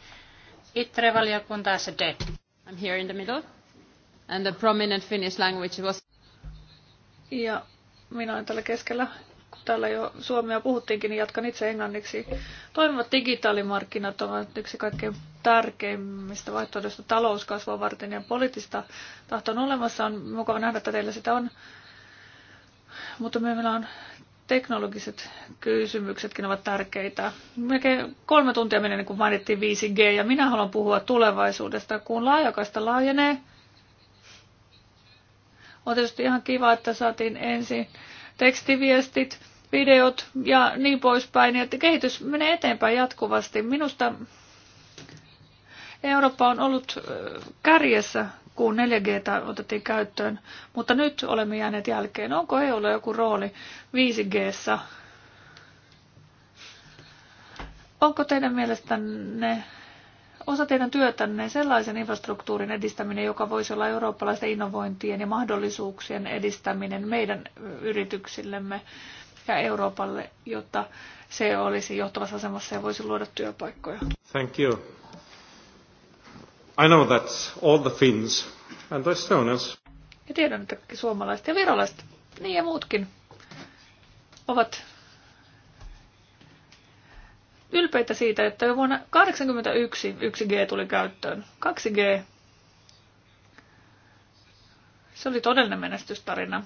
Itre-valiokunta SD. I'm here in the middle.
And the prominent Finnish language was...
Ja minä
olen tällä keskellä täällä jo suomea puhuttiinkin, niin jatkan itse englanniksi. Toimivat digitaalimarkkinat ovat yksi kaikkein tärkeimmistä vaihtoehdoista talouskasvua varten ja poliittista tahtoa on olemassa. On mukava nähdä, että teillä sitä on. Mutta meillä on teknologiset kysymyksetkin ovat tärkeitä. Melkein kolme tuntia meni, niin kun mainittiin 5G, ja minä haluan puhua tulevaisuudesta, kun laajakaista laajenee. On tietysti ihan kiva, että saatiin ensin tekstiviestit, videot ja niin poispäin. että kehitys menee eteenpäin jatkuvasti. Minusta Eurooppa on ollut kärjessä, kun 4G otettiin käyttöön, mutta nyt olemme jääneet jälkeen. Onko EUlla joku rooli 5 g Onko teidän mielestänne osa teidän työtänne sellaisen infrastruktuurin edistäminen, joka voisi olla eurooppalaisten innovointien ja mahdollisuuksien edistäminen meidän yrityksillemme ja Euroopalle, jotta se olisi johtavassa asemassa ja voisi luoda työpaikkoja.
Thank you. I know that all the Finns and the Estonians.
Ja tiedän, että suomalaiset ja virolaiset, niin ja muutkin, ovat ylpeitä siitä, että jo vuonna 1981 1G tuli käyttöön. 2G. Se oli todellinen menestystarina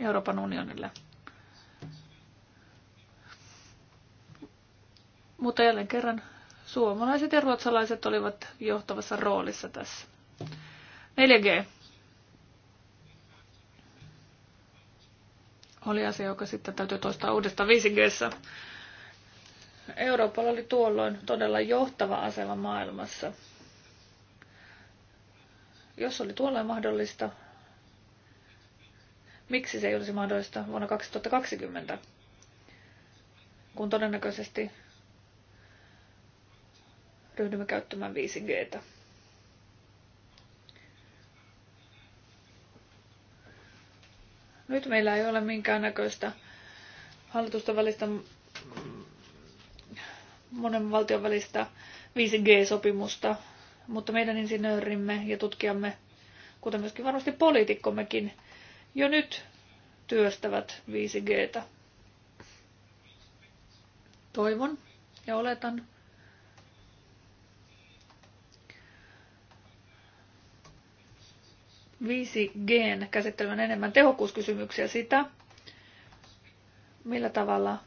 Euroopan unionille. Mutta jälleen kerran suomalaiset ja ruotsalaiset olivat johtavassa roolissa tässä. 4G. Oli asia, joka sitten täytyy toistaa uudestaan 5 g Euroopalla oli tuolloin todella johtava asema maailmassa. Jos oli tuolloin mahdollista, miksi se ei olisi mahdollista vuonna 2020, kun todennäköisesti ryhdymme käyttämään 5Gtä. Nyt meillä ei ole minkäännäköistä hallitusten välistä monen valtion välistä 5G-sopimusta, mutta meidän insinöörimme ja tutkijamme, kuten myöskin varmasti poliitikkommekin, jo nyt työstävät 5Gtä. Toivon ja oletan, Viisi g käsittelemään enemmän tehokkuuskysymyksiä sitä, millä tavalla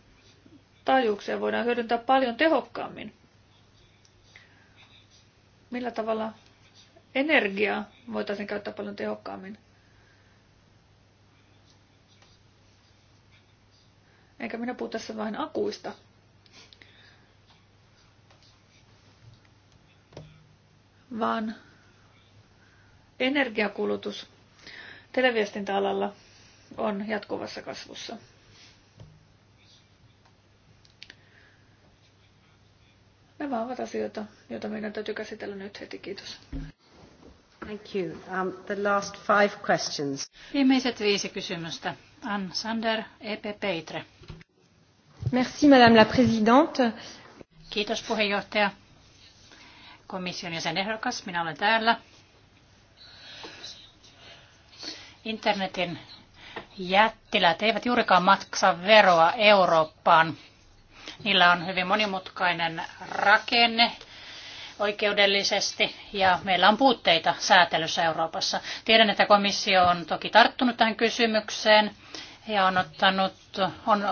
taajuuksia voidaan hyödyntää paljon tehokkaammin. Millä tavalla energiaa voitaisiin käyttää paljon tehokkaammin? Eikä minä puhu tässä vain akuista. Vaan energiakulutus televiestintäalalla on jatkuvassa kasvussa. Nämä ovat asioita, joita meidän täytyy käsitellä nyt heti. Kiitos.
Thank you. Um, the last five questions.
Viimeiset viisi kysymystä. Ann Sander, EP Peitre.
Merci,
Madame la Présidente.
Kiitos puheenjohtaja. Komission jäsenehdokas, minä olen täällä. Internetin jättiläät eivät juurikaan maksa veroa Eurooppaan. Niillä on hyvin monimutkainen rakenne oikeudellisesti ja meillä on puutteita säätelyssä Euroopassa. Tiedän, että komissio on toki tarttunut tähän kysymykseen ja on, ottanut, on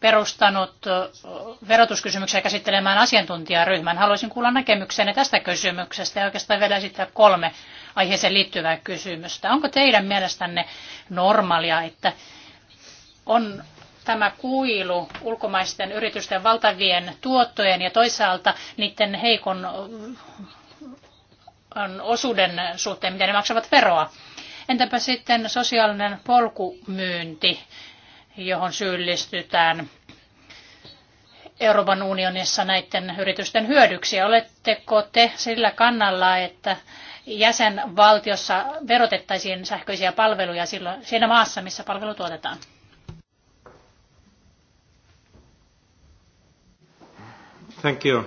perustanut verotuskysymyksiä käsittelemään asiantuntijaryhmän. Haluaisin kuulla näkemyksenne tästä kysymyksestä ja oikeastaan vielä esittää kolme aiheeseen liittyvää kysymystä. Onko teidän mielestänne normaalia, että on tämä kuilu ulkomaisten yritysten valtavien tuottojen ja toisaalta niiden heikon äh, osuuden suhteen, mitä ne maksavat veroa. Entäpä sitten sosiaalinen polkumyynti, johon syyllistytään Euroopan unionissa näiden yritysten hyödyksi? Oletteko te sillä kannalla, että jäsenvaltiossa verotettaisiin sähköisiä palveluja silloin, siinä maassa, missä palvelu tuotetaan? Thank you.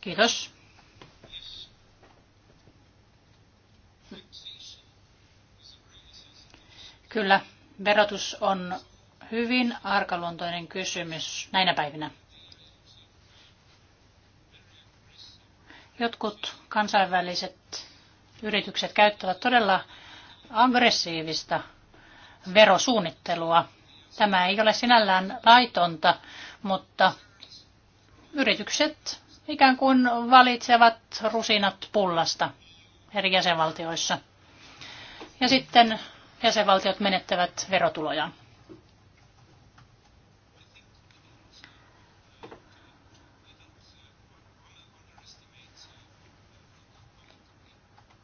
Kiitos. Kyllä, verotus on hyvin arkaluontoinen kysymys näinä päivinä. Jotkut kansainväliset yritykset käyttävät todella aggressiivista verosuunnittelua. Tämä ei ole sinällään laitonta, mutta Yritykset ikään kuin valitsevat rusinat pullasta eri jäsenvaltioissa. Ja sitten jäsenvaltiot menettävät verotuloja.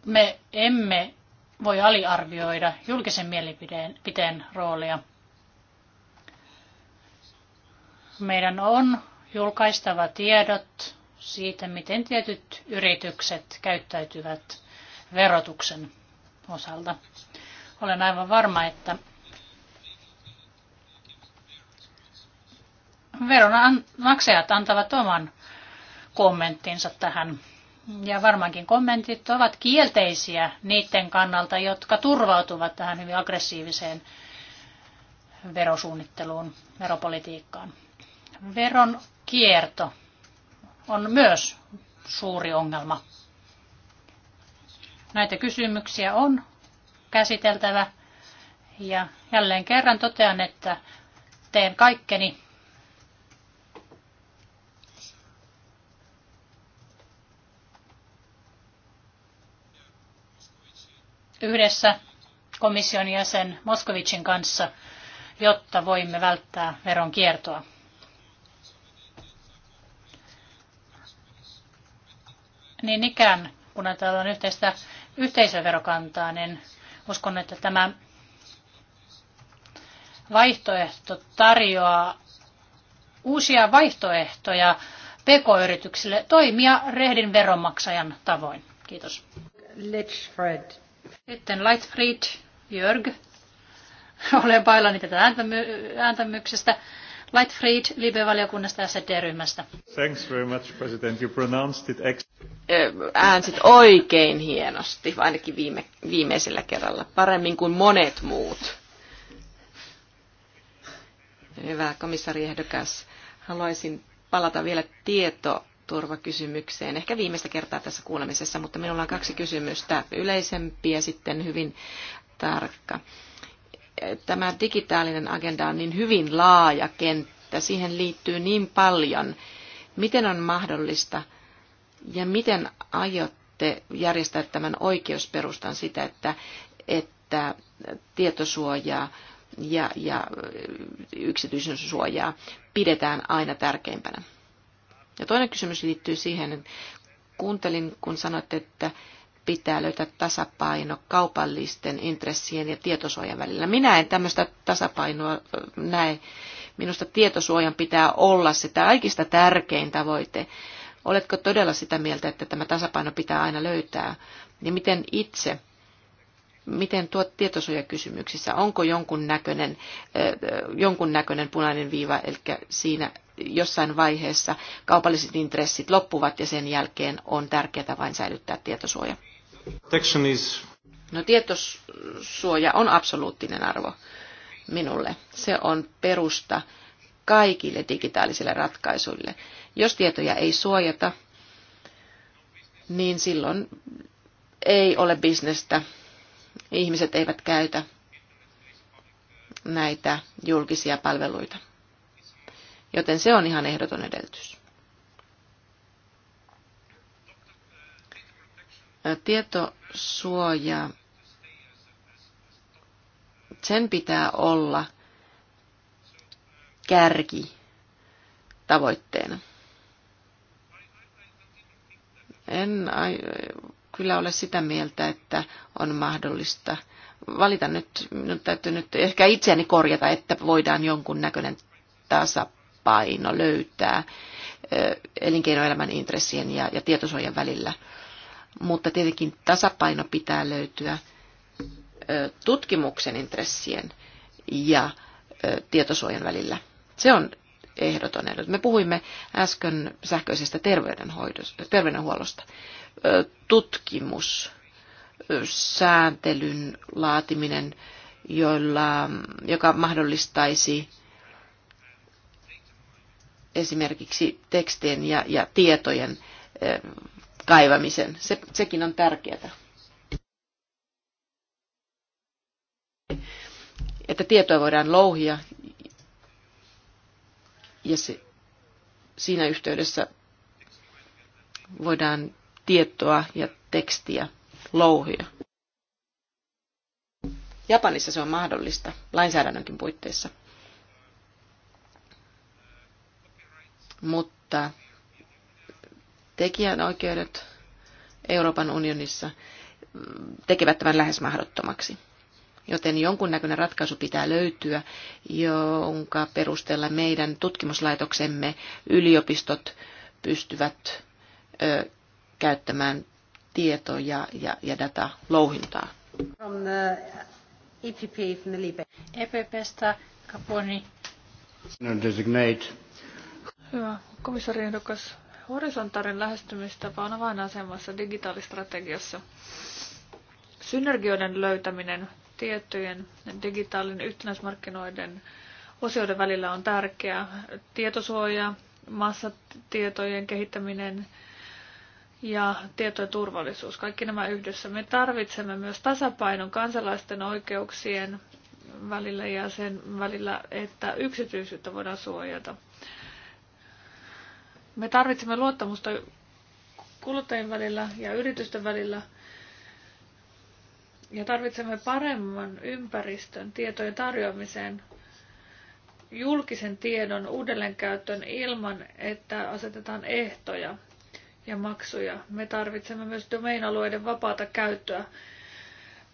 me emme voi aliarvioida julkisen mielipiteen roolia. Meidän on julkaistava tiedot siitä, miten tietyt yritykset käyttäytyvät verotuksen osalta. Olen aivan varma, että veronmaksajat antavat oman kommenttinsa tähän. Ja varmaankin kommentit ovat kielteisiä niiden kannalta, jotka turvautuvat tähän hyvin aggressiiviseen verosuunnitteluun, veropolitiikkaan. Veron kierto on myös suuri ongelma. Näitä kysymyksiä on käsiteltävä ja jälleen kerran totean, että teen kaikkeni yhdessä komission jäsen Moskovicin kanssa, jotta voimme välttää veron kiertoa. Niin ikään, kun ajatellaan yhteistä yhteisöverokantaa, niin uskon, että tämä vaihtoehto tarjoaa uusia vaihtoehtoja pk-yrityksille toimia rehdin veronmaksajan tavoin. Kiitos. Litchfred. Sitten Lightfried, Jörg. *laughs* Olen paillani tätä ääntämy- ääntämyksestä. Lightfried Libe-valiokunnasta ja
SD-ryhmästä.
Thanks very much, President. You pronounced it ex- Äänsit
oikein hienosti, ainakin viime, viimeisellä kerralla, paremmin kuin monet muut. Hyvä komissari ehdokas. Haluaisin palata vielä tietoturvakysymykseen, ehkä viimeistä kertaa tässä kuulemisessa, mutta minulla on kaksi kysymystä, yleisempi ja sitten hyvin tarkka tämä digitaalinen agenda on niin hyvin laaja kenttä, siihen liittyy niin paljon. Miten on mahdollista ja miten aiotte järjestää tämän oikeusperustan sitä, että, että tietosuojaa ja, ja yksityisen suojaa pidetään aina tärkeimpänä? Ja toinen kysymys liittyy siihen, että kuuntelin, kun sanoitte, että pitää löytää tasapaino kaupallisten intressien ja tietosuojan välillä. Minä en tämmöistä tasapainoa näe. Minusta tietosuojan pitää olla se kaikista tärkein tavoite. Oletko todella sitä mieltä, että tämä tasapaino pitää aina löytää? Ja miten itse, miten tuot tietosuojakysymyksissä, onko jonkun näköinen, jonkun näköinen punainen viiva, eli siinä jossain vaiheessa kaupalliset intressit loppuvat ja sen jälkeen on tärkeää vain säilyttää tietosuoja? No tietosuoja on absoluuttinen arvo minulle. Se on perusta kaikille digitaalisille ratkaisuille. Jos tietoja ei suojata, niin silloin ei ole bisnestä. Ihmiset eivät käytä näitä julkisia palveluita. Joten se on ihan ehdoton edellytys. Tietosuoja, sen pitää olla kärki tavoitteena. En kyllä ole sitä mieltä, että on mahdollista valita nyt, minun täytyy nyt ehkä itseäni korjata, että voidaan jonkun näköinen tasapaino löytää elinkeinoelämän intressien ja, ja tietosuojan välillä mutta tietenkin tasapaino pitää löytyä tutkimuksen intressien ja tietosuojan välillä. Se on ehdoton ehdotus. Me puhuimme äsken sähköisestä terveydenhuollosta. Tutkimus, sääntelyn laatiminen, jolla joka mahdollistaisi esimerkiksi tekstien ja, ja tietojen kaivamisen. Se, sekin on tärkeää. Että tietoa voidaan louhia ja se, siinä yhteydessä voidaan tietoa ja tekstiä louhia. Japanissa se on mahdollista lainsäädännönkin puitteissa. Mutta tekijänoikeudet Euroopan unionissa tekevät tämän lähes mahdottomaksi. Joten jonkunnäköinen ratkaisu pitää löytyä, jonka perusteella meidän tutkimuslaitoksemme yliopistot pystyvät ö, käyttämään tietoja ja, ja datalouhintaa.
From the uh, EPP, from the Libe.
EPPstä Kaponi.
Designate.
Hyvä.
Komissaari ehdokas Horisontaarin lähestymistapa on avainasemassa digitaalistrategiassa. Synergioiden löytäminen tiettyjen digitaalin yhtenäismarkkinoiden osioiden välillä on tärkeää. Tietosuoja, massatietojen kehittäminen ja tietojen turvallisuus, kaikki nämä yhdessä. Me tarvitsemme myös tasapainon kansalaisten oikeuksien välillä ja sen välillä, että yksityisyyttä voidaan suojata. Me tarvitsemme luottamusta kuluttajien välillä ja yritysten välillä ja tarvitsemme paremman ympäristön tietojen tarjoamiseen julkisen tiedon uudelleenkäyttöön ilman, että asetetaan ehtoja ja maksuja. Me tarvitsemme myös domain-alueiden vapaata käyttöä.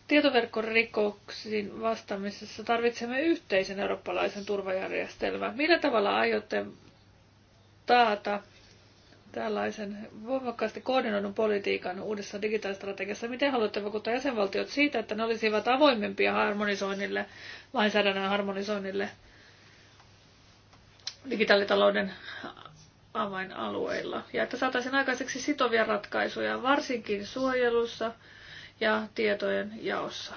Tietoverkkorikoksiin vastaamisessa tarvitsemme yhteisen eurooppalaisen turvajärjestelmän. Millä tavalla aiotte taata tällaisen voimakkaasti koordinoidun politiikan uudessa digitaalistrategiassa? Miten haluatte vakuuttaa jäsenvaltiot siitä, että ne olisivat avoimempia harmonisoinnille, lainsäädännön harmonisoinnille digitaalitalouden avainalueilla ja että saataisiin aikaiseksi sitovia ratkaisuja, varsinkin suojelussa ja tietojen jaossa?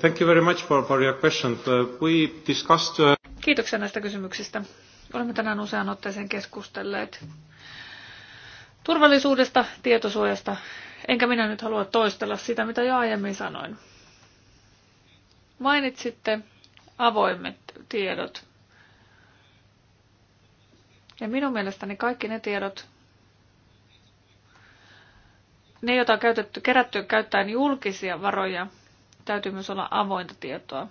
Thank you very much for, for your question. Uh, we discussed uh...
Kiitoksia näistä kysymyksistä. Olemme tänään usean otteeseen keskustelleet turvallisuudesta, tietosuojasta, enkä minä nyt halua toistella sitä, mitä jo aiemmin sanoin. Mainitsitte avoimet tiedot. Ja minun mielestäni kaikki ne tiedot, ne, joita on käytetty, kerätty käyttäen julkisia varoja, täytyy myös olla avointa tietoa.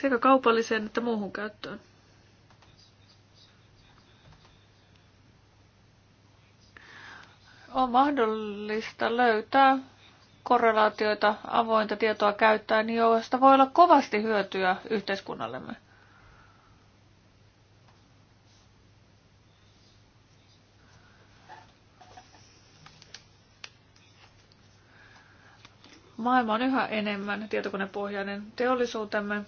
sekä kaupalliseen että muuhun käyttöön. On mahdollista löytää korrelaatioita avointa tietoa käyttäen, joista voi olla kovasti hyötyä yhteiskunnallemme. Maailma on yhä enemmän tietokonepohjainen teollisuutemme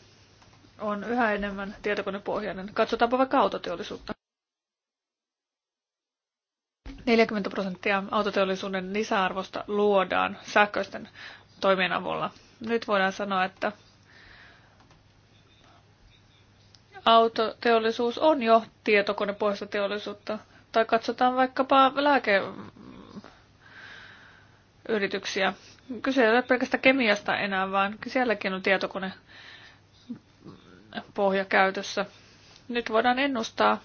on yhä enemmän tietokonepohjainen. Katsotaanpa vaikka autoteollisuutta. 40 prosenttia autoteollisuuden lisäarvosta luodaan sähköisten toimien avulla. Nyt voidaan sanoa, että autoteollisuus on jo tietokonepohjaista teollisuutta. Tai katsotaan vaikkapa lääkeyrityksiä. Kyse ei ole pelkästään kemiasta enää, vaan sielläkin on tietokone pohja käytössä. Nyt voidaan ennustaa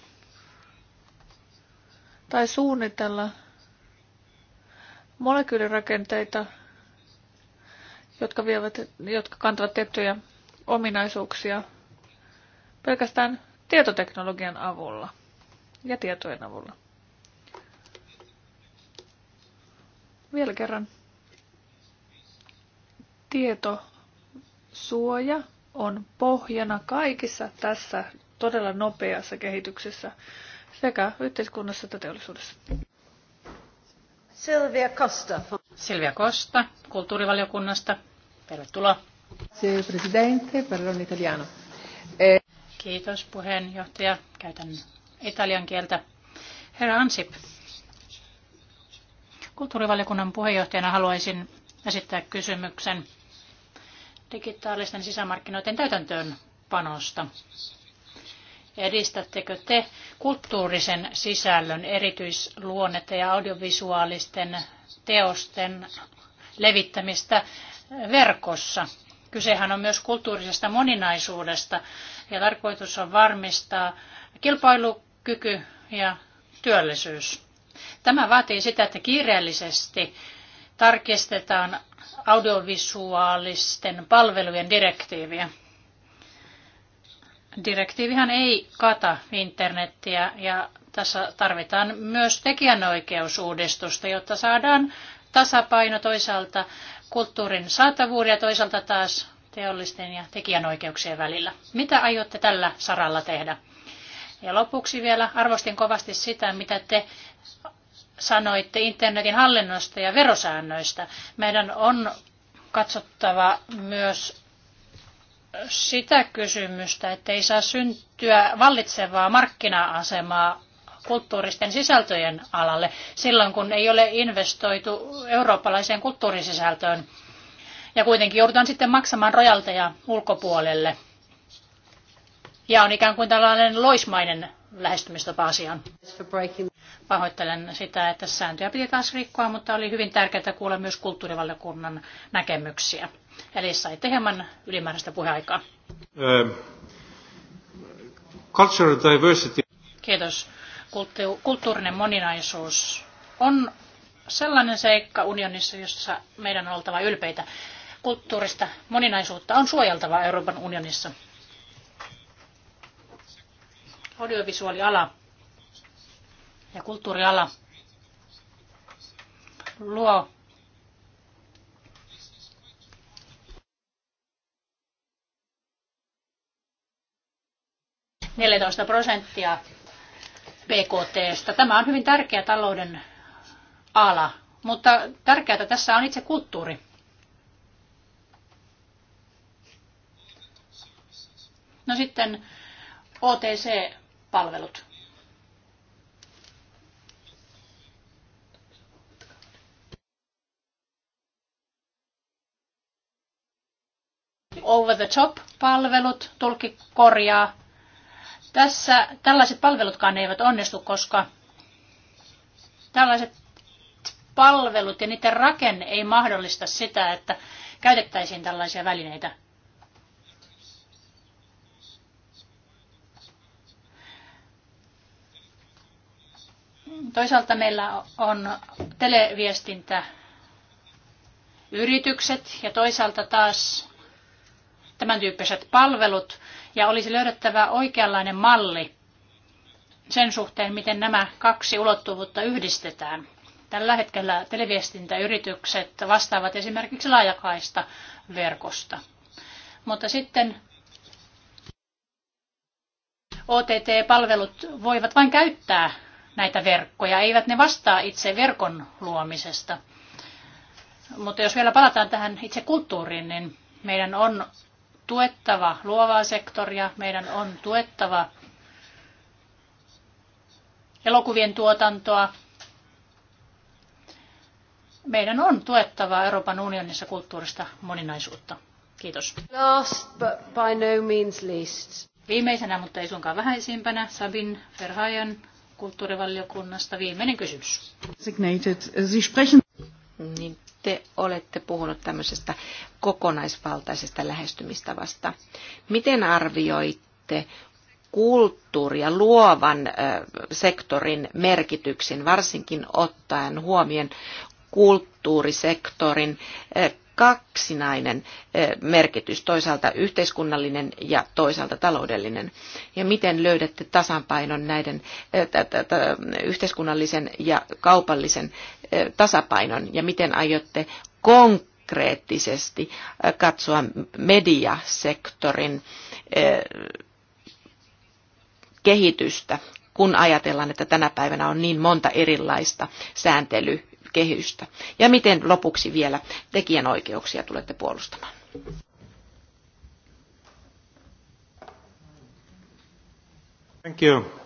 tai suunnitella molekyylirakenteita, jotka, vievät, jotka kantavat tiettyjä ominaisuuksia pelkästään tietoteknologian avulla ja tietojen avulla. Vielä kerran. Tieto, suoja on pohjana kaikissa tässä todella nopeassa kehityksessä sekä
yhteiskunnassa että teollisuudessa. Silvia Costa. Silvia Costa, kulttuurivaliokunnasta. Tervetuloa.
Grazie, presidente. Parlo italiano.
Eh, Kiitos puheenjohtaja. Käytän italian kieltä. Herra Ansip, kulttuurivaliokunnan puheenjohtajana haluaisin esittää kysymyksen digitaalisten sisämarkkinoiden täytäntöönpanosta. Edistättekö te kulttuurisen sisällön erityisluonnetta ja audiovisuaalisten teosten levittämistä verkossa? Kysehän on myös kulttuurisesta moninaisuudesta ja tarkoitus on varmistaa kilpailukyky ja työllisyys. Tämä vaatii sitä, että kiireellisesti tarkistetaan audiovisuaalisten palvelujen direktiiviä. Direktiivihan ei kata internettiä ja tässä tarvitaan myös tekijänoikeusuudistusta, jotta saadaan tasapaino toisaalta kulttuurin saatavuuden ja toisaalta taas teollisten ja tekijänoikeuksien välillä. Mitä aiotte tällä saralla tehdä? Ja lopuksi vielä arvostin kovasti sitä, mitä te sanoitte internetin hallinnosta ja verosäännöistä. Meidän on katsottava myös sitä kysymystä, että ei saa syntyä vallitsevaa markkina-asemaa kulttuuristen sisältöjen alalle silloin, kun ei ole investoitu eurooppalaiseen kulttuurisisältöön. Ja kuitenkin joudutaan sitten maksamaan rojalteja ulkopuolelle. Ja on ikään kuin tällainen loismainen lähestymistapa asiaan. Pahoittelen sitä, että sääntöjä piti taas rikkoa, mutta oli hyvin tärkeää kuulla myös kulttuurivaliokunnan näkemyksiä. Eli saitte hieman ylimääräistä puheaikaa.
Ähm, cultural diversity.
Kiitos. Kulttu- kulttuurinen moninaisuus on sellainen seikka unionissa, jossa meidän on oltava ylpeitä. Kulttuurista moninaisuutta on suojeltava Euroopan unionissa. Audiovisuaaliala ja kulttuuriala luo neljätoista prosenttia BKTstä. Tämä on hyvin tärkeä talouden ala, mutta tärkeää tässä on itse kulttuuri. No sitten OTC palvelut. Over the top palvelut, tulkki korjaa. Tässä tällaiset palvelutkaan eivät onnistu, koska tällaiset palvelut ja niiden rakenne ei mahdollista sitä, että käytettäisiin tällaisia välineitä. Toisaalta meillä on televiestintä yritykset ja toisaalta taas tämän tyyppiset palvelut. Ja olisi löydettävä oikeanlainen malli sen suhteen, miten nämä kaksi ulottuvuutta yhdistetään. Tällä hetkellä televiestintäyritykset vastaavat esimerkiksi laajakaista verkosta. Mutta sitten OTT-palvelut voivat vain käyttää näitä verkkoja. Eivät ne vastaa itse verkon luomisesta. Mutta jos vielä palataan tähän itse kulttuuriin, niin meidän on tuettava luovaa sektoria, meidän on tuettava elokuvien tuotantoa. Meidän on tuettava Euroopan unionissa kulttuurista moninaisuutta. Kiitos. Last but by no means least. Viimeisenä, mutta ei suinkaan vähäisimpänä, Sabin Verhaen kulttuurivaliokunnasta. Viimeinen kysymys.
Niin te olette puhunut tämmöisestä kokonaisvaltaisesta lähestymistavasta. Miten arvioitte kulttuuri- ja luovan sektorin merkityksen, varsinkin ottaen huomioon kulttuurisektorin kaksinainen eh, merkitys, toisaalta yhteiskunnallinen ja toisaalta taloudellinen. Ja miten löydätte tasapainon näiden eh, yhteiskunnallisen ja kaupallisen eh, tasapainon ja miten aiotte konkreettisesti katsoa mediasektorin kehitystä kun ajatellaan, että tänä päivänä on niin monta erilaista sääntely- kehystä? Ja miten lopuksi vielä tekijänoikeuksia tulette puolustamaan? Thank you.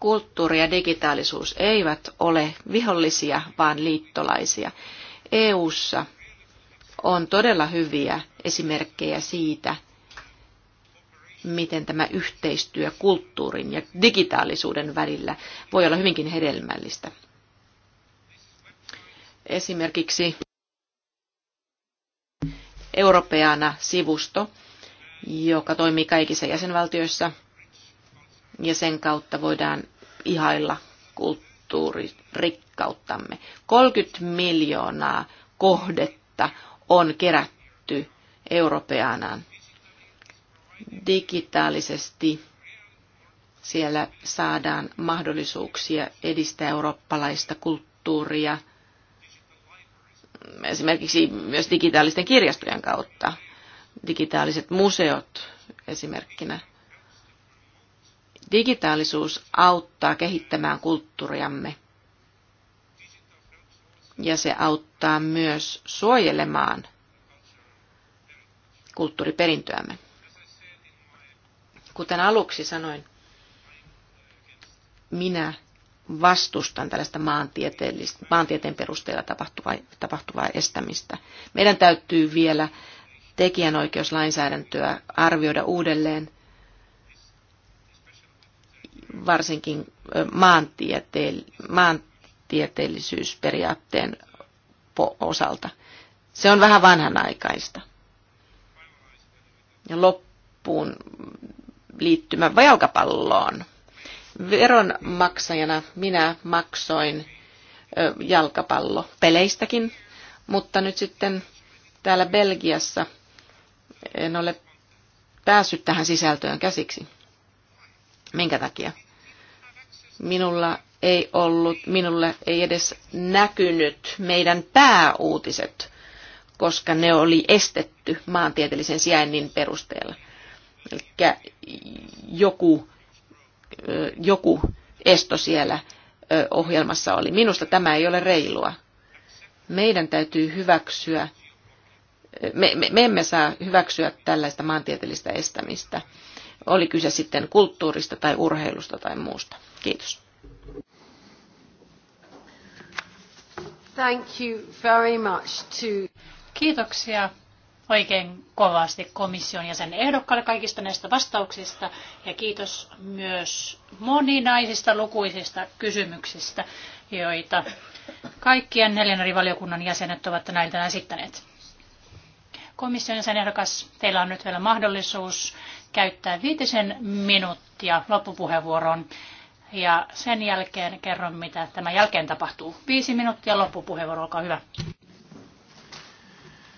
Kulttuuri ja digitaalisuus eivät ole vihollisia, vaan liittolaisia. EU:ssa on todella hyviä esimerkkejä siitä, miten tämä yhteistyö kulttuurin ja digitaalisuuden välillä voi olla hyvinkin hedelmällistä. Esimerkiksi Europeana sivusto, joka toimii kaikissa jäsenvaltioissa, ja sen kautta voidaan ihailla kulttuuririkkauttamme. 30 miljoonaa kohdetta on kerätty Europeanaan digitaalisesti siellä saadaan mahdollisuuksia edistää eurooppalaista kulttuuria esimerkiksi myös digitaalisten kirjastojen kautta. Digitaaliset museot esimerkkinä. Digitaalisuus auttaa kehittämään kulttuuriamme ja se auttaa myös suojelemaan kulttuuriperintöämme. Kuten aluksi sanoin, minä vastustan tällaista maantieteen perusteella tapahtuvaa, tapahtuvaa estämistä. Meidän täytyy vielä tekijänoikeuslainsäädäntöä arvioida uudelleen, varsinkin maantieteell- maantieteellisyysperiaatteen osalta. Se on vähän vanhanaikaista. Ja loppuun liittymä jalkapalloon. Veronmaksajana minä maksoin jalkapallopeleistäkin, mutta nyt sitten täällä Belgiassa en ole päässyt tähän sisältöön käsiksi. Minkä takia? Minulla ei ollut, minulle ei edes näkynyt meidän pääuutiset, koska ne oli estetty maantieteellisen sijainnin perusteella. Eli joku, joku esto siellä ohjelmassa oli. Minusta tämä ei ole reilua. Meidän täytyy hyväksyä, me, me, me emme saa hyväksyä tällaista maantieteellistä estämistä. Oli kyse sitten kulttuurista tai urheilusta tai muusta. Kiitos.
Thank you very
much to... Kiitoksia oikein kovasti komission ja sen ehdokkaille kaikista näistä vastauksista ja kiitos myös moninaisista lukuisista kysymyksistä, joita kaikkien neljän eri valiokunnan jäsenet ovat tänä iltana esittäneet. Komission ehdokas, teillä on nyt vielä mahdollisuus käyttää viitisen minuuttia loppupuheenvuoroon ja sen jälkeen kerron, mitä tämän jälkeen tapahtuu. Viisi minuuttia loppupuheenvuoro, olkaa hyvä.